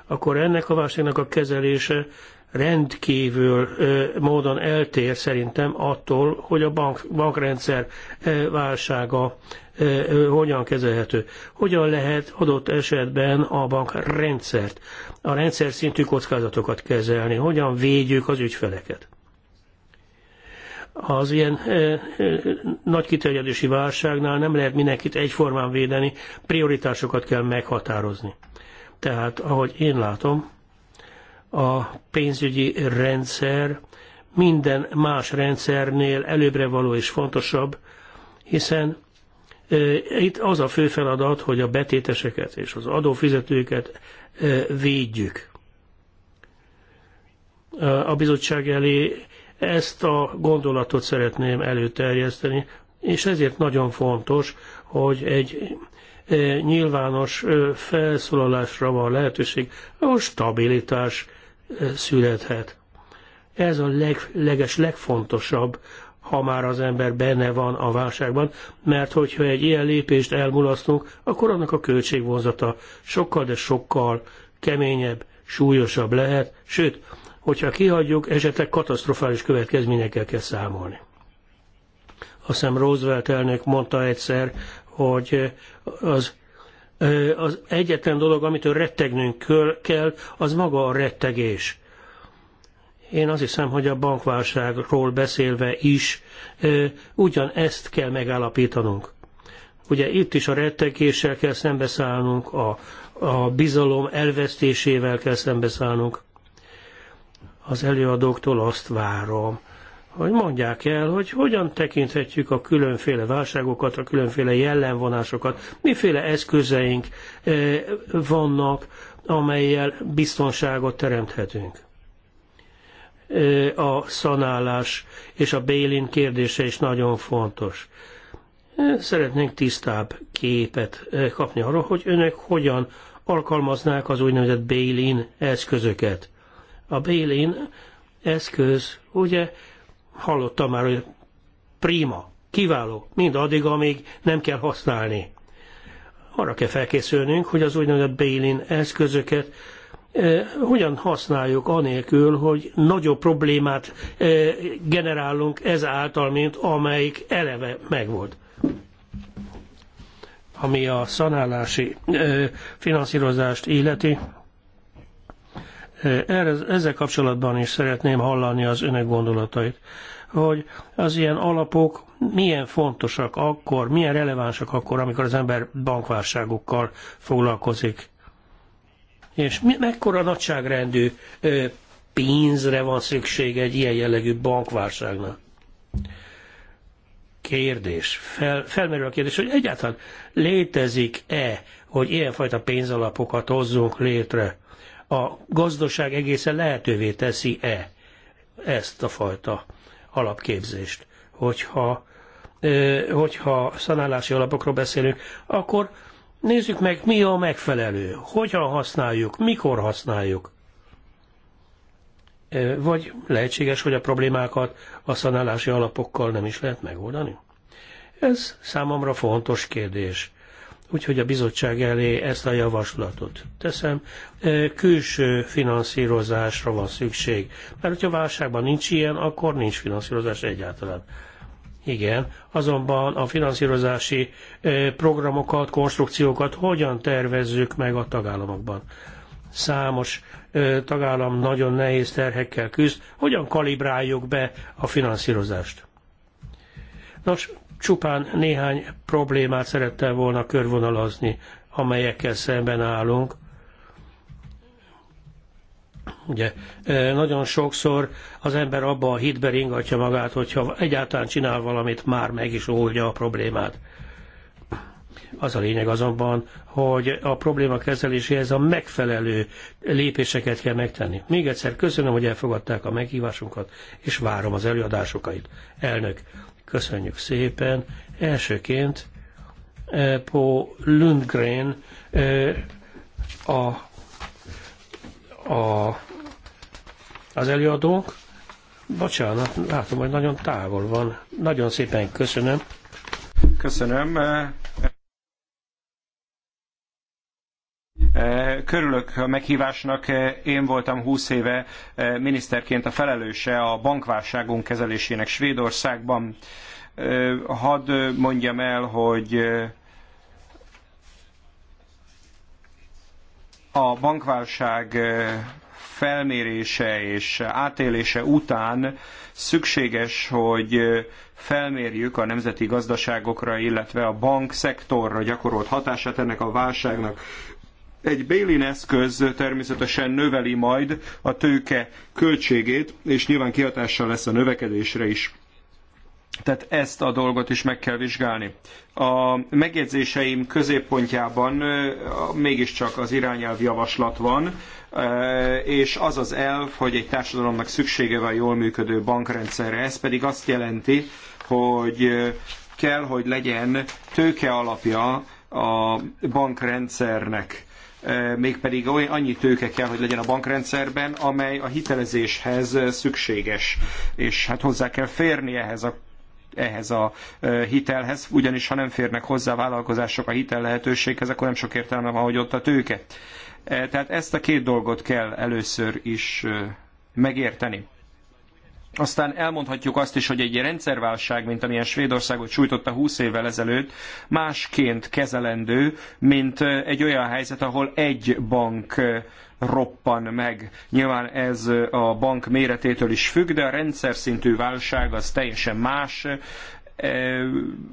akkor ennek a válságnak a kezelése rendkívül módon eltér szerintem attól, hogy a bank, bankrendszer válsága hogyan kezelhető. Hogyan lehet adott esetben a bankrendszert, a rendszer szintű kockázatokat kezelni, hogyan védjük az ügyfeleket. Az ilyen nagy kiterjedési válságnál nem lehet mindenkit egyformán védeni, prioritásokat kell meghatározni. Tehát, ahogy én látom, a pénzügyi rendszer minden más rendszernél előbbre való és fontosabb, hiszen itt az a fő feladat, hogy a betéteseket és az adófizetőket védjük. A bizottság elé ezt a gondolatot szeretném előterjeszteni, és ezért nagyon fontos, hogy egy nyilvános felszólalásra van lehetőség, a stabilitás születhet. Ez a leg, leges legfontosabb, ha már az ember benne van a válságban, mert hogyha egy ilyen lépést elmulasztunk, akkor annak a költségvonzata sokkal, de sokkal keményebb, súlyosabb lehet, sőt, hogyha kihagyjuk, esetleg katasztrofális következményekkel kell számolni. Azt hiszem Roosevelt elnök mondta egyszer, hogy az az egyetlen dolog, amitől rettegnünk kell, az maga a rettegés. Én azt hiszem, hogy a bankválságról beszélve is ugyanezt kell megállapítanunk. Ugye itt is a rettegéssel kell szembeszállnunk, a, a bizalom elvesztésével kell szembeszállnunk. Az előadóktól azt várom, hogy mondják el, hogy hogyan tekinthetjük a különféle válságokat, a különféle jellemvonásokat, miféle eszközeink eh, vannak, amelyel biztonságot teremthetünk. Eh, a szanálás és a bélin kérdése is nagyon fontos. Eh, szeretnénk tisztább képet kapni arról, hogy önök hogyan alkalmaznák az úgynevezett Bélin eszközöket. A Bélin eszköz ugye hallottam már, hogy prima, kiváló, mind addig, amíg nem kell használni. Arra kell felkészülnünk, hogy az úgynevezett Bélin eszközöket eh, hogyan használjuk anélkül, hogy nagyobb problémát eh, generálunk ezáltal, mint amelyik eleve megvolt. Ami a szanálási eh, finanszírozást illeti, ezzel kapcsolatban is szeretném hallani az önök gondolatait, hogy az ilyen alapok milyen fontosak akkor, milyen relevánsak akkor, amikor az ember bankválságokkal foglalkozik. És mi, mekkora nagyságrendű ö, pénzre van szükség egy ilyen jellegű bankválságnak? Kérdés. Fel, felmerül a kérdés, hogy egyáltalán létezik-e, hogy ilyenfajta pénzalapokat hozzunk létre? a gazdaság egészen lehetővé teszi-e ezt a fajta alapképzést. Hogyha, hogyha szanálási alapokról beszélünk, akkor nézzük meg, mi a megfelelő, hogyan használjuk, mikor használjuk. Vagy lehetséges, hogy a problémákat a szanálási alapokkal nem is lehet megoldani? Ez számomra fontos kérdés. Úgyhogy a bizottság elé ezt a javaslatot teszem. Külső finanszírozásra van szükség. Mert hogyha válságban nincs ilyen, akkor nincs finanszírozás egyáltalán. Igen, azonban a finanszírozási programokat, konstrukciókat hogyan tervezzük meg a tagállamokban? Számos tagállam nagyon nehéz terhekkel küzd. Hogyan kalibráljuk be a finanszírozást? Nos, Csupán néhány problémát szerettem volna körvonalazni, amelyekkel szemben állunk. Ugye, e, nagyon sokszor az ember abba a hitbe ringatja magát, hogyha egyáltalán csinál valamit, már meg is oldja a problémát. Az a lényeg azonban, hogy a probléma kezeléséhez a megfelelő lépéseket kell megtenni. Még egyszer köszönöm, hogy elfogadták a meghívásunkat, és várom az előadásokat. Elnök, Köszönjük szépen. Elsőként eh, Pó Lundgren eh, a, a, az előadónk. Bocsánat, látom, hogy nagyon távol van. Nagyon szépen köszönöm. Köszönöm. Eh, Körülök a meghívásnak, én voltam 20 éve miniszterként a felelőse a bankválságunk kezelésének Svédországban. Hadd mondjam el, hogy a bankválság felmérése és átélése után szükséges, hogy felmérjük a nemzeti gazdaságokra, illetve a bankszektorra gyakorolt hatását ennek a válságnak. Egy Bélin eszköz természetesen növeli majd a tőke költségét, és nyilván kihatással lesz a növekedésre is. Tehát ezt a dolgot is meg kell vizsgálni. A megjegyzéseim középpontjában mégiscsak az irányelv javaslat van, és az az elv, hogy egy társadalomnak szüksége van jól működő bankrendszerre. Ez pedig azt jelenti, hogy kell, hogy legyen tőke alapja a bankrendszernek. E, mégpedig annyi tőke kell, hogy legyen a bankrendszerben, amely a hitelezéshez e, szükséges, és hát hozzá kell férni ehhez a ehhez a e, hitelhez, ugyanis ha nem férnek hozzá vállalkozások a hitel lehetőséghez, akkor nem sok értelme van, hogy ott a tőke. Tehát ezt a két dolgot kell először is megérteni. Aztán elmondhatjuk azt is, hogy egy rendszerválság, mint amilyen Svédországot sújtotta 20 évvel ezelőtt, másként kezelendő, mint egy olyan helyzet, ahol egy bank roppan meg. Nyilván ez a bank méretétől is függ, de a rendszer szintű válság az teljesen más,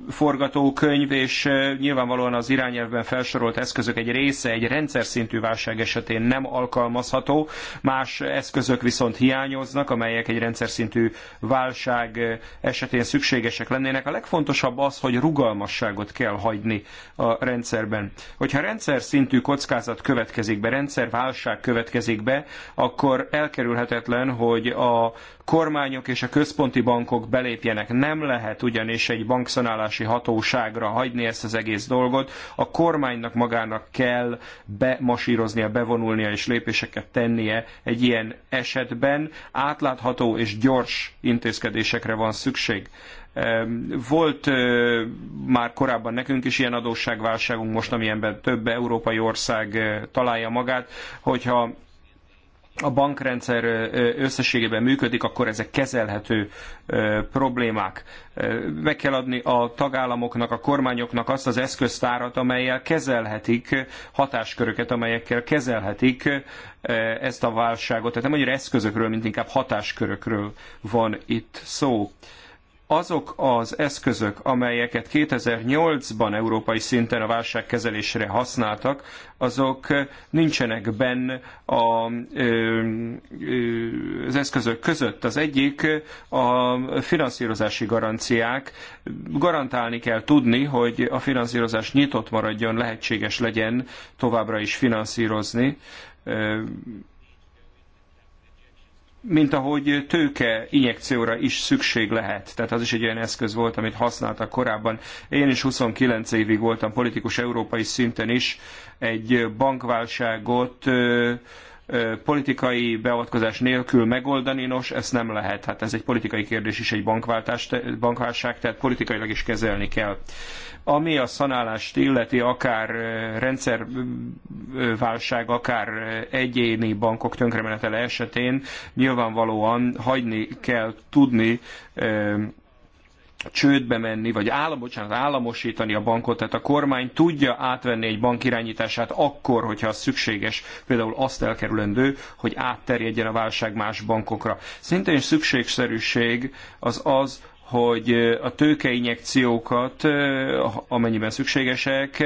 forgatókönyv, és nyilvánvalóan az irányelvben felsorolt eszközök egy része egy rendszer szintű válság esetén nem alkalmazható, más eszközök viszont hiányoznak, amelyek egy rendszer szintű válság esetén szükségesek lennének. A legfontosabb az, hogy rugalmasságot kell hagyni a rendszerben. Hogyha rendszer szintű kockázat következik be, rendszerválság következik be, akkor elkerülhetetlen, hogy a kormányok és a központi bankok belépjenek. Nem lehet ugyanis és egy bankszanálási hatóságra hagyni ezt az egész dolgot. A kormánynak magának kell bemasíroznia, bevonulnia és lépéseket tennie egy ilyen esetben. Átlátható és gyors intézkedésekre van szükség. Ehm, volt már korábban nekünk is ilyen adósságválságunk, most amilyenben több európai ország találja magát, hogyha a bankrendszer összességében működik, akkor ezek kezelhető problémák. Meg kell adni a tagállamoknak, a kormányoknak azt az eszköztárat, amelyel kezelhetik hatásköröket, amelyekkel kezelhetik ezt a válságot. Tehát nem annyira eszközökről, mint inkább hatáskörökről van itt szó azok az eszközök, amelyeket 2008-ban európai szinten a válságkezelésre használtak, azok nincsenek benne a, az eszközök között. Az egyik a finanszírozási garanciák. Garantálni kell tudni, hogy a finanszírozás nyitott maradjon, lehetséges legyen továbbra is finanszírozni mint ahogy tőke injekcióra is szükség lehet. Tehát az is egy olyan eszköz volt, amit használtak korábban. Én is 29 évig voltam politikus európai szinten is. Egy bankválságot politikai beavatkozás nélkül megoldani, nos, ezt nem lehet. Hát ez egy politikai kérdés is, egy bankválság, tehát politikailag is kezelni kell. Ami a szanálást illeti, akár rendszerválság, akár egyéni bankok tönkremenetele esetén, nyilvánvalóan hagyni kell tudni csődbe menni, vagy állam, bocsánat, államosítani a bankot, tehát a kormány tudja átvenni egy bank irányítását akkor, hogyha az szükséges, például azt elkerülendő, hogy átterjedjen a válság más bankokra. Szintén szükségszerűség az az, hogy eh, a tőkeinjekciókat, eh, amennyiben szükségesek,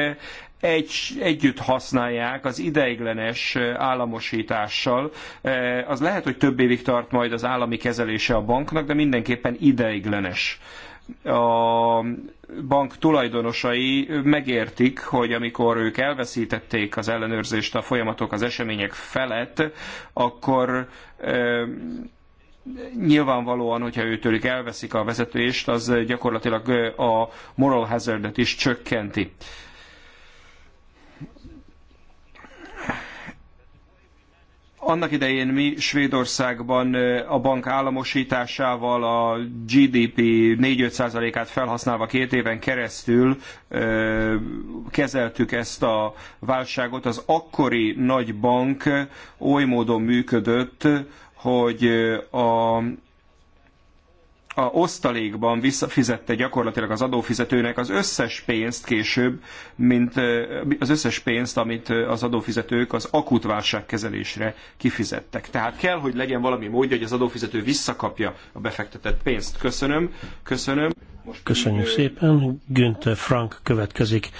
egy, együtt használják az ideiglenes eh, államosítással. Az lehet, hogy több évig tart majd az állami kezelése a banknak, de mindenképpen ideiglenes a bank tulajdonosai megértik, hogy amikor ők elveszítették az ellenőrzést a folyamatok, az események felett, akkor e, nyilvánvalóan, hogyha őtőlük elveszik a vezetést, az gyakorlatilag a moral hazardet is csökkenti. E, annak idején mi Svédországban a bank államosításával a GDP 4-5%-át felhasználva két éven keresztül kezeltük ezt a válságot. Az akkori nagy bank oly módon működött, hogy a a osztalékban visszafizette gyakorlatilag az adófizetőnek az összes pénzt később, mint az összes pénzt, amit az adófizetők az akut válságkezelésre kifizettek. Tehát kell, hogy legyen valami módja, hogy az adófizető visszakapja a befektetett pénzt. Köszönöm, köszönöm. Most Köszönjük így, szépen. Günther Frank következik.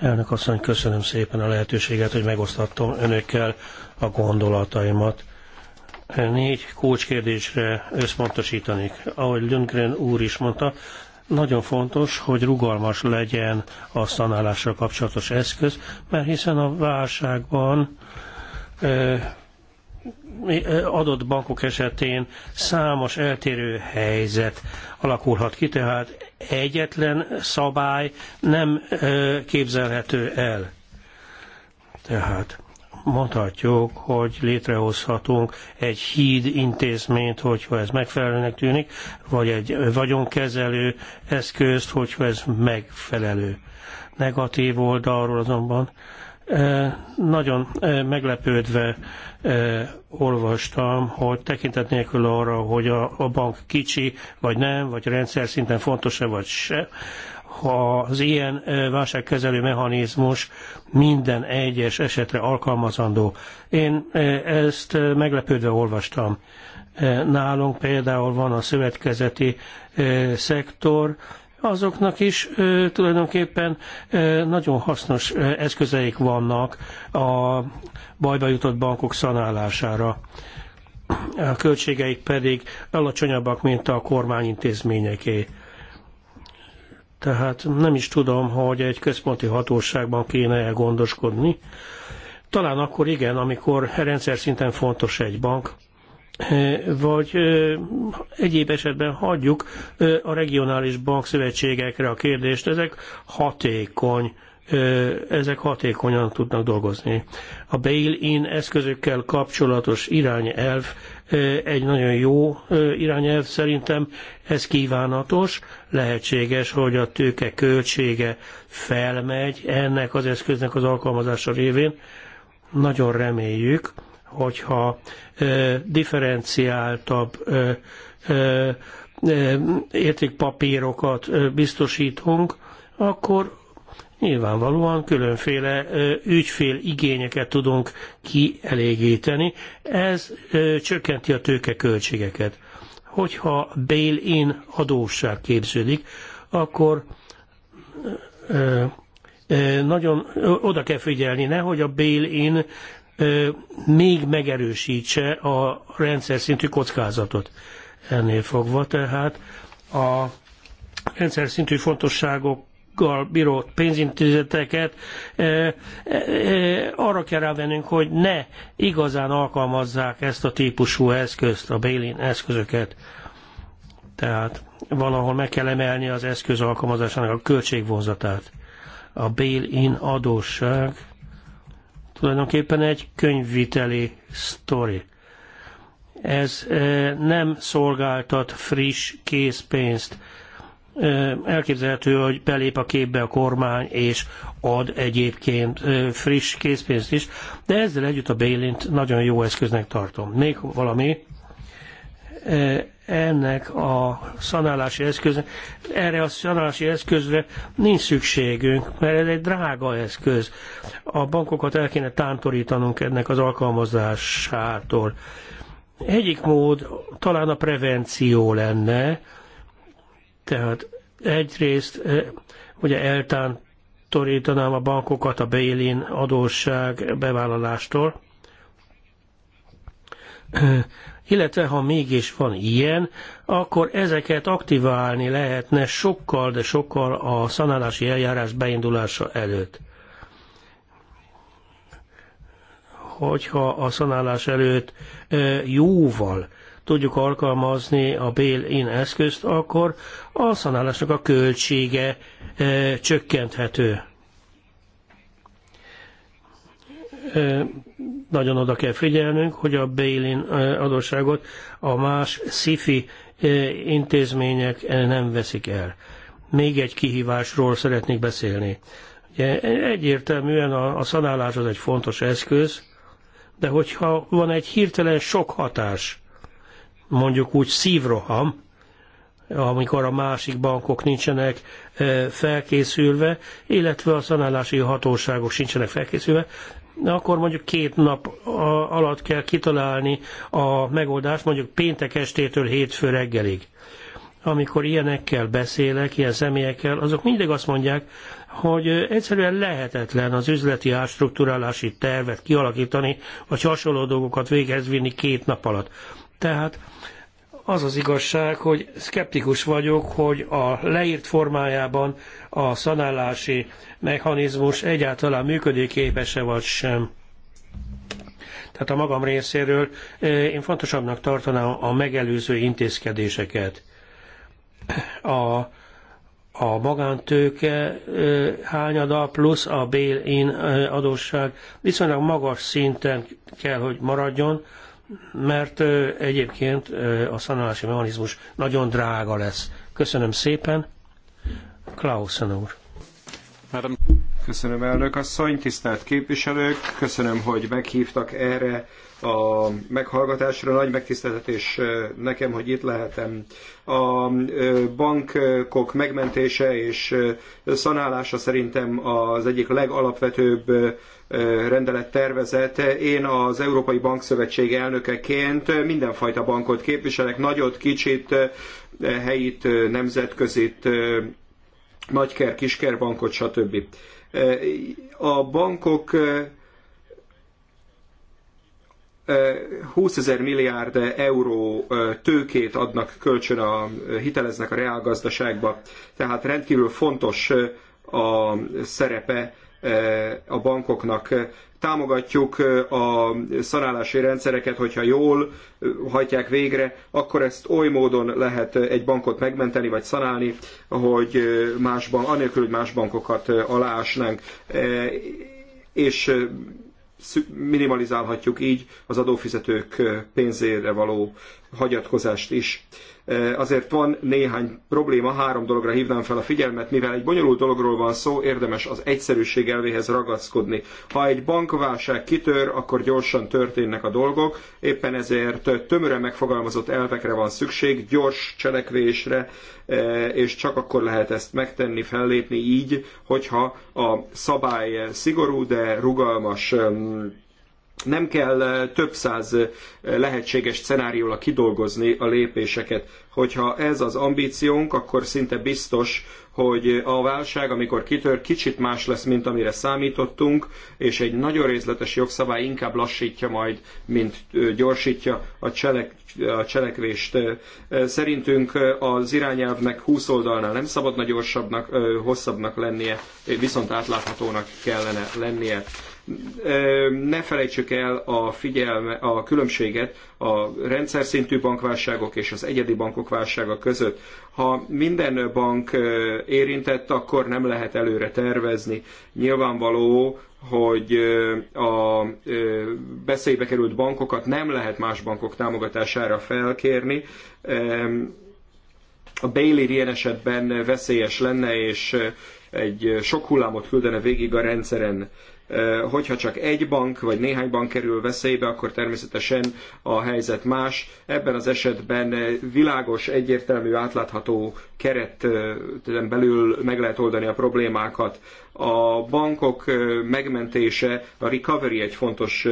Elnök asszony, köszönöm szépen a lehetőséget, hogy megosztattam önökkel a gondolataimat négy kulcskérdésre összpontosítanék. Ahogy Lundgren úr is mondta, nagyon fontos, hogy rugalmas legyen a szanálással kapcsolatos eszköz, mert hiszen a válságban adott bankok esetén számos eltérő helyzet alakulhat ki, tehát egyetlen szabály nem képzelhető el. Tehát mondhatjuk, hogy létrehozhatunk egy híd intézményt, hogyha ez megfelelőnek tűnik, vagy egy vagyonkezelő eszközt, hogyha ez megfelelő. Negatív oldalról azonban e, nagyon e, meglepődve e, olvastam, hogy tekintet nélkül arra, hogy a, bank kicsi, vagy nem, vagy rendszer szinten fontos-e, vagy se, ha az ilyen válságkezelő mechanizmus minden egyes esetre alkalmazandó. Én ezt meglepődve olvastam. Nálunk például van a szövetkezeti szektor, azoknak is tulajdonképpen nagyon hasznos eszközeik vannak a bajba jutott bankok szanálására. A költségeik pedig alacsonyabbak, mint a kormányintézményeké. Tehát nem is tudom, hogy egy központi hatóságban kéne elgondoskodni. Talán akkor igen, amikor rendszer szinten fontos egy bank, vagy egyéb esetben hagyjuk a regionális bankszövetségekre a kérdést, ezek hatékony ezek hatékonyan tudnak dolgozni. A bail-in eszközökkel kapcsolatos irányelv egy nagyon jó irányelv szerintem, ez kívánatos, lehetséges, hogy a tőke költsége felmegy ennek az eszköznek az alkalmazása révén. Nagyon reméljük, hogyha differenciáltabb értékpapírokat biztosítunk, akkor Nyilvánvalóan különféle ügyfél igényeket tudunk kielégíteni, ez csökkenti a tőkeköltségeket. Hogyha bail-in adósság képződik, akkor nagyon oda kell figyelni, nehogy a bail-in még megerősítse a rendszer szintű kockázatot. Ennél fogva tehát a rendszer szintű fontosságok bankokkal bíró pénzintézeteket arra kell rávennünk, hogy ne igazán alkalmazzák ezt a típusú eszközt, a bail eszközöket. Tehát valahol meg kell emelni az eszköz alkalmazásának a költségvonzatát. A bail-in adósság tulajdonképpen egy könyvviteli sztori. Ez nem szolgáltat friss készpénzt elképzelhető, hogy belép a képbe a kormány, és ad egyébként friss készpénzt is, de ezzel együtt a Bélint nagyon jó eszköznek tartom. Még valami, ennek a szanálási eszköznek, erre a szanálási eszközre nincs szükségünk, mert ez egy drága eszköz. A bankokat el kéne tántorítanunk ennek az alkalmazásától. Egyik mód talán a prevenció lenne, tehát egyrészt eh, ugye eltántorítanám a bankokat a bail-in adósság bevállalástól, eh, illetve ha mégis van ilyen, akkor ezeket aktiválni lehetne sokkal, de sokkal a szanálási eljárás beindulása előtt. Hogyha a szanálás előtt eh, jóval tudjuk alkalmazni a bail-in eszközt, akkor a szanálásnak a költsége e, csökkenthető. E, nagyon oda kell figyelnünk, hogy a bail-in e, adósságot a más szifi intézmények nem veszik el. Még egy kihívásról szeretnék beszélni. Ugye, egyértelműen a, a szanálás az egy fontos eszköz, de hogyha van egy hirtelen sok hatás, mondjuk úgy szívroham, amikor a másik bankok nincsenek felkészülve, illetve a szanálási hatóságok sincsenek felkészülve, akkor mondjuk két nap alatt kell kitalálni a megoldást, mondjuk péntek estétől hétfő reggelig. Amikor ilyenekkel beszélek, ilyen személyekkel, azok mindig azt mondják, hogy egyszerűen lehetetlen az üzleti átstruktúrálási tervet kialakítani, vagy hasonló dolgokat végezvinni két nap alatt. Tehát az az igazság, hogy szkeptikus vagyok, hogy a leírt formájában a szanálási mechanizmus egyáltalán működőképes-e vagy sem. Tehát a magam részéről eh, én fontosabbnak tartanám a megelőző intézkedéseket. A, a magántőke eh, hányada plusz a bail-in eh, adósság viszonylag magas szinten kell, hogy maradjon, mert egyébként a szanálási mechanizmus nagyon drága lesz. Köszönöm szépen, Klausen úr. Köszönöm elnök asszony, tisztelt képviselők, köszönöm, hogy meghívtak erre a meghallgatásra. Nagy megtiszteltetés nekem, hogy itt lehetem. A bankok megmentése és szanálása szerintem az egyik legalapvetőbb rendelet tervezet. Én az Európai Bankszövetség elnökeként mindenfajta bankot képviselek, nagyot, kicsit, helyit, nemzetközit, nagyker, kisker bankot, stb. A bankok 20 ezer milliárd euró tőkét adnak kölcsön a hiteleznek a reálgazdaságba, tehát rendkívül fontos a szerepe a bankoknak. Támogatjuk a szanálási rendszereket, hogyha jól hajtják végre, akkor ezt oly módon lehet egy bankot megmenteni vagy szanálni, hogy más bank, anélkül, hogy más bankokat aláásnánk. És minimalizálhatjuk így az adófizetők pénzére való hagyatkozást is. Azért van néhány probléma, három dologra hívnám fel a figyelmet, mivel egy bonyolult dologról van szó, érdemes az egyszerűség elvéhez ragaszkodni. Ha egy bankválság kitör, akkor gyorsan történnek a dolgok, éppen ezért tömören megfogalmazott elvekre van szükség, gyors cselekvésre, és csak akkor lehet ezt megtenni, fellépni így, hogyha a szabály szigorú, de rugalmas nem kell eh, több száz eh, lehetséges szenárióra kidolgozni a lépéseket. Hogyha ez az ambíciónk, akkor szinte biztos, hogy a válság, amikor kitör, kicsit más lesz, mint amire számítottunk, és egy nagyon részletes jogszabály inkább lassítja majd, mint eh, gyorsítja a, cselek, a cselekvést. Szerintünk az irányelvnek 20 oldalnál nem szabadna gyorsabbnak, hosszabbnak lennie, viszont átláthatónak kellene lennie. Ne felejtsük el a, figyelme, a különbséget a rendszer szintű bankválságok és az egyedi bankok válsága között. Ha minden bank érintett, akkor nem lehet előre tervezni. Nyilvánvaló, hogy a beszélybe került bankokat nem lehet más bankok támogatására felkérni a Bailey ilyen esetben veszélyes lenne, és egy sok hullámot küldene végig a rendszeren. Hogyha csak egy bank vagy néhány bank kerül veszélybe, akkor természetesen a helyzet más. Ebben az esetben világos, egyértelmű, átlátható kereten belül meg lehet oldani a problémákat. A bankok megmentése, a recovery egy fontos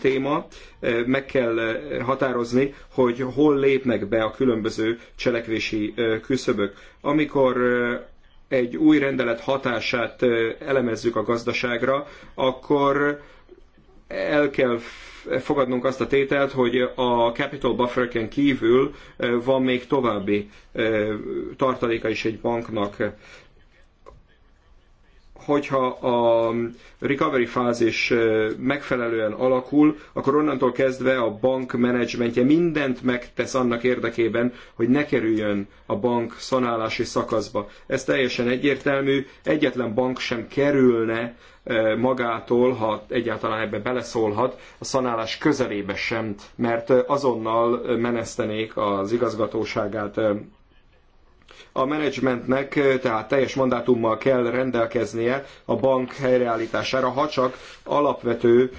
téma, meg kell határozni, hogy hol lépnek be a különböző cselekvési küszöbök. Amikor egy új rendelet hatását elemezzük a gazdaságra, akkor el kell fogadnunk azt a tételt, hogy a capital buffer buffer-ken kívül van még további tartaléka is egy banknak hogyha a recovery fázis megfelelően alakul, akkor onnantól kezdve a bank menedzsmentje mindent megtesz annak érdekében, hogy ne kerüljön a bank szanálási szakaszba. Ez teljesen egyértelmű, egyetlen bank sem kerülne magától, ha egyáltalán ebbe beleszólhat, a szanálás közelébe sem, mert azonnal menesztenék az igazgatóságát a menedzsmentnek tehát teljes mandátummal kell rendelkeznie a bank helyreállítására, ha csak alapvető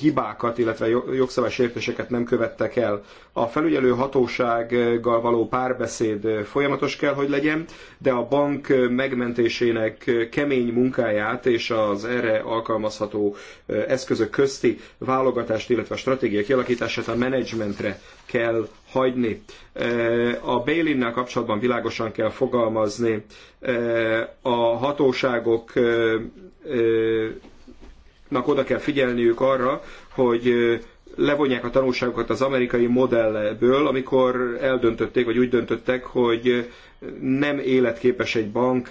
hibákat, illetve jogszabálysértéseket nem követtek el. A felügyelő hatósággal való párbeszéd folyamatos kell, hogy legyen, de a bank megmentésének kemény munkáját és az erre alkalmazható eszközök közti válogatást, illetve a stratégia kialakítását a menedzsmentre kell hagyni. Eh, a Bélinnel kapcsolatban világosan kell fogalmazni. Eh, a hatóságoknak eh, oda kell figyelniük arra, hogy levonják a tanulságokat az amerikai modellből, amikor eldöntötték, vagy úgy döntöttek, hogy nem életképes egy bank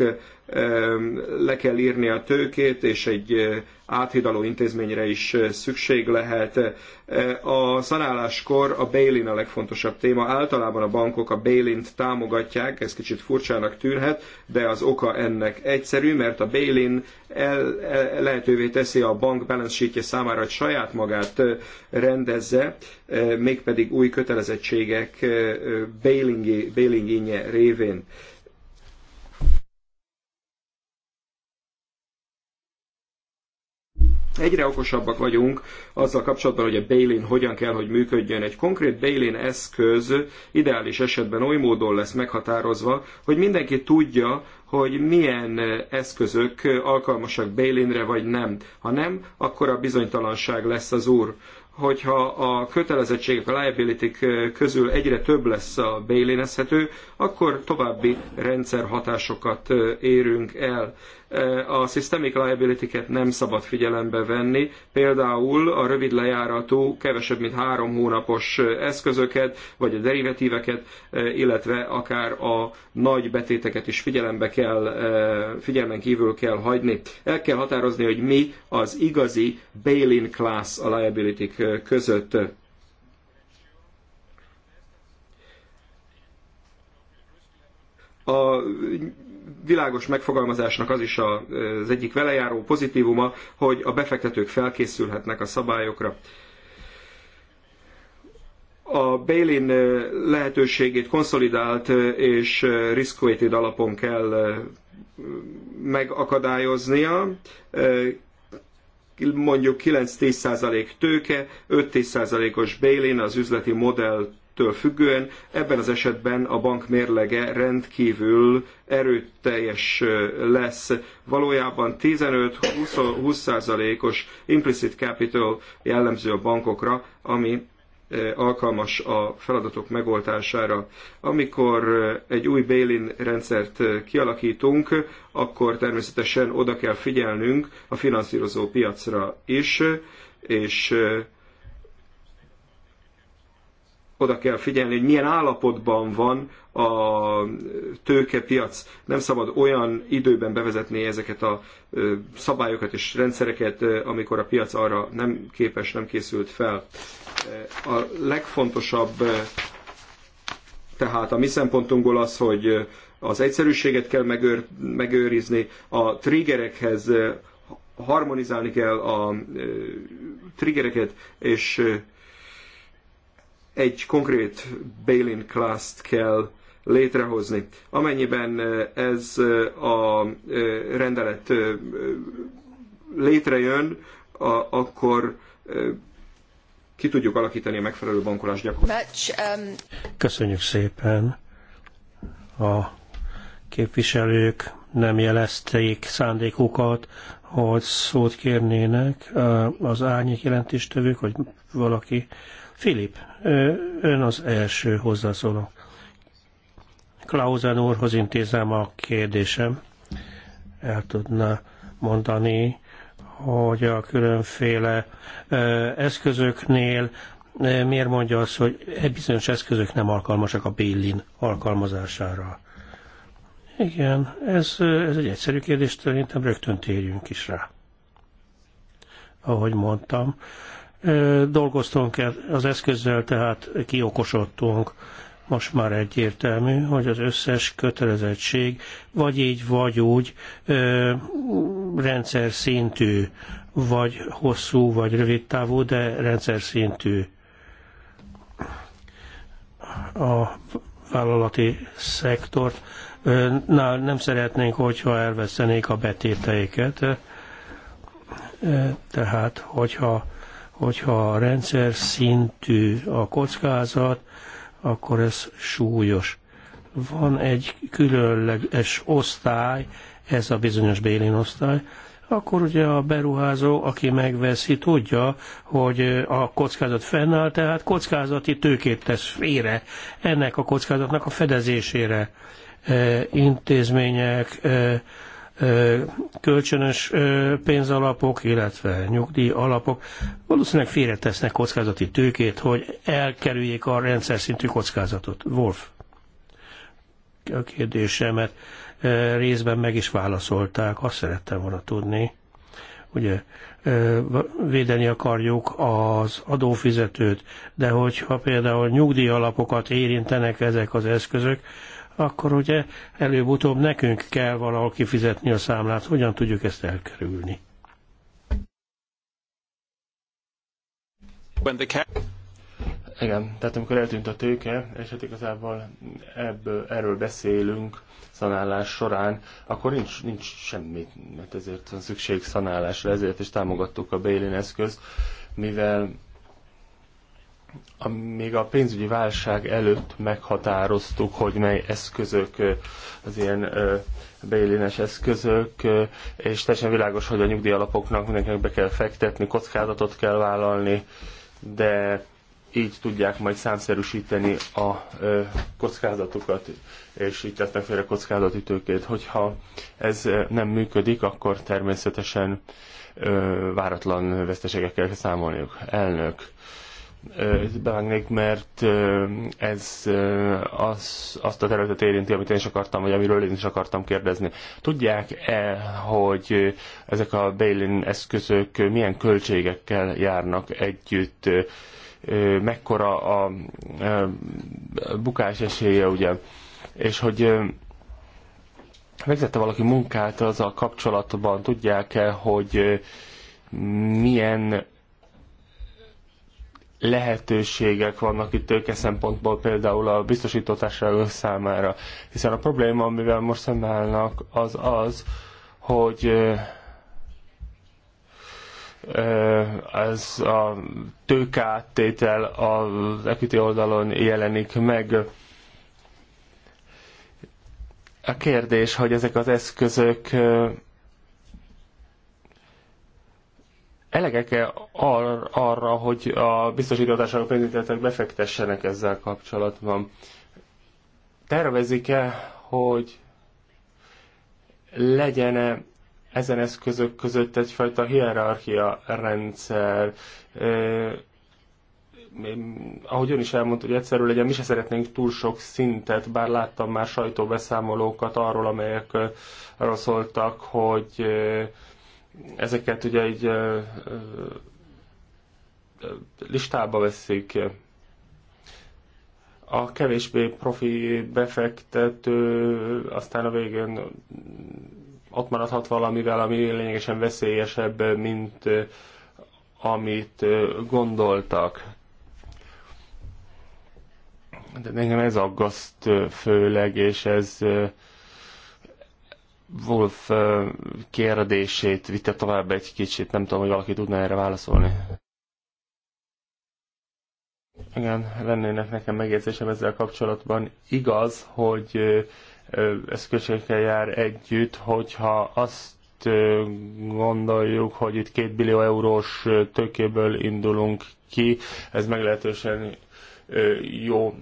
le kell írni a tőkét, és egy eh, áthidaló intézményre is eh, szükség lehet. Eh, a szanáláskor a bail a legfontosabb téma. Általában a bankok a bail támogatják, ez kicsit furcsának tűnhet, de az oka ennek egyszerű, mert a bail-in lehetővé teszi a bank balance sheetje számára, hogy saját magát rendezze, mégpedig új kötelezettségek bailing-inje révén Egyre okosabbak vagyunk azzal kapcsolatban, hogy a bail-in hogyan kell, hogy működjön. Egy konkrét bail-in eszköz ideális esetben oly módon lesz meghatározva, hogy mindenki tudja, hogy milyen eszközök alkalmasak bail vagy nem. Ha nem, akkor a bizonytalanság lesz az úr hogyha a kötelezettségek, a liability közül egyre több lesz a bélénezhető, akkor további rendszerhatásokat érünk el a systemic liability-ket nem szabad figyelembe venni, például a rövid lejáratú, kevesebb mint három hónapos eszközöket, vagy a derivatíveket, illetve akár a nagy betéteket is figyelembe kell, figyelmen kívül kell hagyni. El kell határozni, hogy mi az igazi bail-in class a liability között. a világos megfogalmazásnak az is az egyik velejáró pozitívuma, hogy a befektetők felkészülhetnek a szabályokra a bail-in lehetőségét konszolidált és risk-weighted alapon kell megakadályoznia, mondjuk 9-10% tőke, 5-10%-os bail-in az üzleti modell től függően. Ebben az esetben a bank mérlege rendkívül erőteljes lesz. Valójában 15-20 os implicit capital jellemző a bankokra, ami alkalmas a feladatok megoldására. Amikor egy új Bélin rendszert kialakítunk, akkor természetesen oda kell figyelnünk a finanszírozó piacra is, és oda kell figyelni, hogy milyen állapotban van a tőkepiac. Nem szabad olyan időben bevezetni ezeket a szabályokat és rendszereket, amikor a piac arra nem képes, nem készült fel. A legfontosabb tehát a mi szempontunkból az, hogy az egyszerűséget kell megőr, megőrizni, a triggerekhez harmonizálni kell a triggereket, és egy konkrét bail-in class-t kell létrehozni. Amennyiben ez a rendelet létrejön, akkor ki tudjuk alakítani a megfelelő bankolás gyakorlatot. Um, Köszönjük szépen. A képviselők nem jelezték szándékukat, hogy szót kérnének az árnyék jelentéstevők, hogy valaki Filip, ön az első hozzászóló. Klausen úrhoz intézem a kérdésem. El tudná mondani, hogy a különféle eszközöknél miért mondja azt, hogy e bizonyos eszközök nem alkalmasak a Bélin alkalmazására? Igen, ez, ez egy egyszerű kérdés, szerintem rögtön térjünk is rá. Ahogy mondtam, Dolgoztunk az eszközzel, tehát kiokosodtunk. Most már egyértelmű, hogy az összes kötelezettség vagy így, vagy úgy rendszer szintű, vagy hosszú, vagy rövid távú, de rendszer szintű. A vállalati szektort nál nem szeretnénk, hogyha elvesztenék a betéteiket. Tehát, hogyha hogyha a rendszer szintű a kockázat, akkor ez súlyos. Van egy különleges osztály, ez a bizonyos Bélin osztály, akkor ugye a beruházó, aki megveszi, tudja, hogy a kockázat fennáll, tehát kockázati tőkét tesz félre ennek a kockázatnak a fedezésére. E, intézmények, e, kölcsönös pénzalapok, illetve nyugdíj alapok valószínűleg félretesznek kockázati tőkét, hogy elkerüljék a rendszer szintű kockázatot. Wolf, a kérdésemet részben meg is válaszolták, azt szerettem volna tudni, ugye védeni akarjuk az adófizetőt, de hogyha például nyugdíjalapokat érintenek ezek az eszközök, akkor ugye előbb-utóbb nekünk kell valahol kifizetni a számlát. Hogyan tudjuk ezt elkerülni? Igen, tehát amikor eltűnt a tőke, és hát igazából ebből, erről beszélünk szanálás során, akkor nincs, nincs semmi, mert ezért van szükség szanálásra, ezért is támogattuk a Bélin eszközt, mivel még a pénzügyi válság előtt meghatároztuk, hogy mely eszközök az ilyen bélines eszközök, és teljesen világos, hogy a nyugdíjalapoknak mindenkinek be kell fektetni, kockázatot kell vállalni, de így tudják majd számszerűsíteni a kockázatukat, és így tesznek félre kockázati Hogyha ez nem működik, akkor természetesen váratlan veszteségekkel kell számolniuk. Elnök bevágnék, mert ez az, azt a területet érinti, amit én is akartam, vagy amiről én is akartam kérdezni. Tudják-e, hogy ezek a Bailin eszközök milyen költségekkel járnak együtt? Mekkora a bukás esélye, ugye? És hogy végzette valaki munkát a kapcsolatban, tudják-e, hogy milyen lehetőségek vannak itt tőke szempontból például a biztosítótársaságok számára. Hiszen a probléma, amivel most szembeállnak, az az, hogy ez a tőkeáttétel az equity oldalon jelenik meg. A kérdés, hogy ezek az eszközök elegek ar- arra, hogy a biztosítótársaságok pénzintetek befektessenek ezzel kapcsolatban. Tervezik-e, hogy legyen -e ezen eszközök között egyfajta hierarchia rendszer, ahogy ön is elmondta, hogy egyszerű legyen, mi se szeretnénk túl sok szintet, bár láttam már sajtóbeszámolókat arról, amelyek arról szóltak, hogy ezeket ugye egy listába veszik. A kevésbé profi befektető aztán a végén ott maradhat valamivel, ami lényegesen veszélyesebb, mint amit gondoltak. De engem ez aggaszt főleg, és ez Wolf kérdését vitte tovább egy kicsit, nem tudom, hogy valaki tudna erre válaszolni. Igen, lennének nekem megérzésem ezzel kapcsolatban. Igaz, hogy ez költségekkel jár együtt, hogyha azt gondoljuk, hogy itt két billió eurós tökéből indulunk ki, ez meglehetősen jó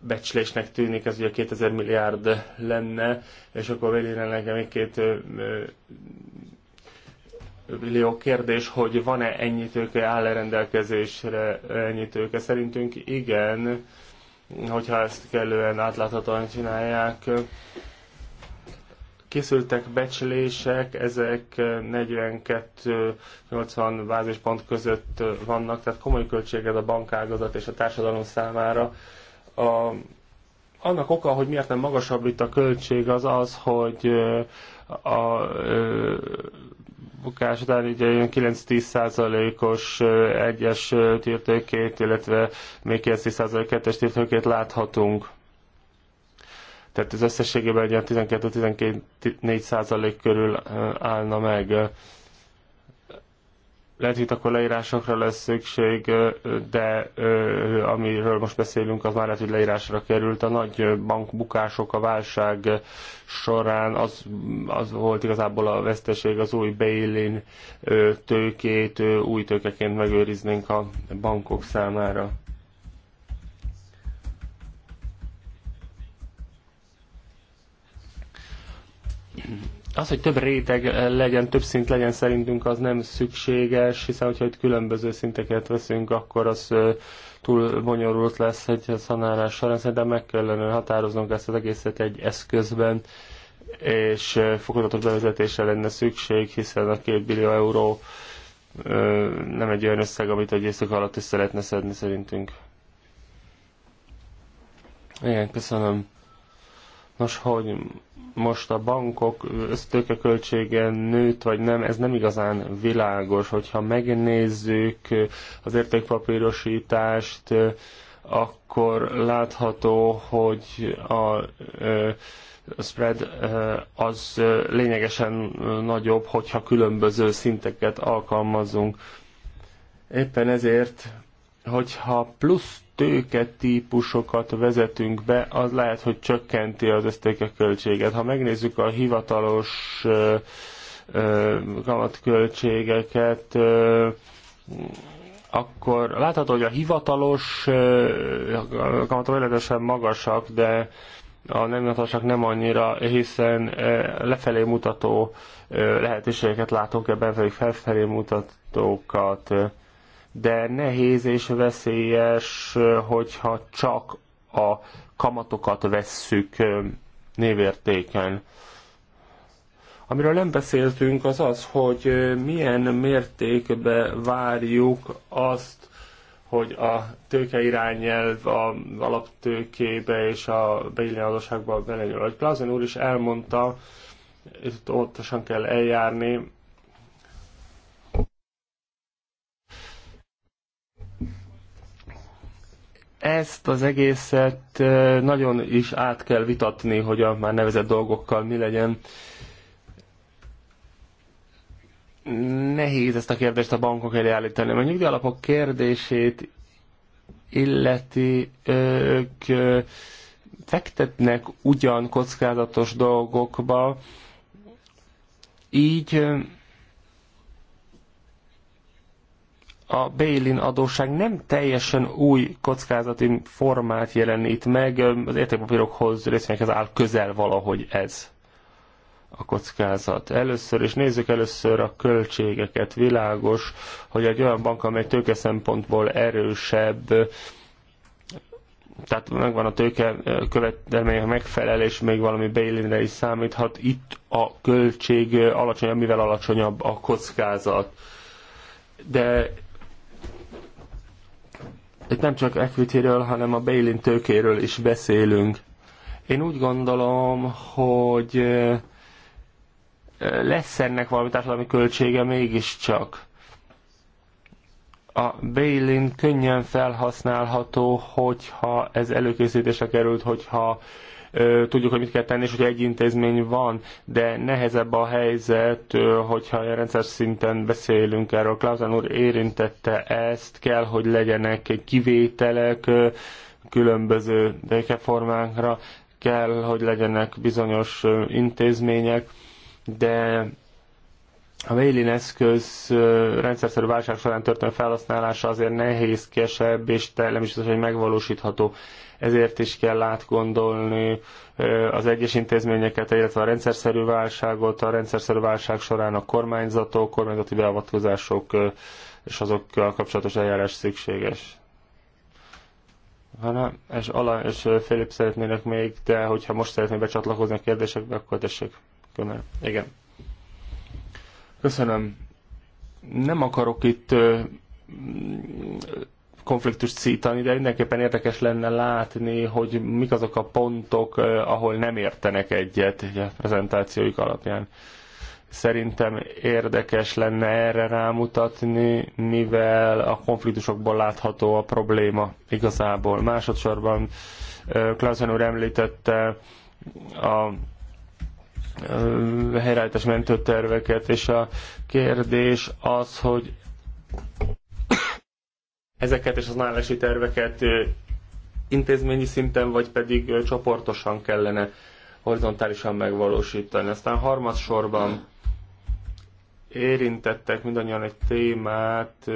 becslésnek tűnik, ez ugye 2000 milliárd lenne, és akkor végére nekem még két millió kérdés, hogy van-e ennyi tőke, áll-e rendelkezésre ennyi tőke. Szerintünk igen, hogyha ezt kellően átláthatóan csinálják. Készültek becslések, ezek 42-80 bázispont között vannak, tehát komoly költség ez a bankágazat és a társadalom számára a, annak oka, hogy miért nem magasabb itt a költség, az az, hogy a bukás után ugye 9-10 százalékos egyes tiltőkét, illetve még 9-10 százalék kettes tértőkét láthatunk. Tehát ez összességében egy 12-14 százalék körül állna meg lehet, hogy itt akkor leírásokra lesz szükség, de amiről most beszélünk, az már lehet, hogy leírásra került. A nagy bankbukások a válság során az, az volt igazából a veszteség, az új bail tőkét új tőkeként megőriznénk a bankok számára. Mm-hmm az, hogy több réteg eh, legyen, több szint legyen szerintünk, az nem szükséges, hiszen hogyha itt különböző szinteket veszünk, akkor az eh, túl bonyolult lesz egy szanálás során. Szerintem meg kellene határoznunk ezt az egészet egy eszközben, és eh, fokozatos bevezetésre lenne szükség, hiszen a két billió euró nem egy olyan összeg, amit egy éjszak alatt is szeretne szedni szerintünk. Igen, köszönöm. Nos, hogy most a bankok össztőkeköltsége nőtt, vagy nem, ez nem igazán világos. Hogyha megnézzük az értékpapírosítást, akkor látható, hogy a spread az lényegesen nagyobb, hogyha különböző szinteket alkalmazunk. Éppen ezért, hogyha plusz típusokat vezetünk be, az lehet, hogy csökkenti az ösztéke költséget. Ha megnézzük a hivatalos kamatköltségeket, akkor látható, hogy a hivatalos kamatok jelentősen magasak, de a nem hivatalosak nem annyira, hiszen lefelé mutató lehetőségeket látunk ebben, pedig felfelé mutatókat de nehéz és veszélyes, hogyha csak a kamatokat vesszük névértéken. Amiről nem beszéltünk, az az, hogy milyen mértékben várjuk azt, hogy a irányelv az alaptőkébe és a beillő adósságba belenyúl. Ahogy Plazen úr is elmondta, itt óvatosan kell eljárni, ezt az egészet nagyon is át kell vitatni, hogy a már nevezett dolgokkal mi legyen. Nehéz ezt a kérdést a bankok elé állítani. A nyugdíjalapok kérdését illeti ők fektetnek ugyan kockázatos dolgokba, így a bail-in adóság nem teljesen új kockázati formát jelenít meg, az értékpapírokhoz részvényekhez áll közel valahogy ez a kockázat. Először, és nézzük először a költségeket. Világos, hogy egy olyan bank, amely tőke szempontból erősebb, tehát megvan a tőke követelmények megfelelés, még valami bailinre is számíthat. Itt a költség alacsonyabb, mivel alacsonyabb a kockázat. De itt nem csak equity-ről, hanem a bail tőkéről is beszélünk. Én úgy gondolom, hogy lesz ennek valami társadalmi költsége mégiscsak. A bail könnyen felhasználható, hogyha ez előkészítésre került, hogyha tudjuk, hogy mit kell tenni, és hogy egy intézmény van, de nehezebb a helyzet, hogyha rendszer szinten beszélünk erről. Klausen úr érintette ezt, kell, hogy legyenek kivételek különböző békeformákra, kell, hogy legyenek bizonyos intézmények, de a mailin eszköz rendszerszerű válság során történő felhasználása azért nehézkesebb, és nem is az, hogy megvalósítható ezért is kell átgondolni az egyes intézményeket, illetve a rendszerszerű válságot, a rendszerszerű válság során a kormányzatok, kormányzati beavatkozások és azokkal kapcsolatos eljárás szükséges. Hanem, és Ala és Félip szeretnének még, de hogyha most szeretné becsatlakozni a kérdésekbe, akkor tessék. Köszönöm. Igen. Köszönöm. Nem akarok itt konfliktust szítani, de mindenképpen érdekes lenne látni, hogy mik azok a pontok, eh, ahol nem értenek egyet a prezentációik alapján. Szerintem érdekes lenne erre rámutatni, mivel a konfliktusokból látható a probléma igazából. Másodszorban eh, Klausen úr említette a eh, helyreállítás mentőterveket, és a kérdés az, hogy ezeket és az nálási terveket intézményi szinten, vagy pedig csoportosan kellene horizontálisan megvalósítani. Aztán harmadsorban érintettek mindannyian egy témát,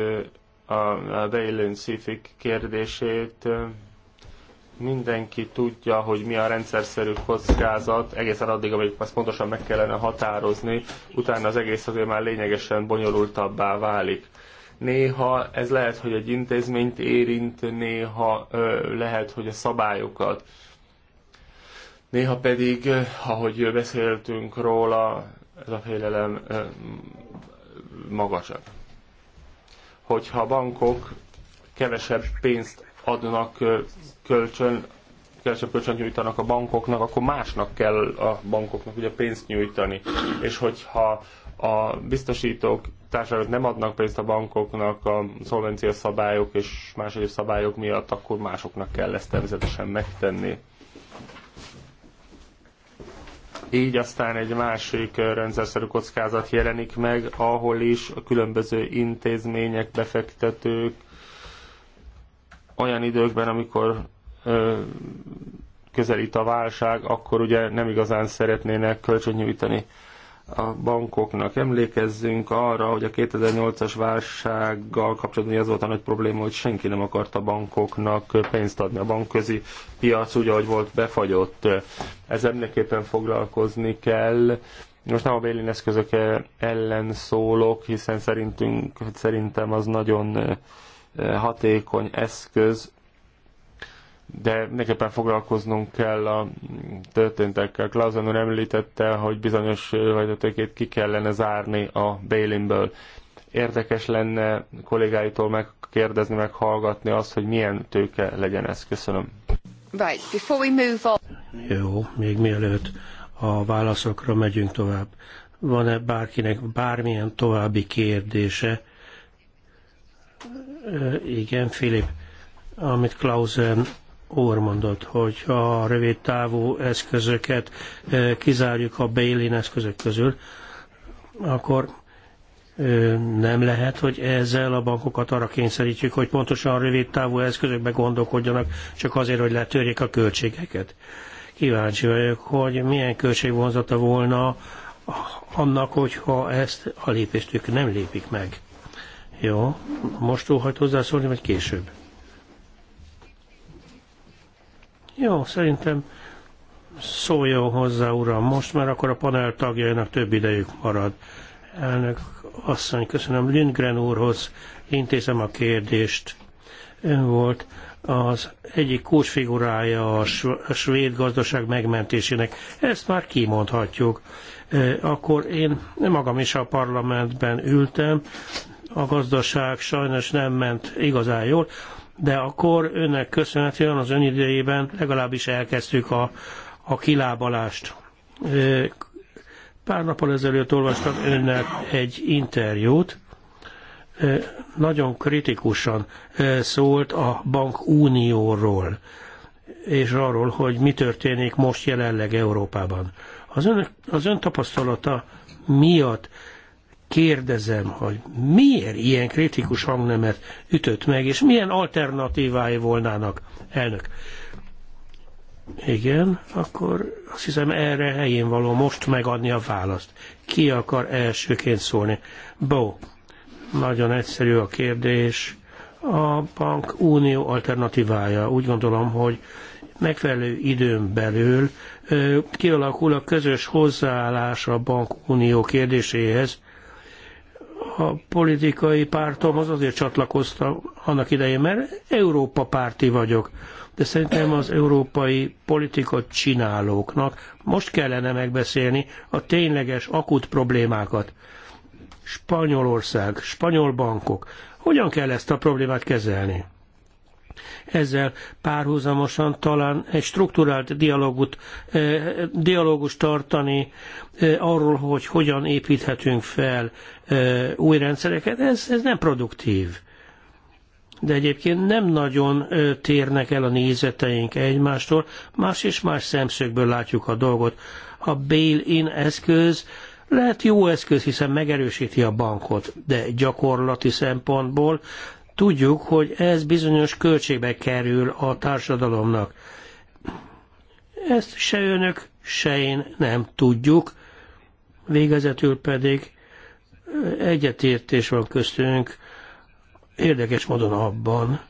a Daily Pacific kérdését. Mindenki tudja, hogy mi a rendszerszerű kockázat, egészen addig, amíg ezt pontosan meg kellene határozni, utána az egész azért már lényegesen bonyolultabbá válik. Néha ez lehet, hogy egy intézményt érint, néha ö, lehet, hogy a szabályokat. Néha pedig, ahogy beszéltünk róla, ez a félelem ö, magasabb. Hogyha a bankok kevesebb pénzt adnak kölcsön, kevesebb kölcsön nyújtanak a bankoknak, akkor másnak kell a bankoknak ugye pénzt nyújtani. És hogyha a biztosítók társadalmat nem adnak pénzt a bankoknak a szolvencia szabályok és más egyéb szabályok miatt, akkor másoknak kell ezt természetesen megtenni. Így aztán egy másik rendszerszerű kockázat jelenik meg, ahol is a különböző intézmények, befektetők olyan időkben, amikor ö, közelít a válság, akkor ugye nem igazán szeretnének kölcsönnyújtani a bankoknak. Emlékezzünk arra, hogy a 2008-as válsággal kapcsolatban az volt a nagy probléma, hogy senki nem akarta bankoknak pénzt adni. A bankközi piac úgy, ahogy volt, befagyott. Ez mindenképpen foglalkozni kell. Most nem a Bélin eszközök ellen szólok, hiszen szerintünk, szerintem az nagyon eh, hatékony eszköz, de mindenképpen foglalkoznunk kell a történtekkel. Klausen úr említette, hogy bizonyos vezetőkét ki kellene zárni a Bélinből. Érdekes lenne kollégáitól megkérdezni, meghallgatni azt, hogy milyen tőke legyen ez. Köszönöm. Right, before we move on. Jó, még mielőtt a válaszokra megyünk tovább. Van-e bárkinek bármilyen további kérdése? Igen, Filip, amit Klausen úr mondott, hogy a rövid távú eszközöket eh, kizárjuk a bail eszközök közül, akkor eh, nem lehet, hogy ezzel a bankokat arra kényszerítjük, hogy pontosan a rövid távú eszközökbe gondolkodjanak, csak azért, hogy letörjék a költségeket. Kíváncsi vagyok, hogy milyen költségvonzata volna annak, hogyha ezt a lépést ők nem lépik meg. Jó, most óhajt hozzászólni, vagy később? Jó, szerintem szóljon hozzá, uram, most már akkor a panel tagjainak több idejük marad. Elnök asszony, köszönöm Lindgren úrhoz, intézem a kérdést. Ön volt az egyik kulcsfigurája a svéd gazdaság megmentésének. Ezt már kimondhatjuk. Akkor én magam is a parlamentben ültem, a gazdaság sajnos nem ment igazán jól, de akkor önnek köszönhetően az ön idejében legalábbis elkezdtük a, a kilábalást. Pár nappal ezelőtt olvastam önnek egy interjút, nagyon kritikusan szólt a bankunióról, és arról, hogy mi történik most jelenleg Európában. Az ön, az ön tapasztalata miatt kérdezem, hogy miért ilyen kritikus hangnemet ütött meg, és milyen alternatívái volnának, elnök. Igen, akkor azt hiszem erre helyén való most megadni a választ. Ki akar elsőként szólni? Bó, nagyon egyszerű a kérdés. A bank unió alternatívája. Úgy gondolom, hogy megfelelő időn belül kialakul a közös hozzáállás a bank unió kérdéséhez, a politikai pártomhoz azért csatlakoztam annak idején, mert Európa párti vagyok. De szerintem az európai politika csinálóknak most kellene megbeszélni a tényleges akut problémákat. Spanyolország, spanyol bankok, hogyan kell ezt a problémát kezelni? ezzel párhuzamosan talán egy strukturált dialógut, eh, dialógust tartani eh, arról, hogy hogyan építhetünk fel eh, új rendszereket, ez, ez nem produktív. De egyébként nem nagyon térnek el a nézeteink egymástól, más és más szemszögből látjuk a dolgot. A bail-in eszköz lehet jó eszköz, hiszen megerősíti a bankot, de gyakorlati szempontból Tudjuk, hogy ez bizonyos költségbe kerül a társadalomnak. Ezt se önök, se én nem tudjuk. Végezetül pedig egyetértés van köztünk érdekes módon abban,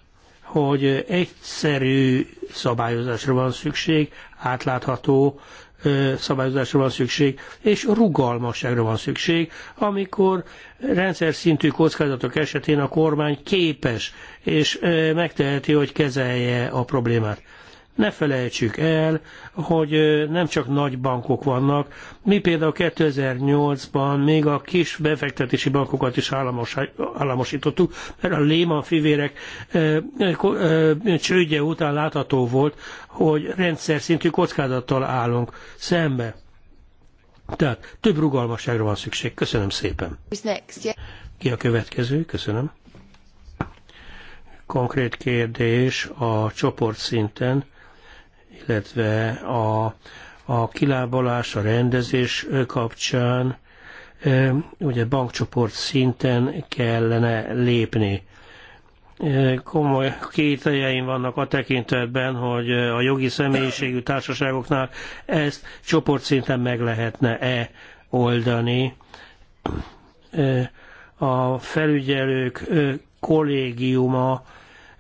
hogy egyszerű szabályozásra van szükség, átlátható, szabályozásra van szükség, és rugalmasságra van szükség, amikor rendszer szintű kockázatok esetén a kormány képes és megteheti, hogy kezelje a problémát. Ne felejtsük el, hogy nem csak nagy bankok vannak. Mi például 2008-ban még a kis befektetési bankokat is államos, államosítottuk, mert a Lehman fivérek csődje után látható volt, hogy rendszer szintű kockázattal állunk szembe. Tehát több rugalmasságra van szükség. Köszönöm szépen. Ki a következő? Köszönöm. Konkrét kérdés a csoport szinten illetve a, a kilábalás, a rendezés kapcsán ugye bankcsoport szinten kellene lépni. Komoly kételjeim vannak a tekintetben, hogy a jogi személyiségű társaságoknál ezt csoportszinten meg lehetne-e oldani. A felügyelők kollégiuma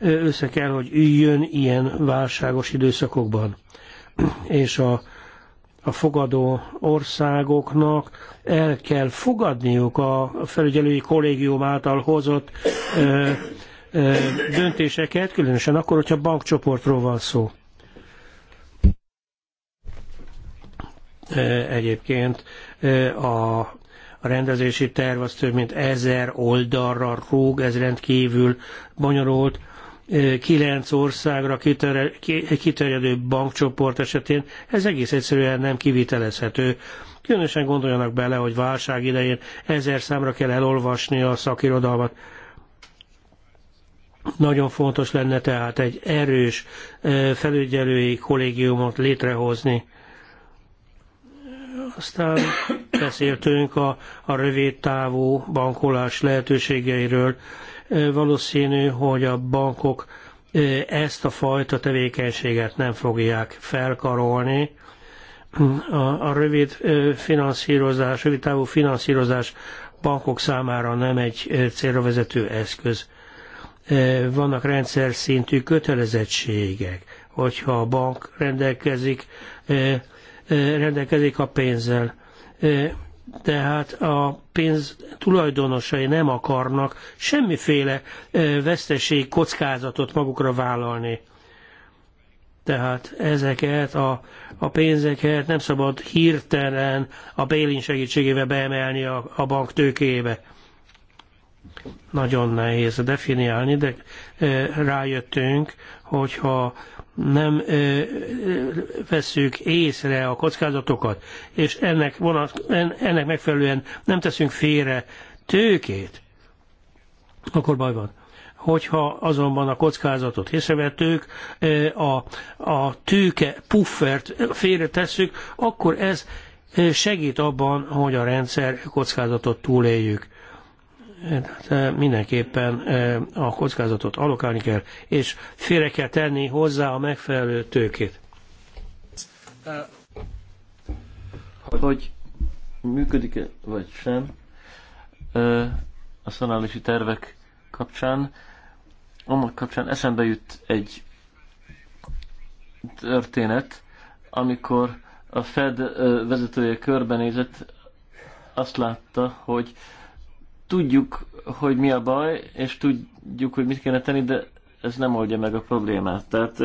össze kell, hogy üljön ilyen válságos időszakokban. És a, a fogadó országoknak el kell fogadniuk a felügyelői kollégium által hozott ö, ö, döntéseket, különösen akkor, hogyha bankcsoportról van szó. Egyébként a a rendezési terv az több mint ezer oldalra rúg, ez rendkívül bonyolult kilenc országra kiterjedő bankcsoport esetén ez egész egyszerűen nem kivitelezhető. Különösen gondoljanak bele, hogy válság idején ezer számra kell elolvasni a szakirodalmat. Nagyon fontos lenne tehát egy erős felügyelői kollégiumot létrehozni. Aztán beszéltünk a, a rövid távú bankolás lehetőségeiről valószínű, hogy a bankok ezt a fajta tevékenységet nem fogják felkarolni. A, a rövid finanszírozás, rövid távú finanszírozás bankok számára nem egy célra vezető eszköz. Vannak rendszer szintű kötelezettségek, hogyha a bank rendelkezik, rendelkezik a pénzzel tehát a pénz tulajdonosai nem akarnak semmiféle veszteség kockázatot magukra vállalni. Tehát ezeket a, a pénzeket nem szabad hirtelen a bélin segítségével beemelni a, a bank tőkébe. Nagyon nehéz definiálni, de rájöttünk, hogyha nem ö, vesszük észre a kockázatokat, és ennek, vonat, ennek megfelelően nem teszünk félre tőkét, akkor baj van. Hogyha azonban a kockázatot észrevettük, a, a tőke puffert félre tesszük, akkor ez segít abban, hogy a rendszer kockázatot túléljük. Hát, mindenképpen a kockázatot alokálni kell, és félre kell tenni hozzá a megfelelő tőkét. Hogy működik-e vagy sem a szanálisi tervek kapcsán, annak kapcsán eszembe jut egy történet, amikor a Fed vezetője körbenézett, azt látta, hogy Tudjuk, hogy mi a baj, és tudjuk, hogy mit kéne tenni, de ez nem oldja meg a problémát. Tehát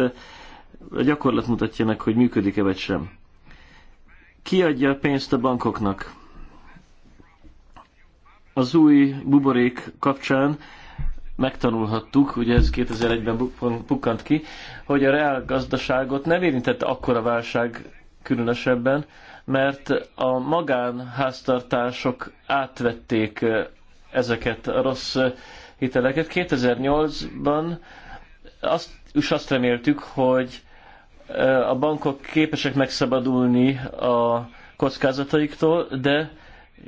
a gyakorlat mutatja meg, hogy működik-e vagy sem. adja a pénzt a bankoknak? Az új buborék kapcsán megtanulhattuk, ugye ez 2001-ben pukkant ki, hogy a reál gazdaságot nem érintette akkora válság különösebben, mert a magánháztartások átvették ezeket a rossz eh, hiteleket. 2008-ban azt, is azt reméltük, hogy eh, a bankok képesek megszabadulni a kockázataiktól, de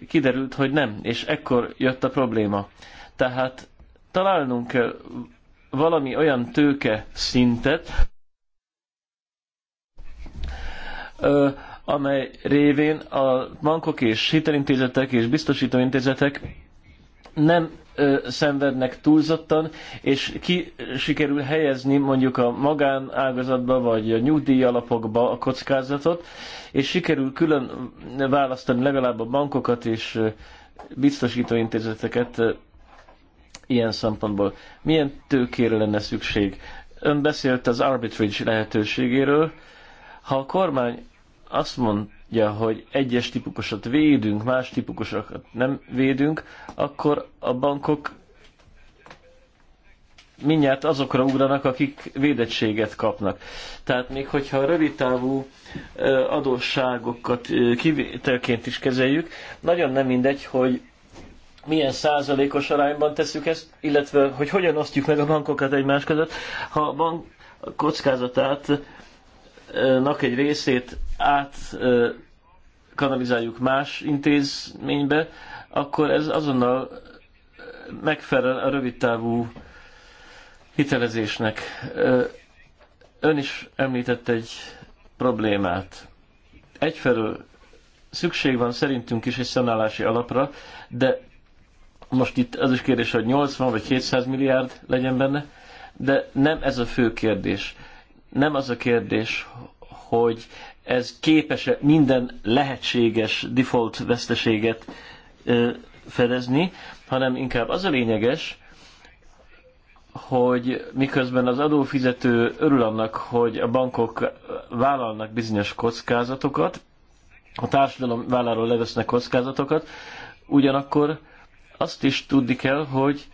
kiderült, hogy nem, és ekkor jött a probléma. Tehát találnunk kell valami olyan tőke szintet, eh, amely révén a bankok és hitelintézetek és biztosítóintézetek nem ö, szenvednek túlzottan, és ki sikerül helyezni mondjuk a magánágazatba vagy a nyugdíjalapokba a kockázatot, és sikerül külön választani legalább a bankokat és biztosítóintézeteket ilyen szempontból. Milyen tőkére lenne szükség? Ön beszélt az arbitrage lehetőségéről. Ha a kormány azt mondta, hogy egyes típusokat védünk, más típusokat nem védünk, akkor a bankok mindjárt azokra ugranak, akik védettséget kapnak. Tehát még hogyha a rövidtávú adósságokat kivételként is kezeljük, nagyon nem mindegy, hogy milyen százalékos arányban tesszük ezt, illetve hogy hogyan osztjuk meg a bankokat egymás között. Ha a bank kockázatát nak egy részét át kanalizáljuk más intézménybe, akkor ez azonnal megfelel a rövidtávú hitelezésnek. Ön is említett egy problémát. Egyfelől szükség van szerintünk is egy szanálási alapra, de most itt az is kérdés, hogy 80 vagy 200 milliárd legyen benne, de nem ez a fő kérdés nem az a kérdés, hogy ez képes-e minden lehetséges default veszteséget fedezni, hanem inkább az a lényeges, hogy miközben az adófizető örül annak, hogy a bankok vállalnak bizonyos kockázatokat, a társadalom válláról levesznek kockázatokat, ugyanakkor azt is tudni kell, hogy,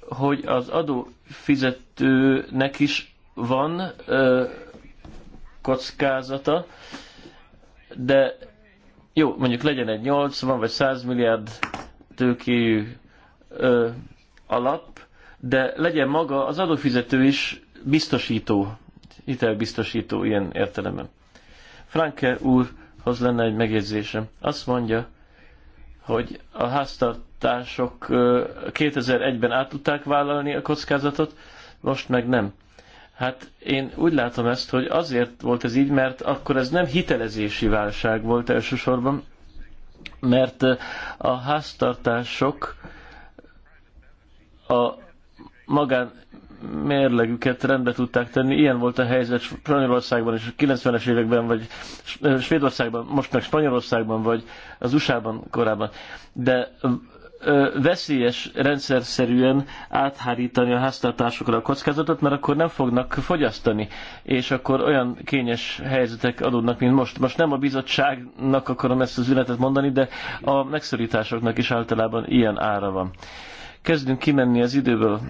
hogy az adófizetőnek is van ö, kockázata, de jó, mondjuk legyen egy 80 vagy 100 milliárd tőkéjű ö, alap, de legyen maga az adófizető is biztosító, hitelbiztosító ilyen értelemben. Franke úrhoz lenne egy megjegyzésem. Azt mondja, hogy a háztartások 2001-ben át tudták vállalni a kockázatot, most meg nem. Hát én úgy látom ezt, hogy azért volt ez így, mert akkor ez nem hitelezési válság volt elsősorban, mert eh, a háztartások a magán mérlegüket rendbe tudták tenni. Ilyen volt a helyzet Spanyolországban és a 90-es években, vagy Svédországban, most meg Spanyolországban, vagy az USA-ban korábban. De veszélyes rendszer szerűen áthárítani a háztartásokra a kockázatot, mert akkor nem fognak fogyasztani, és akkor olyan kényes helyzetek adódnak, mint most. Most nem a bizottságnak akarom ezt az ünnepet mondani, de a megszorításoknak is általában ilyen ára van. Kezdünk kimenni az időből.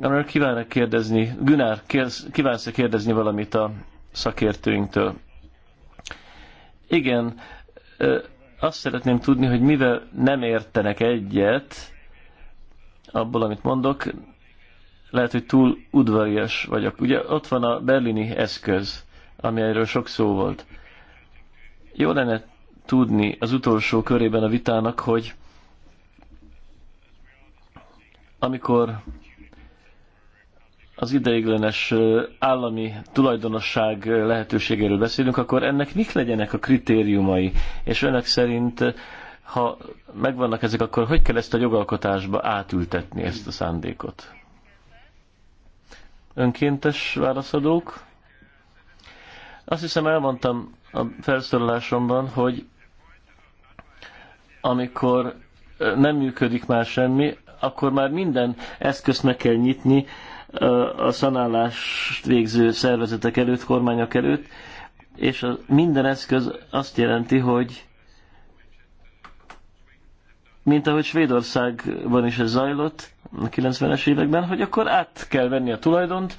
Amiről kívánok kérdezni, Günár, kívánsz -e kérdezni valamit a szakértőinktől? Igen, azt szeretném tudni, hogy mivel nem értenek egyet abból, amit mondok, lehet, hogy túl udvarias vagyok. Ugye ott van a berlini eszköz, ami erről sok szó volt. Jó lenne tudni az utolsó körében a vitának, hogy amikor az ideiglenes állami tulajdonosság lehetőségéről beszélünk, akkor ennek mik legyenek a kritériumai? És önök szerint, ha megvannak ezek, akkor hogy kell ezt a jogalkotásba átültetni, ezt a szándékot? Önkéntes válaszadók? Azt hiszem elmondtam a felszólalásomban, hogy amikor nem működik már semmi, akkor már minden eszközt meg kell nyitni, a szanálást végző szervezetek előtt, kormányok előtt, és a, minden eszköz azt jelenti, hogy mint ahogy Svédországban is ez zajlott a 90-es években, hogy akkor át kell venni a tulajdont,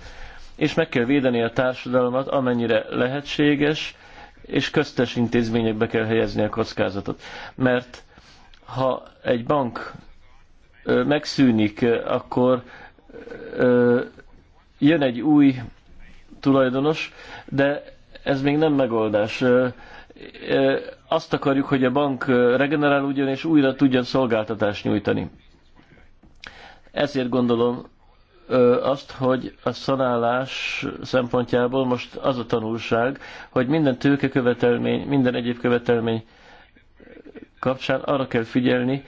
és meg kell védeni a társadalmat, amennyire lehetséges, és köztes intézményekbe kell helyezni a kockázatot. Mert ha egy bank megszűnik, akkor jön egy új tulajdonos, de ez még nem megoldás. Azt akarjuk, hogy a bank regenerálódjon és újra tudjon szolgáltatást nyújtani. Ezért gondolom azt, hogy a szanálás szempontjából most az a tanulság, hogy minden tőke követelmény, minden egyéb követelmény kapcsán arra kell figyelni,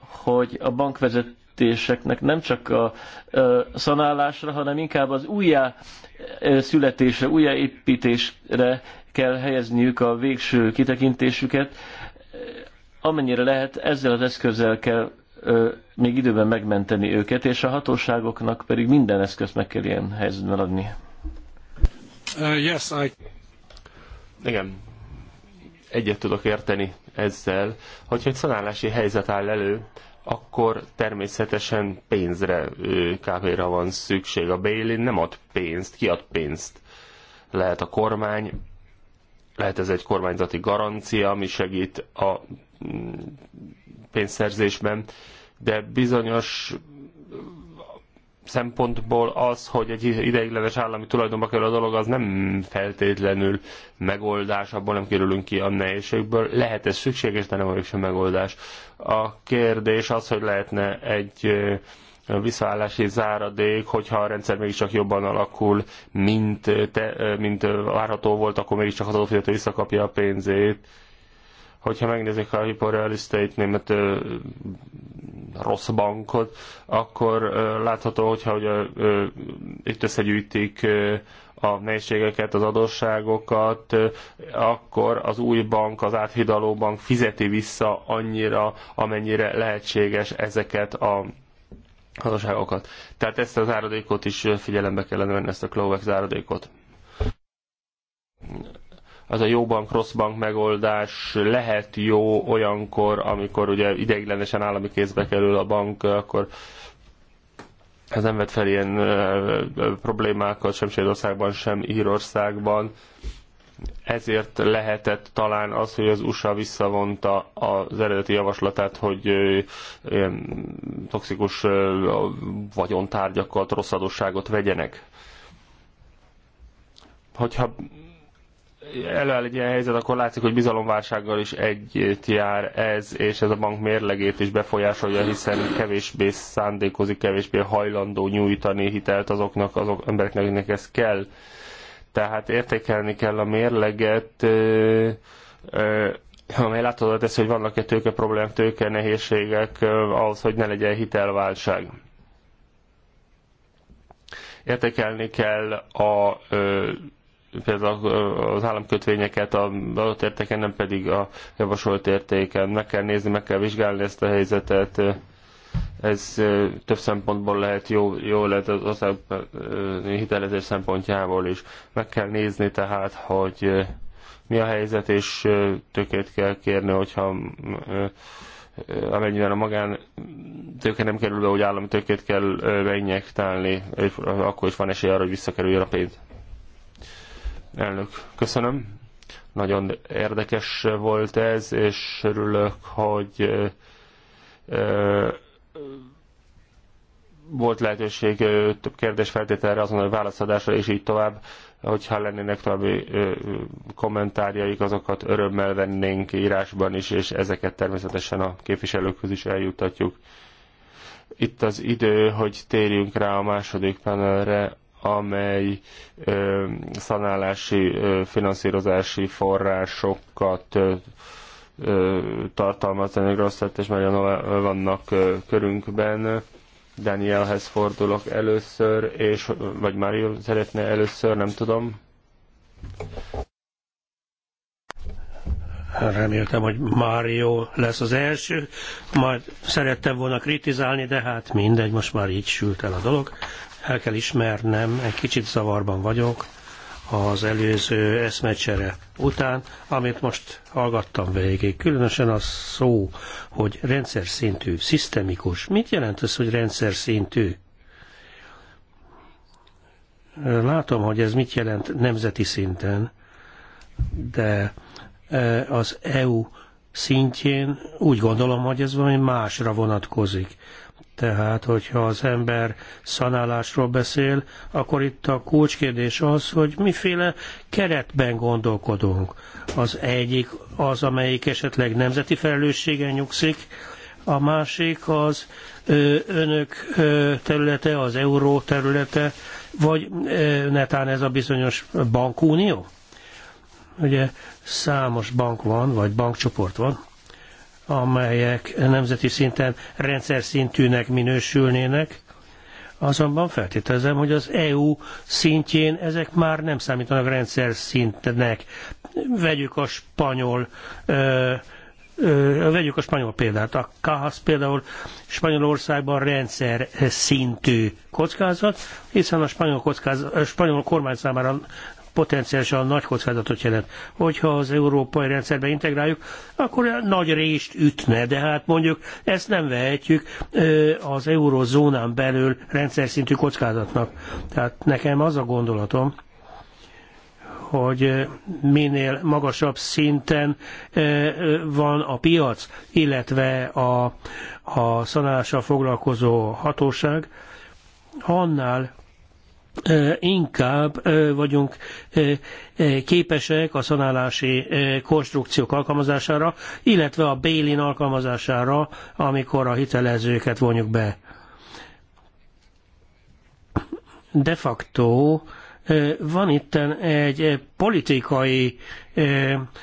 hogy a bankvezető befektetéseknek nem csak a szanálásra, hanem inkább az újjá születésre, újjáépítésre kell helyezniük a végső kitekintésüket. Amennyire lehet, ezzel az eszközzel kell még időben megmenteni őket, és a hatóságoknak pedig minden eszközt meg kell ilyen helyzetben adni. Uh, yes, I... Igen, egyet tudok érteni ezzel, hogyha egy szanálási helyzet áll elő, akkor természetesen pénzre, kávéra van szükség. A Bailey nem ad pénzt, kiad pénzt. Lehet a kormány, lehet ez egy kormányzati garancia, ami segít a mm, pénzszerzésben, de bizonyos szempontból az, hogy egy ideiglenes állami tulajdonba kerül a dolog, az nem feltétlenül megoldás, abból nem kerülünk ki a nehézségből. Lehet ez szükséges, de nem vagyok sem megoldás. A kérdés az, hogy lehetne egy visszaállási záradék, hogyha a rendszer mégiscsak jobban alakul, mint, te, mint várható volt, akkor mégiscsak az adófizető visszakapja a pénzét hogyha megnézik a Hyporeal Estate német ö, rossz bankot, akkor ö, látható, hogyha hogy a, ö, itt összegyűjtik ö, a nehézségeket, az adósságokat, akkor az új bank, az áthidaló bank fizeti vissza annyira, amennyire lehetséges ezeket a adósságokat. Tehát ezt az áradékot is figyelembe kellene venni, ezt a Clovex áradékot az a jó bank, rossz bank megoldás lehet jó olyankor, amikor ugye ideiglenesen állami kézbe kerül a bank, akkor ez nem vett fel ilyen problémákat sem Svédországban, sem Írországban. Ezért lehetett talán az, hogy az USA visszavonta az eredeti javaslatát, hogy ilyen toxikus vagyontárgyakat, rossz adósságot vegyenek. Hogyha előáll egy ilyen helyzet, akkor látszik, hogy bizalomválsággal is együtt jár ez, és ez a bank mérlegét is befolyásolja, hiszen kevésbé szándékozik, kevésbé hajlandó nyújtani hitelt azoknak, azok embereknek, akiknek ez kell. Tehát értékelni kell a mérleget, amely látható tesz, hogy vannak-e tőke problémák, tőke nehézségek, ahhoz, hogy ne legyen hitelválság értékelni kell a ö, például az államkötvényeket a adott értéken, nem pedig a javasolt értéken. Meg kell nézni, meg kell vizsgálni ezt a helyzetet. Ez több szempontból lehet jó, jó lehet az ország hitelezés szempontjából is. Meg kell nézni tehát, hogy mi a helyzet, és tökét kell kérni, hogyha amennyiben a magán tőke nem kerül be, hogy állami tőkét kell beinjektálni, akkor is van esély arra, hogy visszakerüljön a pénz. Elnök, köszönöm. Nagyon érdekes volt ez, és örülök, hogy volt lehetőség több kérdés feltételre, a válaszadásra, és így tovább. Hogyha lennének további kommentárjaik, azokat örömmel vennénk írásban is, és ezeket természetesen a képviselőkhöz is eljutatjuk. Itt az idő, hogy térjünk rá a második panelre, amely ö, szanálási, ö, finanszírozási forrásokat ö, ö, tartalmaz, ennél rossz és már vannak ö, körünkben. Danielhez fordulok először, és vagy Mário szeretne először, nem tudom. Reméltem, hogy Mário lesz az első, majd szerettem volna kritizálni, de hát mindegy, most már így sült el a dolog. El kell ismernem, egy kicsit zavarban vagyok az előző eszmecsere után, amit most hallgattam végig. Különösen a szó, hogy rendszer szintű, szisztemikus. Mit jelent ez, hogy rendszer szintű? Látom, hogy ez mit jelent nemzeti szinten, de e, az EU szintjén úgy gondolom, hogy ez valami másra vonatkozik. Tehát, hogyha az ember szanálásról beszél, akkor itt a kulcskérdés az, hogy miféle keretben gondolkodunk. Az egyik az, amelyik esetleg nemzeti felelősségen nyugszik, a másik az önök területe, az euró területe, vagy netán ez a bizonyos bankunió? Ugye számos bank van, vagy bankcsoport van, amelyek nemzeti szinten rendszer szintűnek minősülnének, azonban feltételezem, hogy az EU szintjén ezek már nem számítanak rendszer szintnek. Vegyük a spanyol ö, vegyük a spanyol példát. A Cajas például Spanyolországban rendszer szintű kockázat, hiszen a spanyol, kockáz, a spanyol kormány számára potenciálisan nagy kockázatot jelent. Hogyha az európai rendszerbe integráljuk, akkor nagy rést ütne, de hát mondjuk ezt nem vehetjük az eurozónán belül rendszer szintű kockázatnak. Tehát nekem az a gondolatom, hogy minél magasabb szinten van a piac, illetve a, a szanással foglalkozó hatóság, annál inkább vagyunk képesek a szanálási konstrukciók alkalmazására, illetve a bélin alkalmazására, amikor a hitelezőket vonjuk be. De facto van itten egy politikai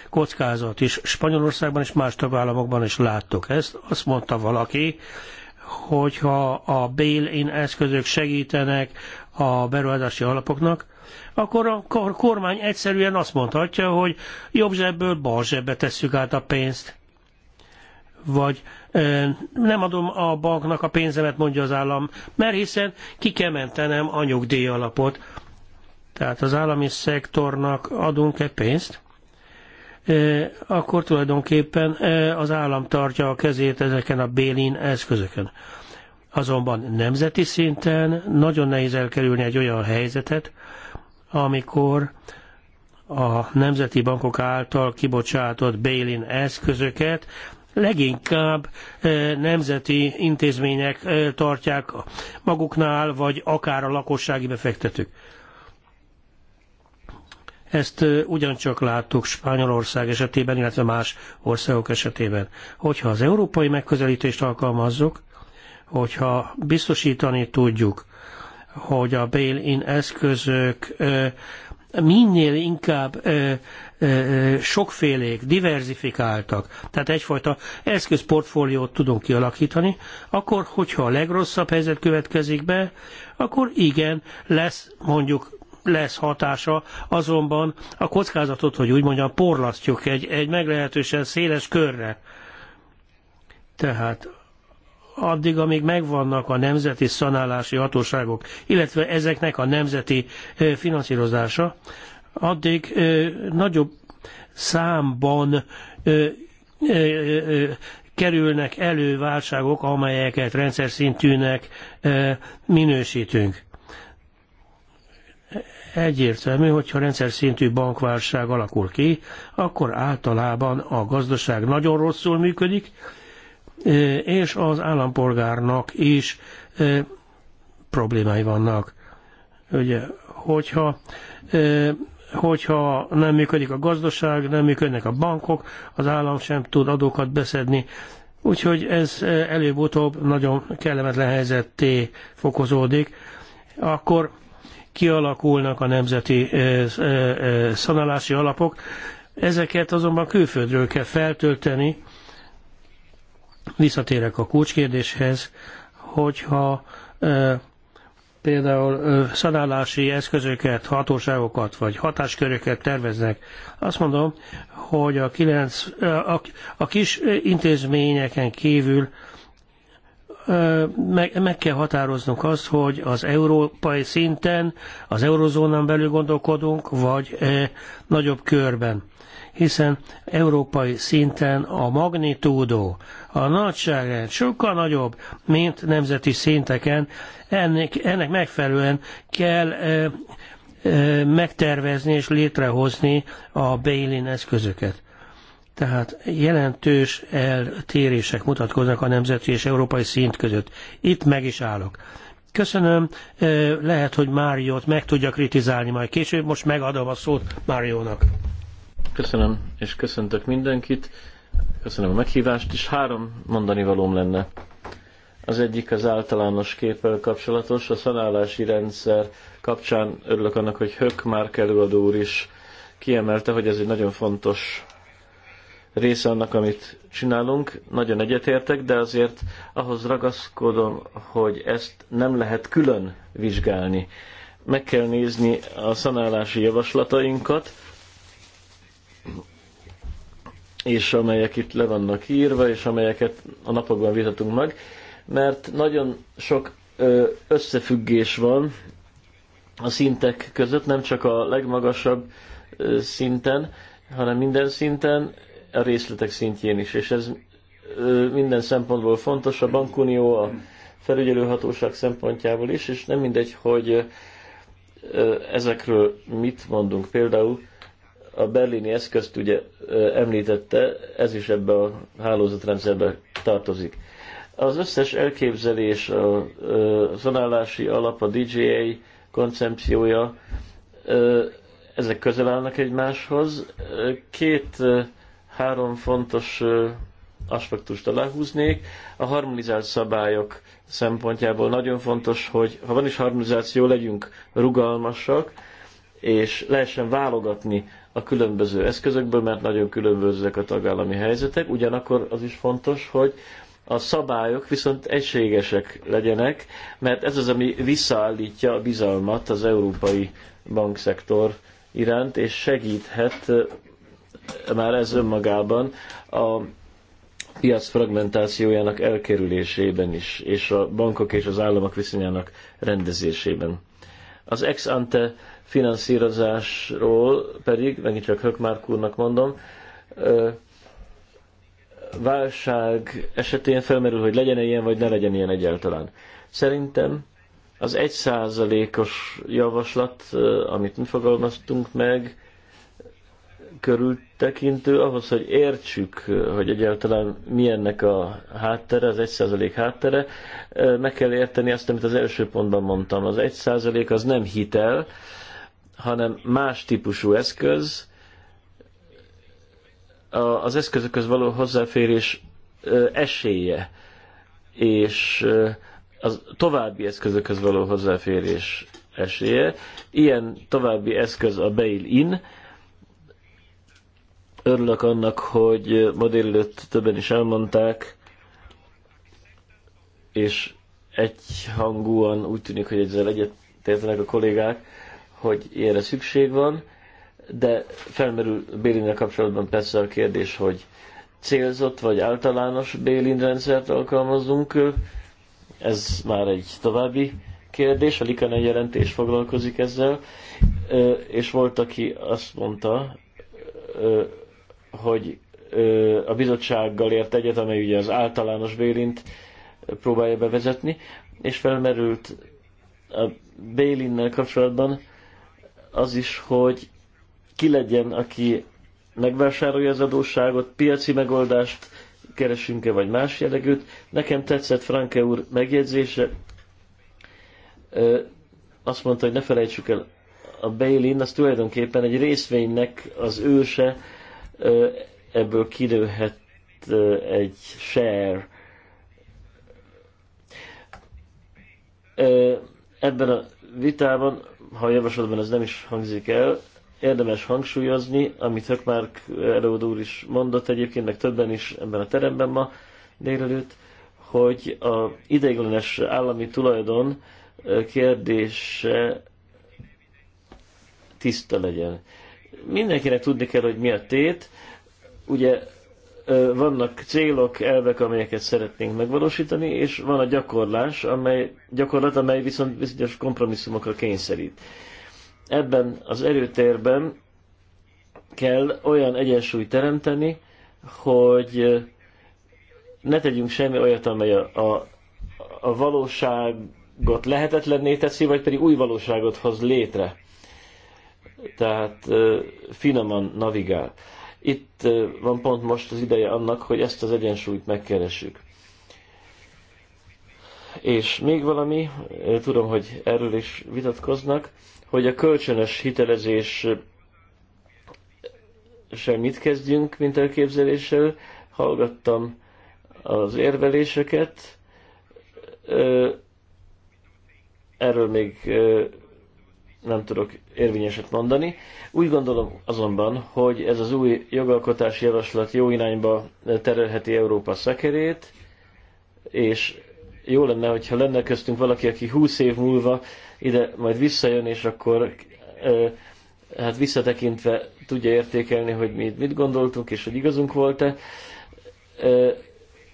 kockázat is. Spanyolországban és más tagállamokban is láttuk ezt. Azt mondta valaki, hogyha a bail-in eszközök segítenek a beruházási alapoknak, akkor a kormány egyszerűen azt mondhatja, hogy jobb zsebből bal zsebbe tesszük át a pénzt. Vagy nem adom a banknak a pénzemet, mondja az állam, mert hiszen ki kell mentenem a nyugdíjalapot. Tehát az állami szektornak adunk-e pénzt? E, akkor tulajdonképpen e, az állam tartja a kezét ezeken a bélin eszközöken. Azonban nemzeti szinten nagyon nehéz elkerülni egy olyan helyzetet, amikor a nemzeti bankok által kibocsátott bélin eszközöket leginkább e, nemzeti intézmények tartják maguknál, vagy akár a lakossági befektetők. Ezt ugyancsak láttuk Spanyolország esetében, illetve más országok esetében. Hogyha az európai megközelítést alkalmazzuk, hogyha biztosítani tudjuk, hogy a bail-in eszközök minél inkább sokfélék, diverzifikáltak, tehát egyfajta eszközportfóliót tudunk kialakítani, akkor hogyha a legrosszabb helyzet következik be, akkor igen, lesz mondjuk lesz hatása, azonban a kockázatot, hogy úgy mondjam, porlasztjuk egy, egy meglehetősen széles körre. Tehát addig, amíg megvannak a nemzeti szanálási hatóságok, illetve ezeknek a nemzeti finanszírozása, addig nagyobb számban kerülnek elő válságok, amelyeket rendszer szintűnek minősítünk egyértelmű, hogyha rendszer szintű bankválság alakul ki, akkor általában a gazdaság nagyon rosszul működik, e, és az állampolgárnak is e, problémái vannak. Ugye, hogyha, e, hogyha nem működik a gazdaság, nem működnek a bankok, az állam sem tud adókat beszedni, úgyhogy ez előbb-utóbb nagyon kellemetlen helyzetté fokozódik, akkor kialakulnak a nemzeti szanálási alapok, ezeket azonban külföldről kell feltölteni. Visszatérek a kulcskérdéshez, hogyha például szanálási eszközöket, hatóságokat vagy hatásköröket terveznek. Azt mondom, hogy a, kilenc, a, a kis intézményeken kívül meg, meg kell határoznunk azt, hogy az európai szinten, az eurozónán belül gondolkodunk, vagy nagyobb körben. Hiszen európai szinten a magnitúdó, a nagyságrend sokkal nagyobb, mint nemzeti szinteken. Ennek, ennek megfelelően kell megtervezni és létrehozni a bail-in eszközöket. Tehát jelentős eltérések mutatkoznak a nemzeti és európai szint között. Itt meg is állok. Köszönöm, lehet, hogy Máriót meg tudja kritizálni majd később, most megadom a szót Máriónak. Köszönöm, és köszöntök mindenkit. Köszönöm a meghívást, és három mondani valóm lenne. Az egyik az általános képpel kapcsolatos, a szanálási rendszer kapcsán örülök annak, hogy Hök már előadó úr is kiemelte, hogy ez egy nagyon fontos része annak, amit csinálunk, nagyon egyetértek, de azért ahhoz ragaszkodom, hogy ezt nem lehet külön vizsgálni. Meg kell nézni a szanálási javaslatainkat, és amelyek itt le vannak írva, és amelyeket a napokban vizetünk meg, mert nagyon sok összefüggés van a szintek között, nem csak a legmagasabb szinten, hanem minden szinten, a részletek szintjén is, és ez minden szempontból fontos, a bankunió a felügyelőhatóság szempontjából is, és nem mindegy, hogy ezekről mit mondunk. Például a berlini eszközt ugye említette, ez is ebbe a hálózatrendszerbe tartozik. Az összes elképzelés, a zonálási alap, a DJA koncepciója, ezek közel állnak egymáshoz. Két Három fontos aspektust aláhúznék. A harmonizált szabályok szempontjából nagyon fontos, hogy ha van is harmonizáció, legyünk rugalmasak, és lehessen válogatni a különböző eszközökből, mert nagyon különbözőek a tagállami helyzetek. Ugyanakkor az is fontos, hogy a szabályok viszont egységesek legyenek, mert ez az, ami visszaállítja a bizalmat az európai bankszektor iránt, és segíthet már ez önmagában a piac fragmentációjának elkerülésében is, és a bankok és az államok viszonyának rendezésében. Az ex ante finanszírozásról pedig, megint csak Hökmárk úrnak mondom, válság esetén felmerül, hogy legyen -e ilyen, vagy ne legyen ilyen egyáltalán. Szerintem az egy százalékos javaslat, amit mi fogalmaztunk meg, körültekintő, ahhoz, hogy értsük, hogy egyáltalán milyennek a háttere, az 1% háttere, meg kell érteni azt, amit az első pontban mondtam. Az 1% az nem hitel, hanem más típusú eszköz. Az eszközökhöz való hozzáférés esélye, és az további eszközökhöz való hozzáférés esélye. Ilyen további eszköz a bail-in, Örülök annak, hogy ma délelőtt többen is elmondták, és egy hangúan úgy tűnik, hogy ezzel értenek a kollégák, hogy ilyenre szükség van, de felmerül Bélinnel kapcsolatban persze a kérdés, hogy célzott vagy általános Bélin rendszert alkalmazunk, ez már egy további kérdés, a Likanen jelentés foglalkozik ezzel, és volt, aki azt mondta, hogy a bizottsággal ért egyet, amely ugye az általános bélint próbálja bevezetni, és felmerült a bélinnel kapcsolatban az is, hogy ki legyen, aki megvásárolja az adósságot, piaci megoldást keresünk-e, vagy más jellegűt. Nekem tetszett Franke úr megjegyzése, azt mondta, hogy ne felejtsük el a bail az tulajdonképpen egy részvénynek az őse, ebből kilőhet egy share. Ebben a vitában, ha javaslatban ez nem is hangzik el, érdemes hangsúlyozni, amit Hökmárk előadó úr is mondott egyébként, meg többen is ebben a teremben ma délelőtt, hogy a ideiglenes állami tulajdon kérdése tiszta legyen mindenkinek tudni kell, hogy mi a tét. Ugye vannak célok, elvek, amelyeket szeretnénk megvalósítani, és van a gyakorlás, amely, gyakorlat, amely viszont bizonyos kompromisszumokra kényszerít. Ebben az erőtérben kell olyan egyensúlyt teremteni, hogy ne tegyünk semmi olyat, amely a, a, a valóságot lehetetlenné teszi, vagy pedig új valóságot hoz létre tehát finoman navigál. Itt van pont most az ideje annak, hogy ezt az egyensúlyt megkeressük. És még valami, tudom, hogy erről is vitatkoznak, hogy a kölcsönös hitelezés semmit kezdjünk, mint elképzeléssel. Hallgattam az érveléseket, erről még nem tudok érvényeset mondani. Úgy gondolom azonban, hogy ez az új jogalkotási javaslat jó irányba terelheti Európa szekerét, és jó lenne, hogyha lenne köztünk valaki, aki 20 év múlva ide majd visszajön, és akkor hát visszatekintve tudja értékelni, hogy mi mit gondoltunk, és hogy igazunk volt-e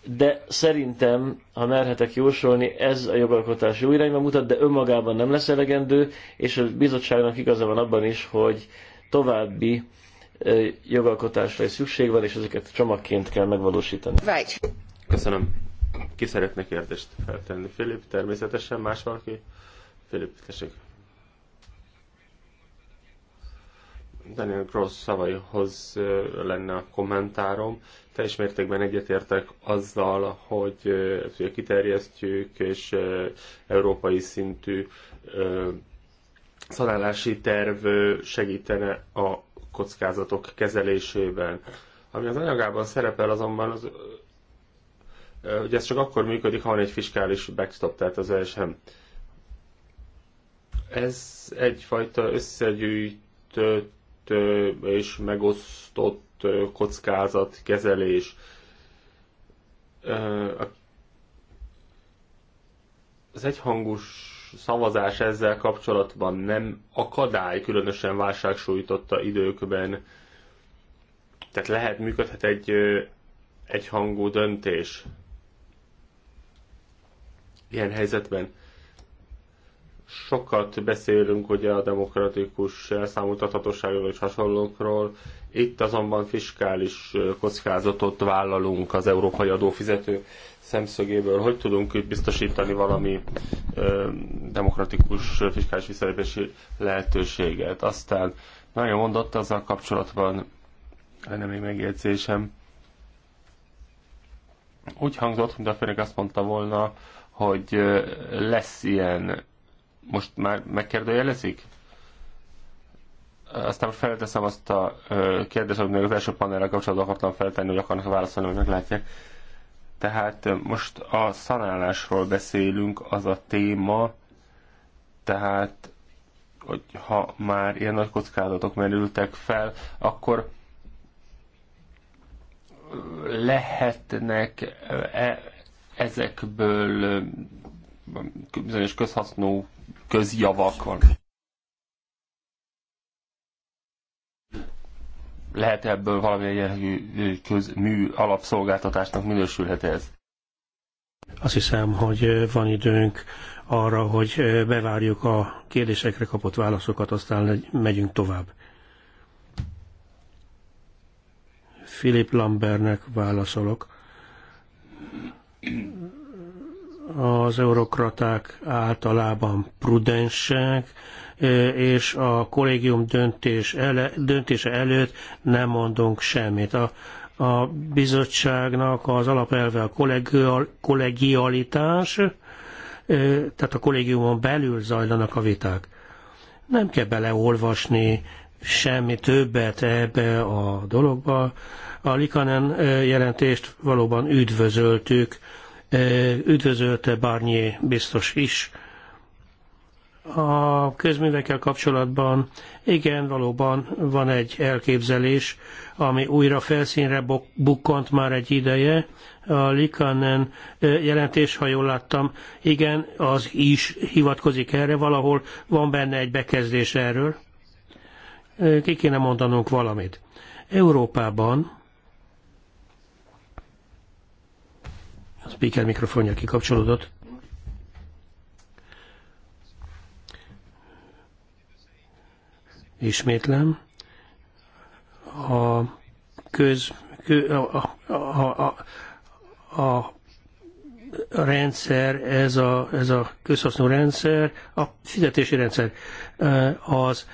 de szerintem, ha merhetek jósolni, ez a jogalkotás jó irányba mutat, de önmagában nem lesz elegendő, és a bizottságnak igaza van abban is, hogy további jogalkotásra is szükség van, és ezeket csomagként kell megvalósítani. Right. Köszönöm. Ki szeretne kérdést feltenni? Filip, természetesen más valaki? Filip, tessék. Daniel Gross szavaihoz lenne a kommentárom teljes mértékben egyetértek azzal, hogy kiterjesztjük, és európai szintű szanálási terv segítene a kockázatok kezelésében. Ami az anyagában szerepel azonban, az, hogy ez csak akkor működik, ha van egy fiskális backstop, tehát az ESM. Ez egyfajta összegyűjtött és megosztott kockázat, kezelés, az egyhangos szavazás ezzel kapcsolatban nem akadály, különösen válságsújtotta időkben. Tehát lehet, működhet egy egyhangú döntés ilyen helyzetben sokat beszélünk ugye a demokratikus elszámoltathatóságról és hasonlókról, itt azonban fiskális kockázatot vállalunk az európai adófizető szemszögéből. Hogy tudunk itt biztosítani valami ö, demokratikus fiskális visszalépési lehetőséget? Aztán nagyon mondott azzal kapcsolatban, lenne még megjegyzésem, úgy hangzott, mint a főnök azt mondta volna, hogy lesz ilyen most már megkérdőjelezik? Aztán most felteszem azt a kérdést, amit még az első panelre kapcsolatban akartam feltenni, hogy akarnak válaszolni, hogy meglátják. Tehát most a szanálásról beszélünk, az a téma, tehát hogy ha már ilyen nagy kockázatok merültek fel, akkor lehetnek -e ezekből bizonyos közhasznú közjavak van. Lehet ebből valami közmű alapszolgáltatásnak minősülhet ez? Azt hiszem, hogy van időnk arra, hogy bevárjuk a kérdésekre kapott válaszokat, aztán megyünk tovább. Philip Lambernek válaszolok az eurokraták általában prudensek, e, és a kollégium döntés ele, döntése előtt nem mondunk semmit. A, a bizottságnak az alapelve a kollegial, kollegialitás, e, tehát a kollégiumon belül zajlanak a viták. Nem kell beleolvasni semmi többet ebbe a dologba. A Likanen e, jelentést valóban üdvözöltük, üdvözölte Barnier biztos is. A közművekkel kapcsolatban igen, valóban van egy elképzelés, ami újra felszínre bukkant már egy ideje. A Likanen jelentés, ha jól láttam, igen, az is hivatkozik erre, valahol van benne egy bekezdés erről. Ki kéne mondanunk valamit. Európában speaker mikrofonja kikapcsolódott. Ismétlem. A köz, kö, a, a, a, a, a rendszer, ez a, ez a közhasznú rendszer, a fizetési rendszer az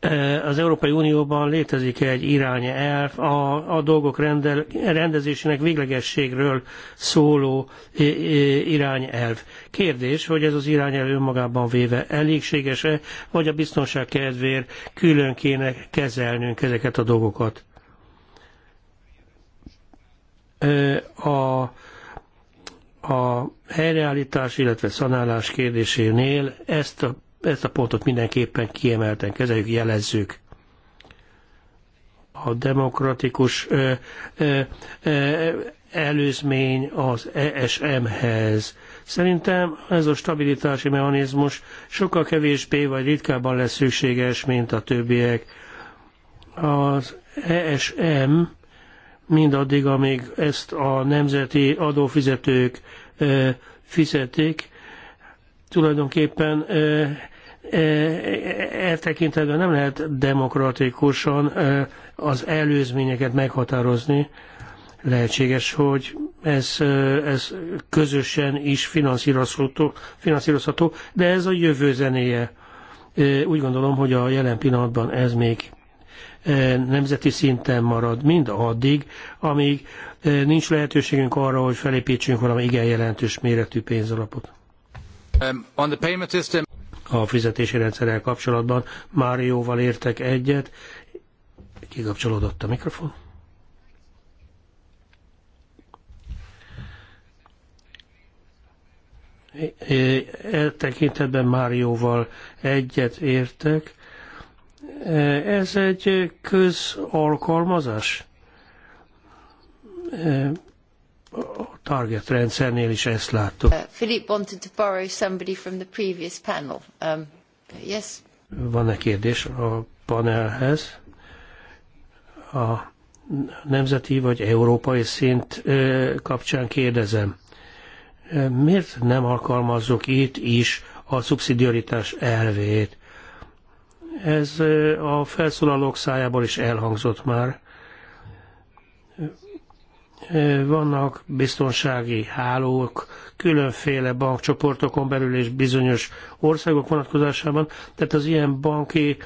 Eh, az Európai Unióban létezik egy irányelv a, a dolgok rendel, rendezésének véglegességről szóló eh, eh, irányelv. Kérdés, hogy ez az irányelv önmagában véve elégséges-e, vagy a biztonság kedvéért külön kéne kezelnünk ezeket a dolgokat. A, a helyreállítás, illetve szanálás kérdésénél ezt a ezt a pontot mindenképpen kiemelten kezeljük, jelezzük. A demokratikus ö, ö, ö, előzmény az ESM-hez. Szerintem ez a stabilitási mechanizmus sokkal kevésbé vagy ritkábban lesz szükséges, mint a többiek. Az ESM mindaddig, amíg ezt a nemzeti adófizetők fizetik, tulajdonképpen E, e, e, e tekintetben nem lehet demokratikusan az előzményeket meghatározni. Lehetséges, hogy ez, ez közösen is finanszírozható, finanszírozható, de ez a jövő zenéje. Úgy gondolom, hogy a jelen pillanatban ez még nemzeti szinten marad, mind addig, amíg nincs lehetőségünk arra, hogy felépítsünk valami igen jelentős méretű pénzalapot. Um, on the payment system a fizetési rendszerrel kapcsolatban. Márióval értek egyet. Kikapcsolódott a mikrofon. E tekintetben Márióval egyet értek. E, ez egy közalkalmazás? E, a target rendszernél is ezt láttuk. Uh, Philip wanted to borrow somebody from the previous panel. Um, yes. Van-e kérdés a panelhez? A nemzeti vagy európai szint kapcsán kérdezem. Miért nem alkalmazzuk itt is a szubszidiaritás elvét? Ez a felszólalók szájából is elhangzott már vannak biztonsági hálók, különféle bankcsoportokon belül és bizonyos országok vonatkozásában, tehát az ilyen banki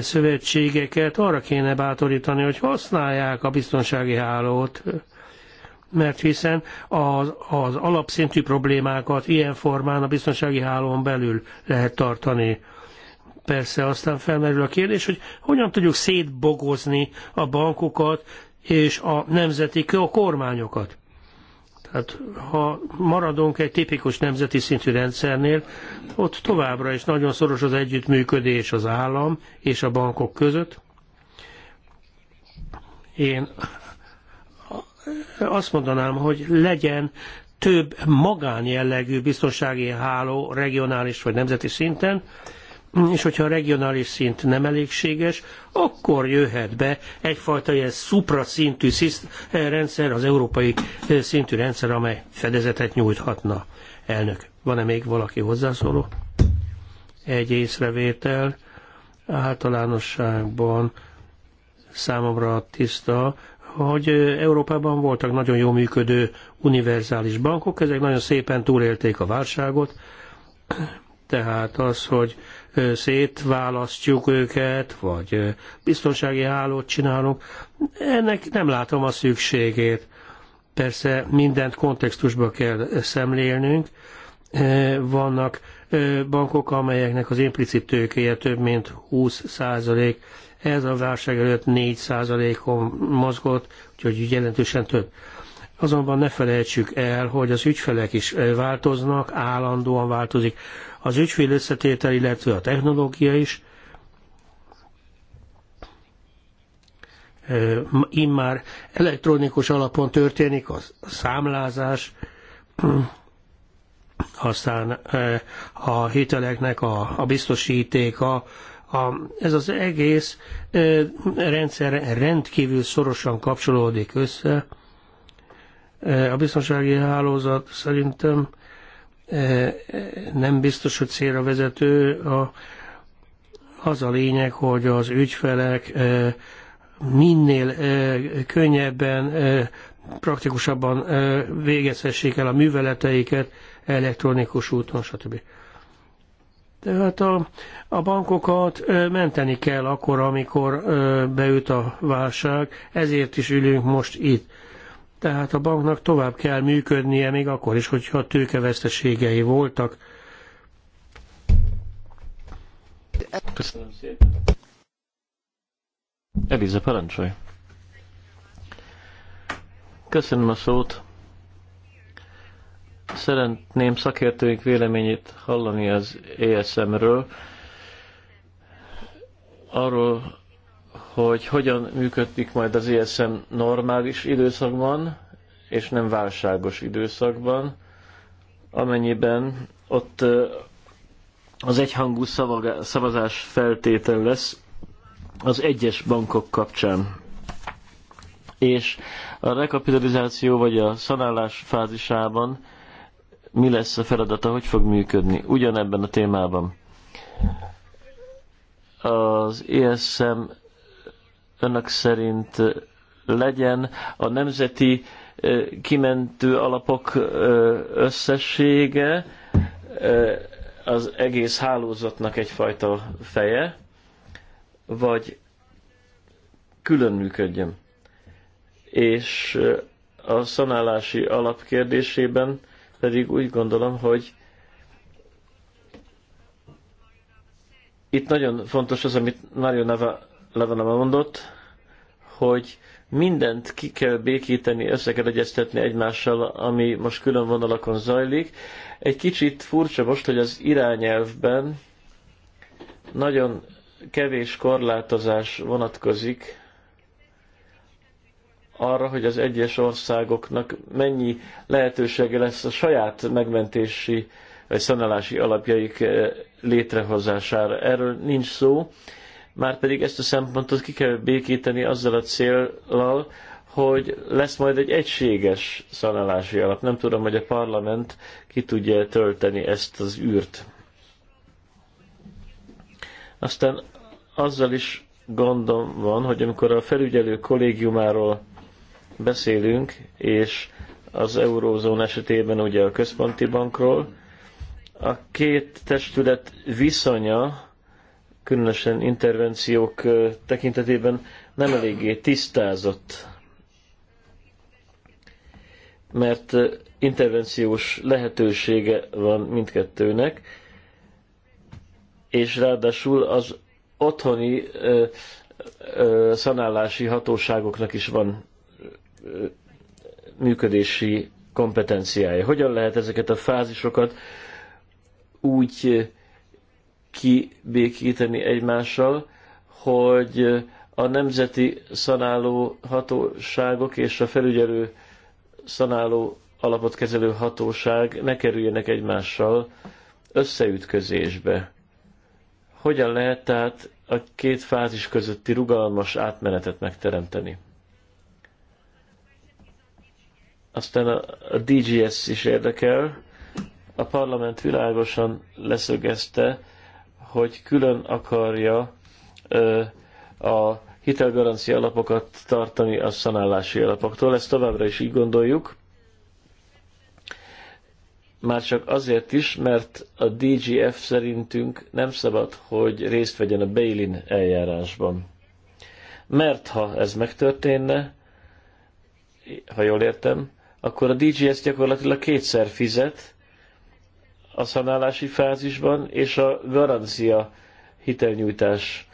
szövetségeket arra kéne bátorítani, hogy használják a biztonsági hálót, mert hiszen az, az alapszintű problémákat ilyen formán a biztonsági hálón belül lehet tartani. Persze aztán felmerül a kérdés, hogy hogyan tudjuk szétbogozni a bankokat, és a nemzeti a kormányokat. Tehát ha maradunk egy tipikus nemzeti szintű rendszernél, ott továbbra is nagyon szoros az együttműködés az állam és a bankok között. Én azt mondanám, hogy legyen több magánjellegű biztonsági háló regionális vagy nemzeti szinten, és hogyha a regionális szint nem elégséges, akkor jöhet be egyfajta ilyen szupraszintű rendszer, az európai szintű rendszer, amely fedezetet nyújthatna. Elnök, van-e még valaki hozzászóló? Egy észrevétel általánosságban számomra tiszta, hogy Európában voltak nagyon jól működő univerzális bankok, ezek nagyon szépen túlélték a válságot, tehát az, hogy szétválasztjuk őket, vagy biztonsági hálót csinálunk. Ennek nem látom a szükségét. Persze mindent kontextusba kell szemlélnünk. Vannak bankok, amelyeknek az implicit tőkéje több mint 20 százalék. Ez a válság előtt 4 százalékon mozgott, úgyhogy jelentősen több. Azonban ne felejtsük el, hogy az ügyfelek is változnak, állandóan változik az ügyfél összetétel, illetve a technológia is. Immár elektronikus alapon történik a számlázás, <clears throat> aztán a hiteleknek a, a biztosítéka, a, ez az egész rendszer rendkívül szorosan kapcsolódik össze. A biztonsági hálózat szerintem E, e, nem biztos, hogy célra vezető. A, az a lényeg, hogy az ügyfelek e, minél könnyebben, praktikusabban végezhessék el a műveleteiket elektronikus úton, stb. Tehát a, a bankokat menteni kell akkor, amikor beüt a válság, ezért is ülünk most itt. Tehát a banknak tovább kell működnie, még akkor is, hogyha tőkeveszteségei voltak. Köszönöm szépen. Eliza, parancsolj. Köszönöm a szót. Szeretném szakértőink véleményét hallani az ESM-ről. Arról hogy hogyan működik majd az ESM normális időszakban, és nem válságos időszakban, amennyiben ott az egyhangú szavazás feltétel lesz az egyes bankok kapcsán. És a rekapitalizáció vagy a szanálás fázisában mi lesz a feladata, hogy fog működni ugyanebben a témában. Az ESM önök szerint legyen a nemzeti kimentő alapok összessége az egész hálózatnak egyfajta feje, vagy külön működjön. És a szanálási alapkérdésében pedig úgy gondolom, hogy itt nagyon fontos az, amit Mario Nava Levanama mondott, hogy mindent ki kell békíteni, össze kell egyeztetni egymással, ami most külön vonalakon zajlik. Egy kicsit furcsa most, hogy az irányelvben nagyon kevés korlátozás vonatkozik arra, hogy az egyes országoknak mennyi lehetősége lesz a saját megmentési vagy szanálási alapjaik eh, létrehozására. Erről nincs szó. Márpedig ezt a szempontot ki kell békíteni azzal a céllal, hogy lesz majd egy egységes szanálási alap. Nem tudom, hogy a parlament ki tudja tölteni ezt az űrt. Aztán azzal is gondom van, hogy amikor a felügyelő kollégiumáról beszélünk, és az eurózón esetében ugye a központi bankról, a két testület viszonya különösen intervenciók tekintetében nem eléggé tisztázott, mert intervenciós lehetősége van mindkettőnek, és ráadásul az otthoni ö, ö, szanálási hatóságoknak is van ö, működési kompetenciája. Hogyan lehet ezeket a fázisokat úgy kibékíteni egymással, hogy a nemzeti szanáló hatóságok és a felügyelő szanáló alapot kezelő hatóság ne kerüljenek egymással összeütközésbe. Hogyan lehet tehát a két fázis közötti rugalmas átmenetet megteremteni? Aztán a DGS is érdekel. A parlament világosan leszögezte, hogy külön akarja a hitelgarancia alapokat tartani a szanállási alapoktól. Ezt továbbra is így gondoljuk. Már csak azért is, mert a DGF szerintünk nem szabad, hogy részt vegyen a Bailin eljárásban. Mert ha ez megtörténne, ha jól értem, akkor a DGS gyakorlatilag kétszer fizet, a szanálási fázisban és a garancia hitelnyújtás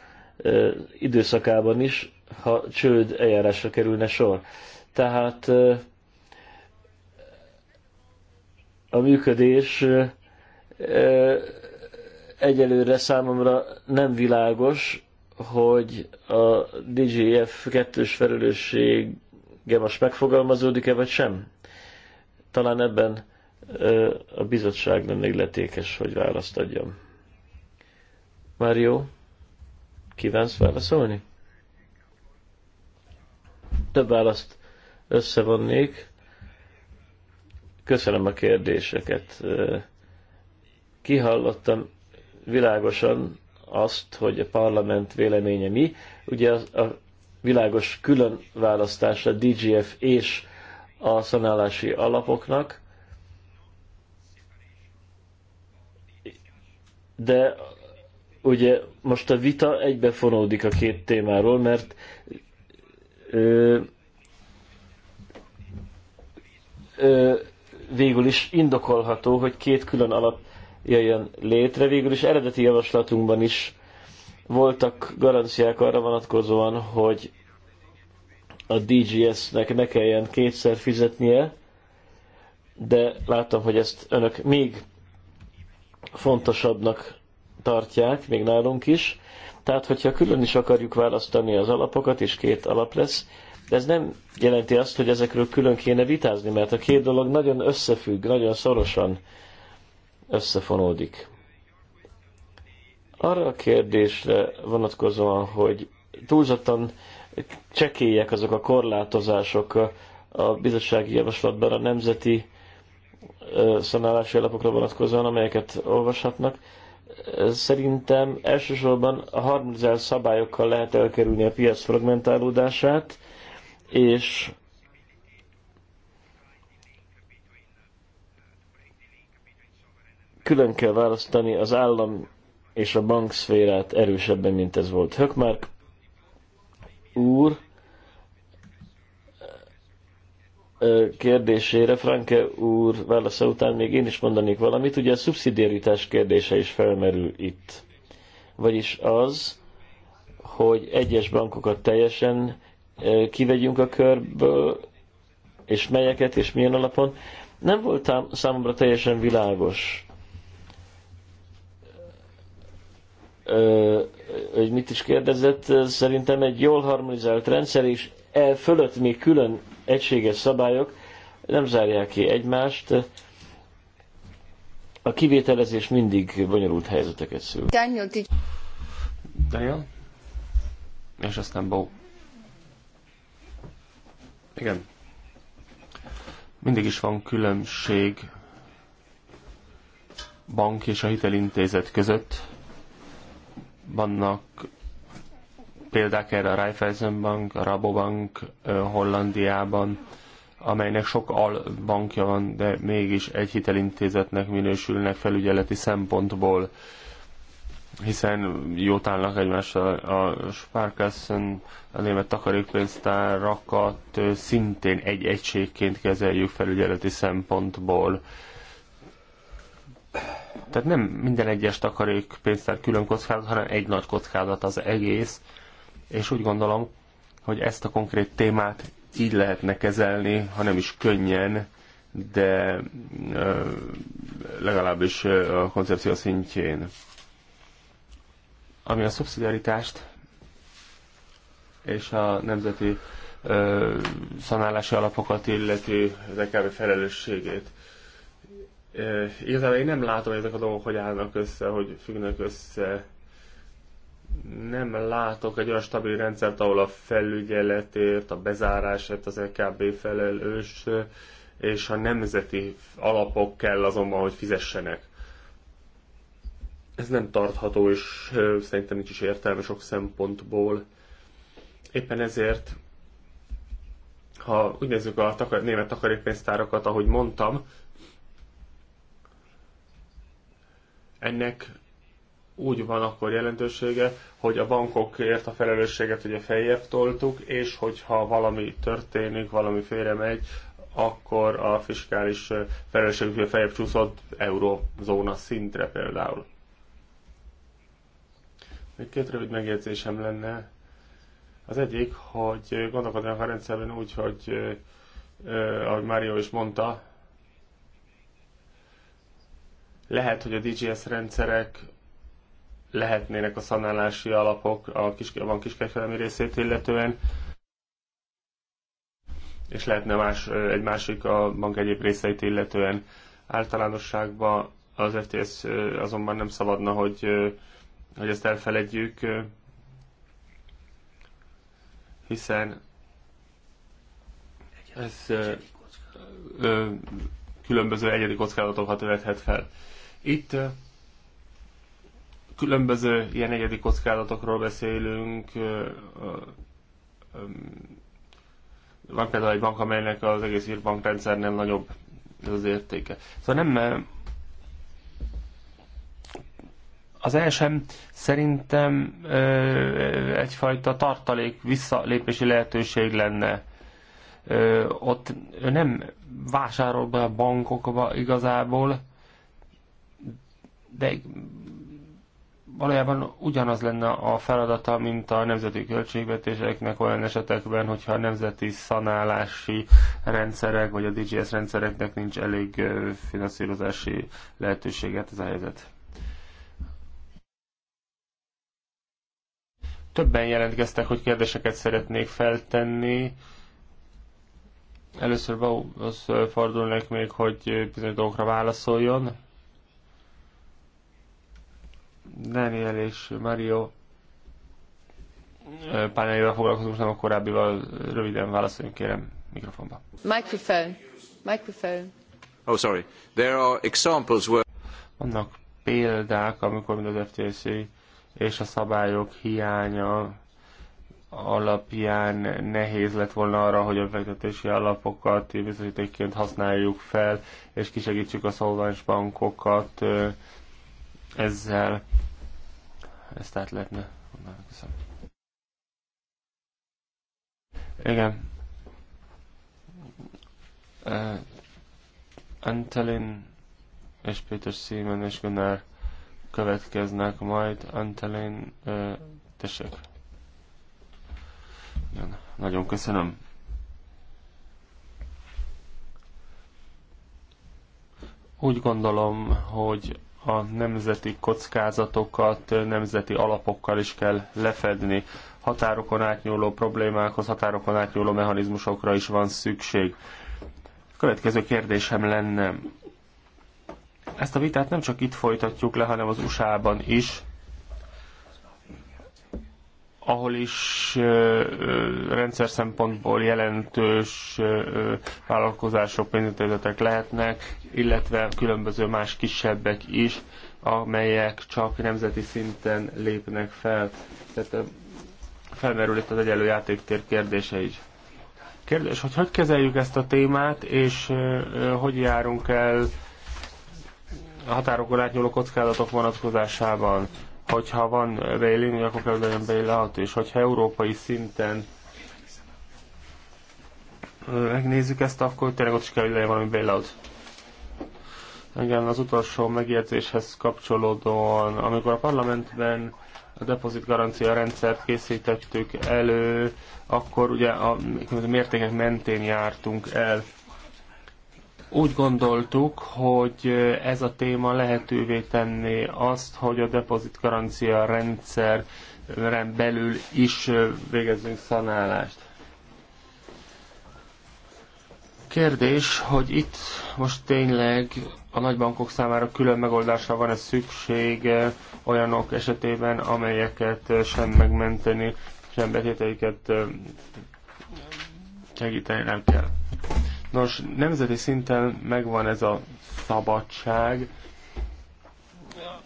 időszakában is, ha csőd eljárásra kerülne sor. Tehát a működés egyelőre számomra nem világos, hogy a DGF kettős felelőssége most megfogalmazódik-e, vagy sem. Talán ebben a bizottság lenne illetékes, hogy választ adjam. Mário, kívánsz válaszolni? Több választ összevonnék. Köszönöm a kérdéseket. Kihallottam világosan azt, hogy a parlament véleménye mi. Ugye a, a világos külön választása DGF és a szanálási alapoknak – de ugye most a vita egybefonódik a két témáról, mert ö, ö, végül is indokolható, hogy két külön alap jöjjön létre. Végül is eredeti javaslatunkban is voltak garanciák arra vonatkozóan, hogy a DGS-nek ne kelljen kétszer fizetnie, de látom, hogy ezt önök még fontosabbnak tartják, még nálunk is. Tehát, hogyha külön is akarjuk választani az alapokat, és két alap lesz, de ez nem jelenti azt, hogy ezekről külön kéne vitázni, mert a két dolog nagyon összefügg, nagyon szorosan összefonódik. Arra a kérdésre vonatkozóan, hogy túlzottan csekélyek azok a korlátozások a bizottsági javaslatban a nemzeti szemállási alapokra vonatkozóan, amelyeket olvashatnak. Szerintem elsősorban a harmonizált szabályokkal lehet elkerülni a piac fragmentálódását, és külön kell választani az állam és a bankszférát erősebben, mint ez volt. Hökmark úr kérdésére Franke úr válasza után még én is mondanék valamit. Ugye a szubszidiaritás kérdése is felmerül itt. Vagyis az, hogy egyes bankokat teljesen kivegyünk a körből, és melyeket és milyen alapon. Nem volt számomra teljesen világos, hogy mit is kérdezett. Szerintem egy jól harmonizált rendszer, és e fölött még külön egységes szabályok nem zárják ki egymást, a kivételezés mindig bonyolult helyzeteket szül. Daniel? És aztán Bó. Igen. Mindig is van különbség bank és a hitelintézet között. Vannak példák erre a Raiffeisen Bank, a Rabobank Hollandiában, amelynek sok albankja van, de mégis egy hitelintézetnek minősülnek felügyeleti szempontból, hiszen jót állnak egymással a Sparkassen, a német takarékpénztárakat szintén egy egységként kezeljük felügyeleti szempontból. Tehát nem minden egyes takarékpénztár külön kockázat, hanem egy nagy kockázat az egész, és úgy gondolom, hogy ezt a konkrét témát így lehetne kezelni, ha nem is könnyen, de legalábbis a koncepció szintjén. Ami a szubszidiaritást és a nemzeti szanálási alapokat illeti az EKB felelősségét. Igazából én nem látom, hogy ezek a dolgok hogy állnak össze, hogy függnek össze nem látok egy olyan stabil rendszert, ahol a felügyeletért, a bezárásért az LKB e felelős, és a nemzeti alapok kell azonban, hogy fizessenek. Ez nem tartható, és szerintem nincs is értelme sok szempontból. Éppen ezért, ha úgy nézzük a takar- német takarékpénztárakat, ahogy mondtam, ennek úgy van akkor jelentősége, hogy a bankokért a felelősséget ugye feljebb toltuk, és hogyha valami történik, valami félre megy, akkor a fiskális felelősség feljebb csúszott eurozóna szintre például. Még két rövid megjegyzésem lenne. Az egyik, hogy gondolkodnak a rendszerben úgy, hogy ahogy Mário is mondta, lehet, hogy a DGS rendszerek lehetnének a szanálási alapok a kis, van kiskereskedelmi részét illetően, és lehetne más, egy másik a bank egyéb részeit illetően. Általánosságban az FTS azonban nem szabadna, hogy, hogy ezt elfeledjük, hiszen ez különböző egyedi kockázatokat vethet fel. Itt különböző ilyen egyedi kockázatokról beszélünk. Van például egy bank, amelynek az egész írbankrendszernél nagyobb ez az értéke. Szóval nem... Az ESM szerintem egyfajta tartalék visszalépési lehetőség lenne. Ott nem vásárol be a bankokba igazából, de valójában ugyanaz lenne a feladata, mint a nemzeti költségvetéseknek olyan esetekben, hogyha a nemzeti szanálási rendszerek vagy a DGS rendszereknek nincs elég finanszírozási lehetőséget ez a helyzet. Többen jelentkeztek, hogy kérdéseket szeretnék feltenni. Először Bauhoz fordulnék még, hogy bizonyos dolgokra válaszoljon. Daniel és Mario pánelével foglalkozunk, nem a korábbival röviden válaszoljunk, kérem, mikrofonba. Microphone. Microphone. Oh, sorry. There are examples where... Vannak példák, amikor mind az FTC és a szabályok hiánya alapján nehéz lett volna arra, hogy a fektetési alapokat biztosítékként használjuk fel, és kisegítsük a szolvens bankokat ezzel ezt át lehetne mondani. Köszönöm. Igen. Uh, Antelin és Péter Szímen és Gunnar következnek majd. Antelin, uh, tessék. Igen. Nagyon köszönöm. Úgy gondolom, hogy a nemzeti kockázatokat nemzeti alapokkal is kell lefedni. Határokon átnyúló problémákhoz, határokon átnyúló mechanizmusokra is van szükség. következő kérdésem lenne, ezt a vitát nem csak itt folytatjuk le, hanem az USA-ban is ahol is rendszer szempontból jelentős vállalkozások, pénzintézetek lehetnek, illetve különböző más kisebbek is, amelyek csak nemzeti szinten lépnek fel. Tehát felmerül itt az egyenlő játéktér kérdése is. Kérdés, hogy hogy kezeljük ezt a témát, és hogy járunk el a határokon átnyúló kockázatok vonatkozásában hogyha van railing, akkor kell legyen bailout, és hogyha európai szinten megnézzük ezt, akkor tényleg ott is kell, hogy legyen valami bailout. Igen, az utolsó megjegyzéshez kapcsolódóan, amikor a parlamentben a depozit garancia rendszert készítettük elő, akkor ugye a, a mértékek mentén jártunk el. Úgy gondoltuk, hogy ez a téma lehetővé tenné azt, hogy a depozitgarancia rendszer belül is végezzünk szanálást. Kérdés, hogy itt most tényleg a nagybankok számára külön megoldásra van-e szükség olyanok esetében, amelyeket sem megmenteni, sem betéteiket segíteni nem kell. Nos, nemzeti szinten megvan ez a szabadság,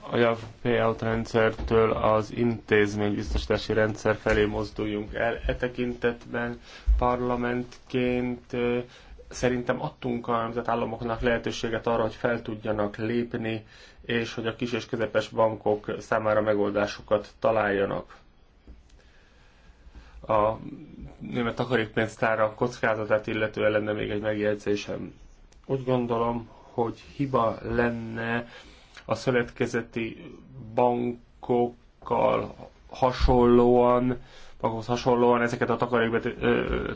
a JAV rendszertől az intézménybiztosítási rendszer felé mozduljunk el. E tekintetben parlamentként szerintem adtunk a nemzetállamoknak lehetőséget arra, hogy fel tudjanak lépni, és hogy a kis és közepes bankok számára megoldásokat találjanak a német takarékpénztára kockázatát illető lenne még egy megjegyzésem. Úgy gondolom, hogy hiba lenne a szövetkezeti bankokkal hasonlóan, bankhoz hasonlóan ezeket a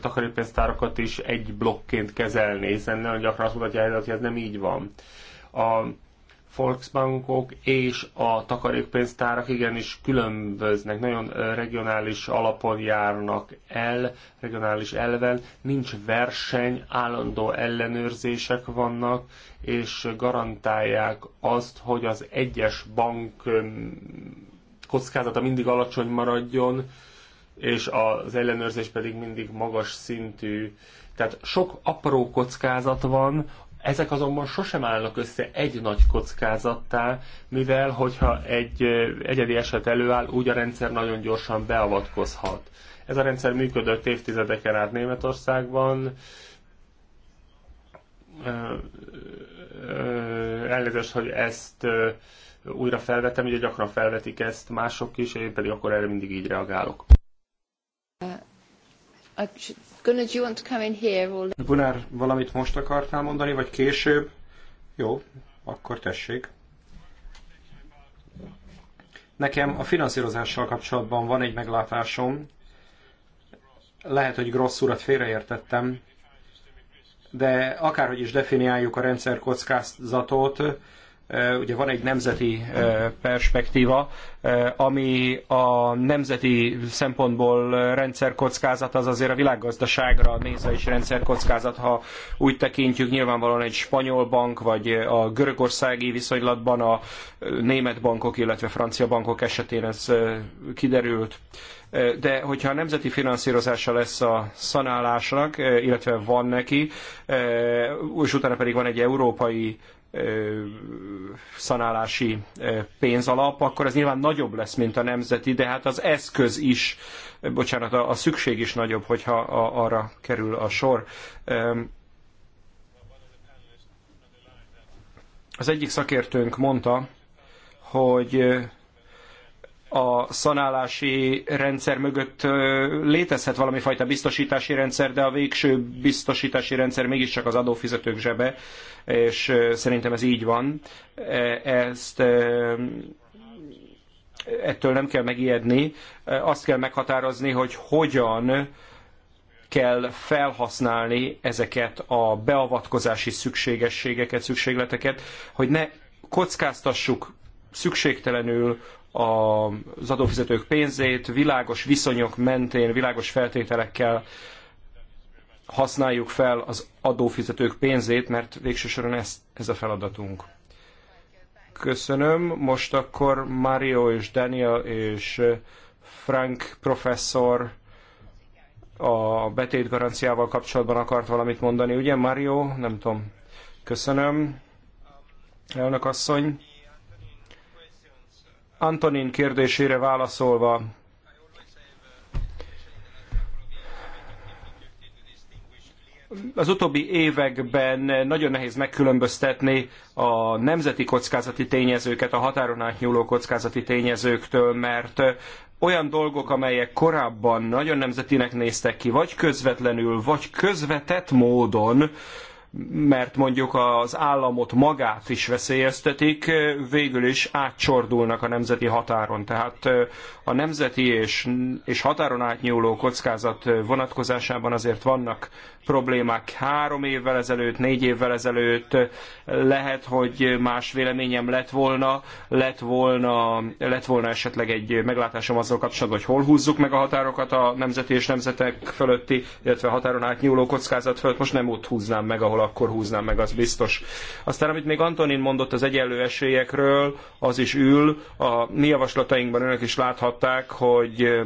takarékpénztárakat is egy blokként kezelni, hiszen nagyon gyakran azt mutatja, hogy ez nem így van. A Volksbankok és a takarékpénztárak igenis különböznek, nagyon regionális alapon járnak el, regionális elven, nincs verseny, állandó ellenőrzések vannak, és garantálják azt, hogy az egyes bank kockázata mindig alacsony maradjon, és az ellenőrzés pedig mindig magas szintű. Tehát sok apró kockázat van, ezek azonban sosem állnak össze egy nagy kockázattá, mivel hogyha egy egyedi eset előáll, úgy a rendszer nagyon gyorsan beavatkozhat. Ez a rendszer működött évtizedeken át Németországban, elnézést, hogy ezt újra felvetem, ugye gyakran felvetik ezt mások is, én pedig akkor erre mindig így reagálok. Gunnar, do you want to come in here? Or... Gunnar, valamit most akartál mondani, vagy később? Jó, akkor tessék. Nekem a finanszírozással kapcsolatban van egy meglátásom. Lehet, hogy Gross urat félreértettem, de akárhogy is definiáljuk a rendszer kockázatot, ugye van egy nemzeti perspektíva, ami a nemzeti szempontból rendszerkockázat, az azért a világgazdaságra nézve is rendszerkockázat, ha úgy tekintjük, nyilvánvalóan egy spanyol bank, vagy a görögországi viszonylatban a német bankok, illetve francia bankok esetén ez kiderült. De hogyha nemzeti finanszírozása lesz a szanálásnak, illetve van neki, és utána pedig van egy európai szanálási pénzalap, akkor ez nyilván nagyobb lesz, mint a nemzeti, de hát az eszköz is, bocsánat, a, szükség is nagyobb, hogyha arra kerül a sor. Az egyik szakértőnk mondta, hogy a szanálási rendszer mögött létezhet valami fajta biztosítási rendszer, de a végső biztosítási rendszer mégiscsak az adófizetők zsebe, és szerintem ez így van. Ezt ettől nem kell megijedni, azt kell meghatározni, hogy hogyan kell felhasználni ezeket a beavatkozási szükségességeket, szükségleteket, hogy ne kockáztassuk szükségtelenül az adófizetők pénzét világos viszonyok mentén, világos feltételekkel használjuk fel az adófizetők pénzét, mert végső soron ez, ez a feladatunk. Köszönöm. Most akkor Mario és Daniel és Frank professzor a betétgaranciával kapcsolatban akart valamit mondani, ugye Mario? Nem tudom. Köszönöm. Elnök asszony. Antonin kérdésére válaszolva, az utóbbi években nagyon nehéz megkülönböztetni a nemzeti kockázati tényezőket a határon átnyúló kockázati tényezőktől, mert olyan dolgok, amelyek korábban nagyon nemzetinek néztek ki, vagy közvetlenül, vagy közvetett módon mert mondjuk az államot magát is veszélyeztetik, végül is átcsordulnak a nemzeti határon. Tehát a nemzeti és, és határon átnyúló kockázat vonatkozásában azért vannak problémák. Három évvel ezelőtt, négy évvel ezelőtt lehet, hogy más véleményem lett volna, lett volna, lett volna esetleg egy meglátásom azzal kapcsolatban, hogy hol húzzuk meg a határokat a nemzeti és nemzetek fölötti, illetve határon átnyúló kockázat fölött. Most nem ott húznám meg, ahol akkor húznám meg, az biztos. Aztán, amit még Antonin mondott az egyenlő esélyekről, az is ül. A mi javaslatainkban önök is láthatták, hogy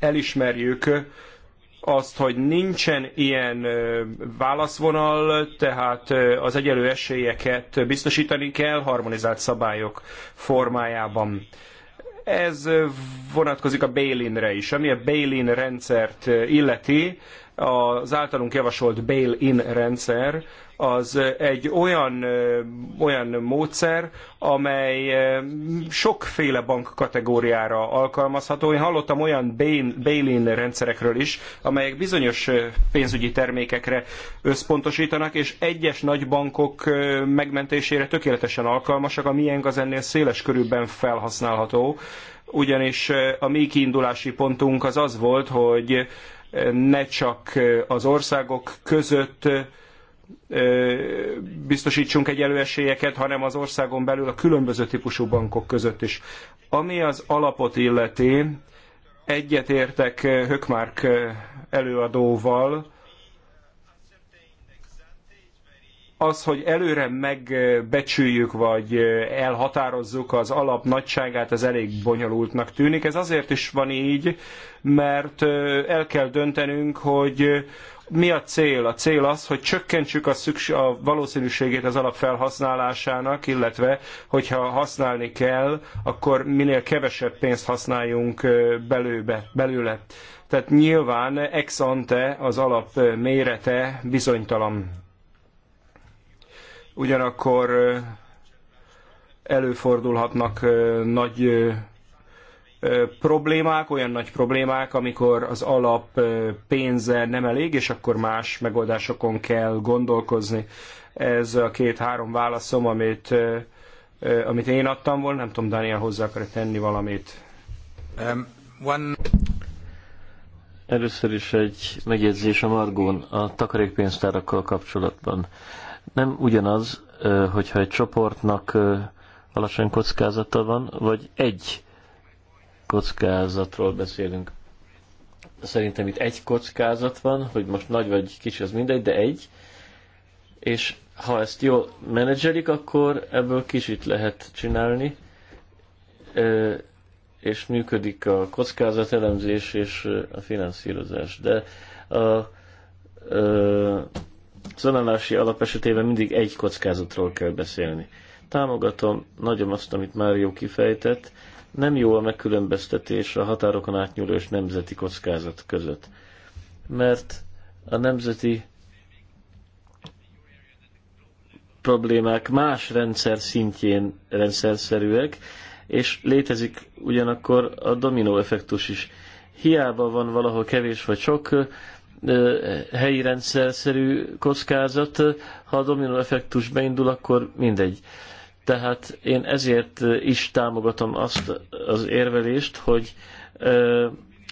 elismerjük azt, hogy nincsen ilyen válaszvonal, tehát az egyenlő esélyeket biztosítani kell harmonizált szabályok formájában. Ez vonatkozik a bail is. Ami a bail rendszert illeti, az általunk javasolt bail-in rendszer az egy olyan, olyan módszer, amely sokféle bank kategóriára alkalmazható. Én hallottam olyan bail-in rendszerekről is, amelyek bizonyos pénzügyi termékekre összpontosítanak, és egyes nagy bankok megmentésére tökéletesen alkalmasak, a miénk az ennél széles körülben felhasználható ugyanis a mi kiindulási pontunk az az volt, hogy ne csak az országok között biztosítsunk egyenlő esélyeket, hanem az országon belül a különböző típusú bankok között is. Ami az alapot illeti, egyetértek Hökmark előadóval, az, hogy előre megbecsüljük, vagy elhatározzuk az alap nagyságát, ez elég bonyolultnak tűnik. Ez azért is van így, mert el kell döntenünk, hogy mi a cél? A cél az, hogy csökkentsük a, szükség, a valószínűségét az alap felhasználásának, illetve hogyha használni kell, akkor minél kevesebb pénzt használjunk belőbe, belőle. Tehát nyilván ex ante az alap mérete bizonytalan ugyanakkor előfordulhatnak nagy problémák, olyan nagy problémák, amikor az alap pénze nem elég, és akkor más megoldásokon kell gondolkozni. Ez a két-három válaszom, amit, amit én adtam volna. Nem tudom, Daniel hozzá akar tenni valamit. Um, one... Először is egy megjegyzés a Margón a takarékpénztárakkal kapcsolatban nem ugyanaz, hogyha egy csoportnak alacsony kockázata van, vagy egy kockázatról beszélünk. Szerintem itt egy kockázat van, hogy most nagy vagy kicsi, az mindegy, de egy. És ha ezt jól menedzselik, akkor ebből kicsit lehet csinálni, és működik a kockázatelemzés és a finanszírozás. De a, a zonálási alap esetében mindig egy kockázatról kell beszélni. Támogatom nagyon azt, amit Mário kifejtett, nem jó a megkülönböztetés a határokon átnyúló és nemzeti kockázat között. Mert a nemzeti problémák más rendszer szintjén rendszerszerűek, és létezik ugyanakkor a dominó effektus is. Hiába van valahol kevés vagy sok helyi rendszerszerű kockázat, ha a dominó effektus beindul, akkor mindegy. Tehát én ezért is támogatom azt az érvelést, hogy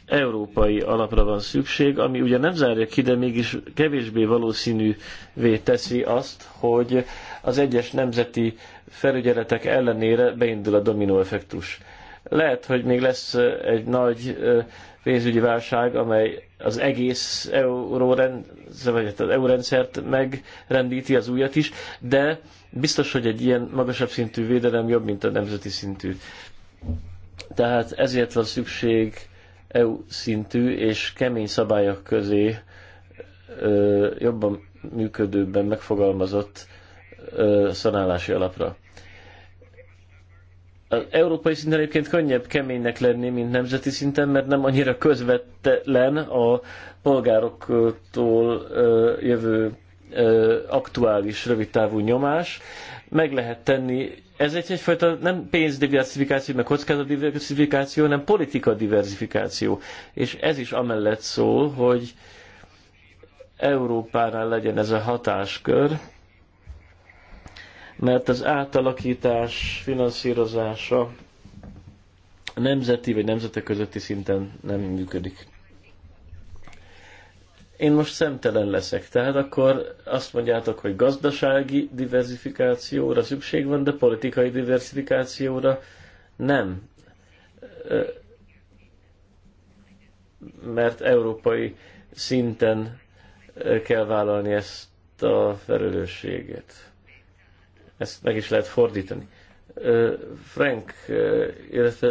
európai alapra van szükség, ami ugye nem zárja ki, de mégis kevésbé valószínűvé teszi azt, hogy az egyes nemzeti felügyeletek ellenére beindul a dominó effektus. Lehet, hogy még lesz egy nagy pénzügyi válság, amely az egész eurórendszer, hát EU rendszert megrendíti, az újat is, de biztos, hogy egy ilyen magasabb szintű védelem jobb, mint a nemzeti szintű. Tehát ezért van szükség EU szintű és kemény szabályok közé ö, jobban működőben megfogalmazott ö, szanálási alapra az európai szinten egyébként könnyebb keménynek lenni, mint nemzeti szinten, mert nem annyira közvetlen a polgároktól jövő aktuális, rövidtávú nyomás. Meg lehet tenni, ez egy egyfajta nem pénzdiversifikáció, meg kockázatdiversifikáció, hanem politika diversifikáció. És ez is amellett szól, hogy Európánál legyen ez a hatáskör, mert az átalakítás finanszírozása nemzeti vagy nemzetek közötti szinten nem működik. Én most szemtelen leszek, tehát akkor azt mondjátok, hogy gazdasági diversifikációra szükség van, de politikai diversifikációra nem. Mert európai szinten kell vállalni ezt a felelősséget ezt meg is lehet fordítani. Frank, illetve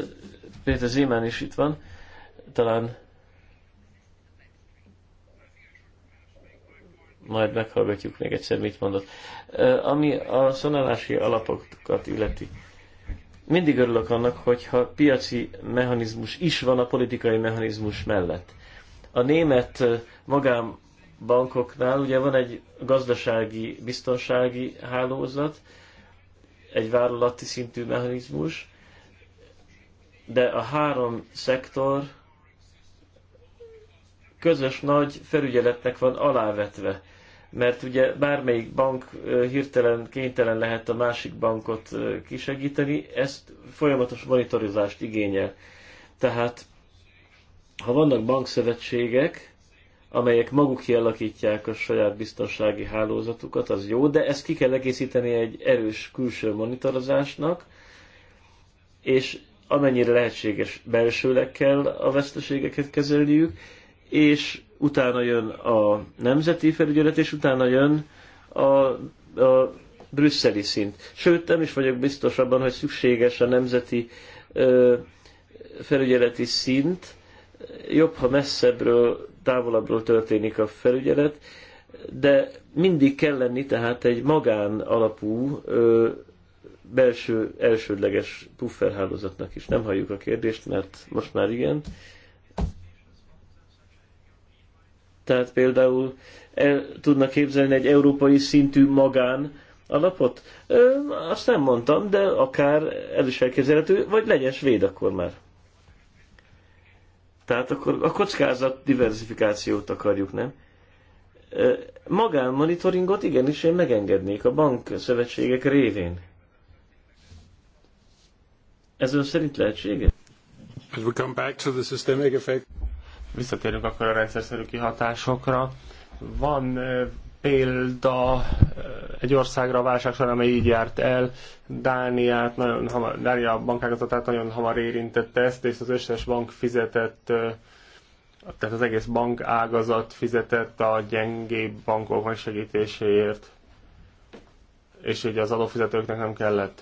Péter Zimán is itt van, talán majd meghallgatjuk még egyszer, mit mondott. Ami a szonálási alapokat illeti, mindig örülök annak, hogyha piaci mechanizmus is van a politikai mechanizmus mellett. A német magám bankoknál ugye van egy gazdasági, biztonsági hálózat, egy vállalati szintű mechanizmus, de a három szektor közös nagy felügyeletnek van alávetve. Mert ugye bármelyik bank hirtelen kénytelen lehet a másik bankot kisegíteni, ezt folyamatos monitorizást igényel. Tehát, ha vannak bankszövetségek, amelyek maguk kialakítják a saját biztonsági hálózatukat, az jó, de ezt ki kell egészíteni egy erős külső monitorozásnak, és amennyire lehetséges belsőleg kell a veszteségeket kezelniük, és utána jön a nemzeti felügyelet, és utána jön a, a brüsszeli szint. Sőt, nem is vagyok biztos abban, hogy szükséges a nemzeti ö, felügyeleti szint. Jobb, ha messzebbről távolabbról történik a felügyelet, de mindig kell lenni tehát egy magán alapú ö, belső elsődleges pufferhálózatnak is. Nem halljuk a kérdést, mert most már igen. Tehát például el tudnak képzelni egy európai szintű magán alapot? Ö, azt nem mondtam, de akár el is elképzelhető, vagy legyen svéd akkor már. Tehát akkor a kockázat diversifikációt akarjuk, nem? Magánmonitoringot igenis én megengednék a szövetségek révén. Ez ön szerint lehetséges? As we come back to the systemic effect. Visszatérünk akkor a rendszerszerű kihatásokra. Van példa eh, egy országra a válság során, amely így járt el. Dániát nagyon hamar, Dánia bankágazatát nagyon hamar érintette ezt, és az összes bank fizetett, eh, tehát az egész bank ágazat fizetett a gyengébb bankok segítéséért, és így az adófizetőknek nem kellett.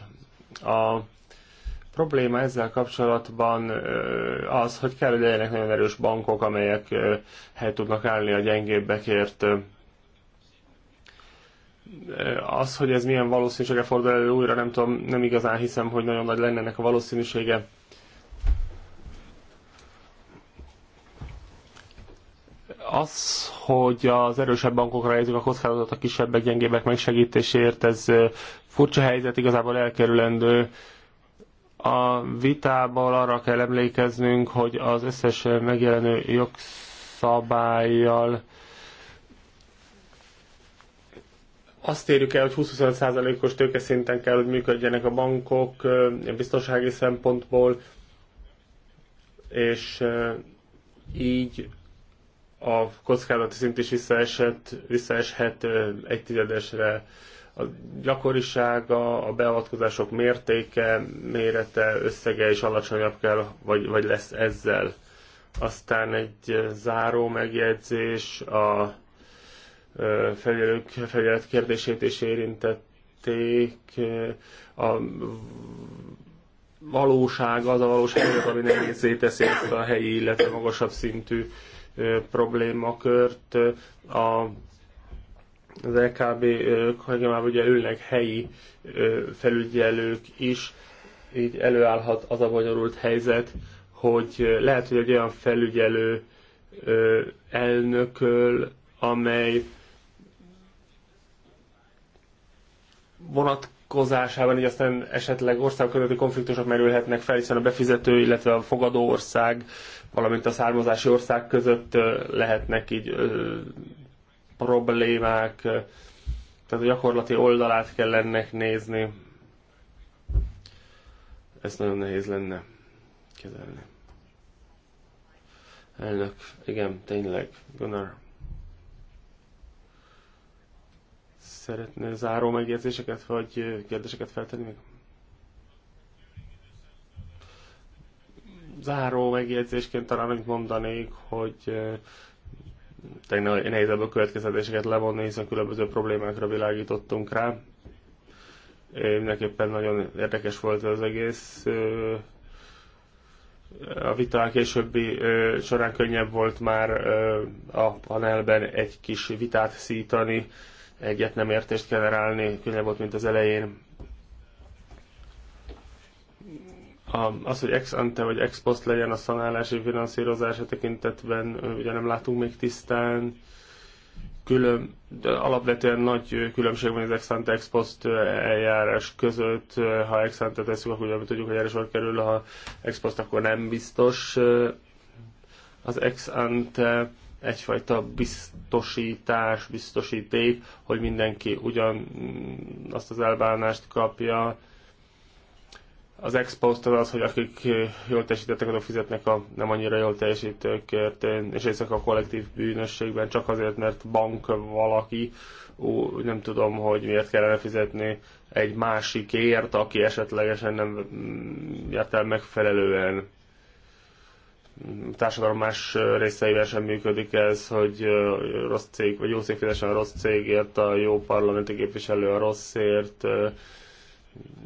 A probléma ezzel kapcsolatban eh, az, hogy kell, hogy legyenek nagyon erős bankok, amelyek hely tudnak állni a gyengébbekért az, hogy ez milyen valószínűsége fordul elő újra, nem tudom, nem igazán hiszem, hogy nagyon nagy lenne ennek a valószínűsége. Az, hogy az erősebb bankokra helyezik a kockázatot a kisebbek, gyengébbek megsegítéséért, ez furcsa helyzet, igazából elkerülendő. A vitából arra kell emlékeznünk, hogy az összes megjelenő jogszabályjal azt érjük el, hogy 25%-os tőkeszinten kell, hogy működjenek a bankok biztonsági szempontból, és így a kockázati szint is visszaesett, visszaeshet egy tizedesre. A gyakorisága, a beavatkozások mértéke, mérete, összege is alacsonyabb kell, vagy, vagy lesz ezzel. Aztán egy záró megjegyzés, a felügyelet kérdését is érintették. A valóság az a valóság, ami nehézé teszi ezt a helyi, illetve magasabb szintű problémakört. A az LKB már ugye ülnek helyi felügyelők is, így előállhat az a bonyolult helyzet, hogy lehet, hogy egy olyan felügyelő elnököl, amely vonatkozásában hogy aztán esetleg közötti konfliktusok merülhetnek fel, hiszen a befizető, illetve a fogadó ország, valamint a származási ország között lehetnek így ö, problémák, tehát a gyakorlati oldalát kell ennek nézni. Ez nagyon nehéz lenne kezelni. Elnök, igen, tényleg, Gunnar. szeretne záró megjegyzéseket vagy kérdéseket feltenni még? Záró megjegyzésként talán amit mondanék, hogy eh, tegnap nehezebb a következetéseket levonni, hiszen különböző problémákra világítottunk rá. Mindenképpen nagyon érdekes volt az egész eh, a vita későbbi eh, során könnyebb volt már a panelben egy kis vitát szítani egyet nem értést generálni, könnyebb volt, mint az elején. A Az, hogy ex ante vagy ex post legyen a szanálási finanszírozása tekintetben, ugye nem látunk még tisztán, külön, de alapvetően nagy különbség van az ex ante ex post eljárás között. Ha ex ante tesszük, akkor ugye tudjuk, hogy erre sor kerül, ha ex post, akkor nem biztos. Az ex ante egyfajta biztosítás, biztosíték, hogy mindenki ugyan azt az elbánást kapja. Az expost az az, hogy akik jól teljesítettek, azok fizetnek a nem annyira jól teljesítőkért, és ezek a kollektív bűnösségben csak azért, mert bank valaki, ú, nem tudom, hogy miért kellene fizetni egy másikért, aki esetlegesen nem mm, járt el megfelelően társadalom más részeivel sem működik ez, hogy rossz cég, vagy jó cég fizesen a rossz cégért, a jó parlamenti képviselő a rosszért,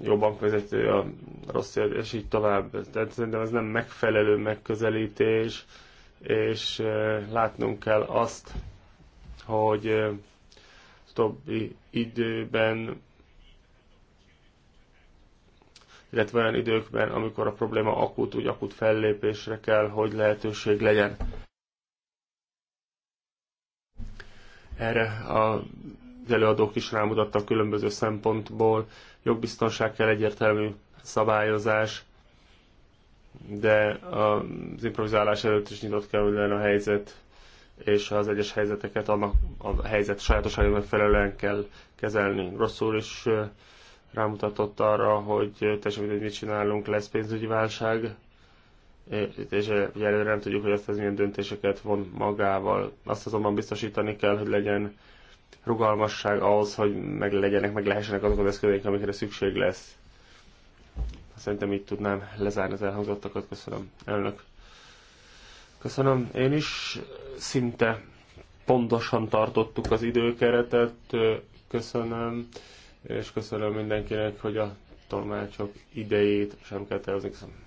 jó bankvezető a rosszért, és így tovább. Tehát szerintem ez nem megfelelő megközelítés, és látnunk kell azt, hogy utóbbi időben illetve olyan időkben, amikor a probléma akut, úgy akut fellépésre kell, hogy lehetőség legyen. Erre a az előadók is rámutattak különböző szempontból. Jogbiztonság kell egyértelmű szabályozás, de az improvizálás előtt is nyitott kell, hogy a helyzet, és az egyes helyzeteket annak a helyzet sajátosságnak megfelelően kell kezelni. Rosszul is rámutatott arra, hogy teljesen mindegy, mit csinálunk, lesz pénzügyi válság, és előre nem tudjuk, hogy azt ez milyen döntéseket von magával. Azt azonban biztosítani kell, hogy legyen rugalmasság ahhoz, hogy meg legyenek, meg lehessenek azok az eszközeink, amikre szükség lesz. Szerintem így tudnám lezárni az elhangzottakat. Köszönöm, elnök. Köszönöm. Én is szinte pontosan tartottuk az időkeretet. Köszönöm és köszönöm mindenkinek, hogy a tolmácsok idejét sem kell tervezni. Köszönöm.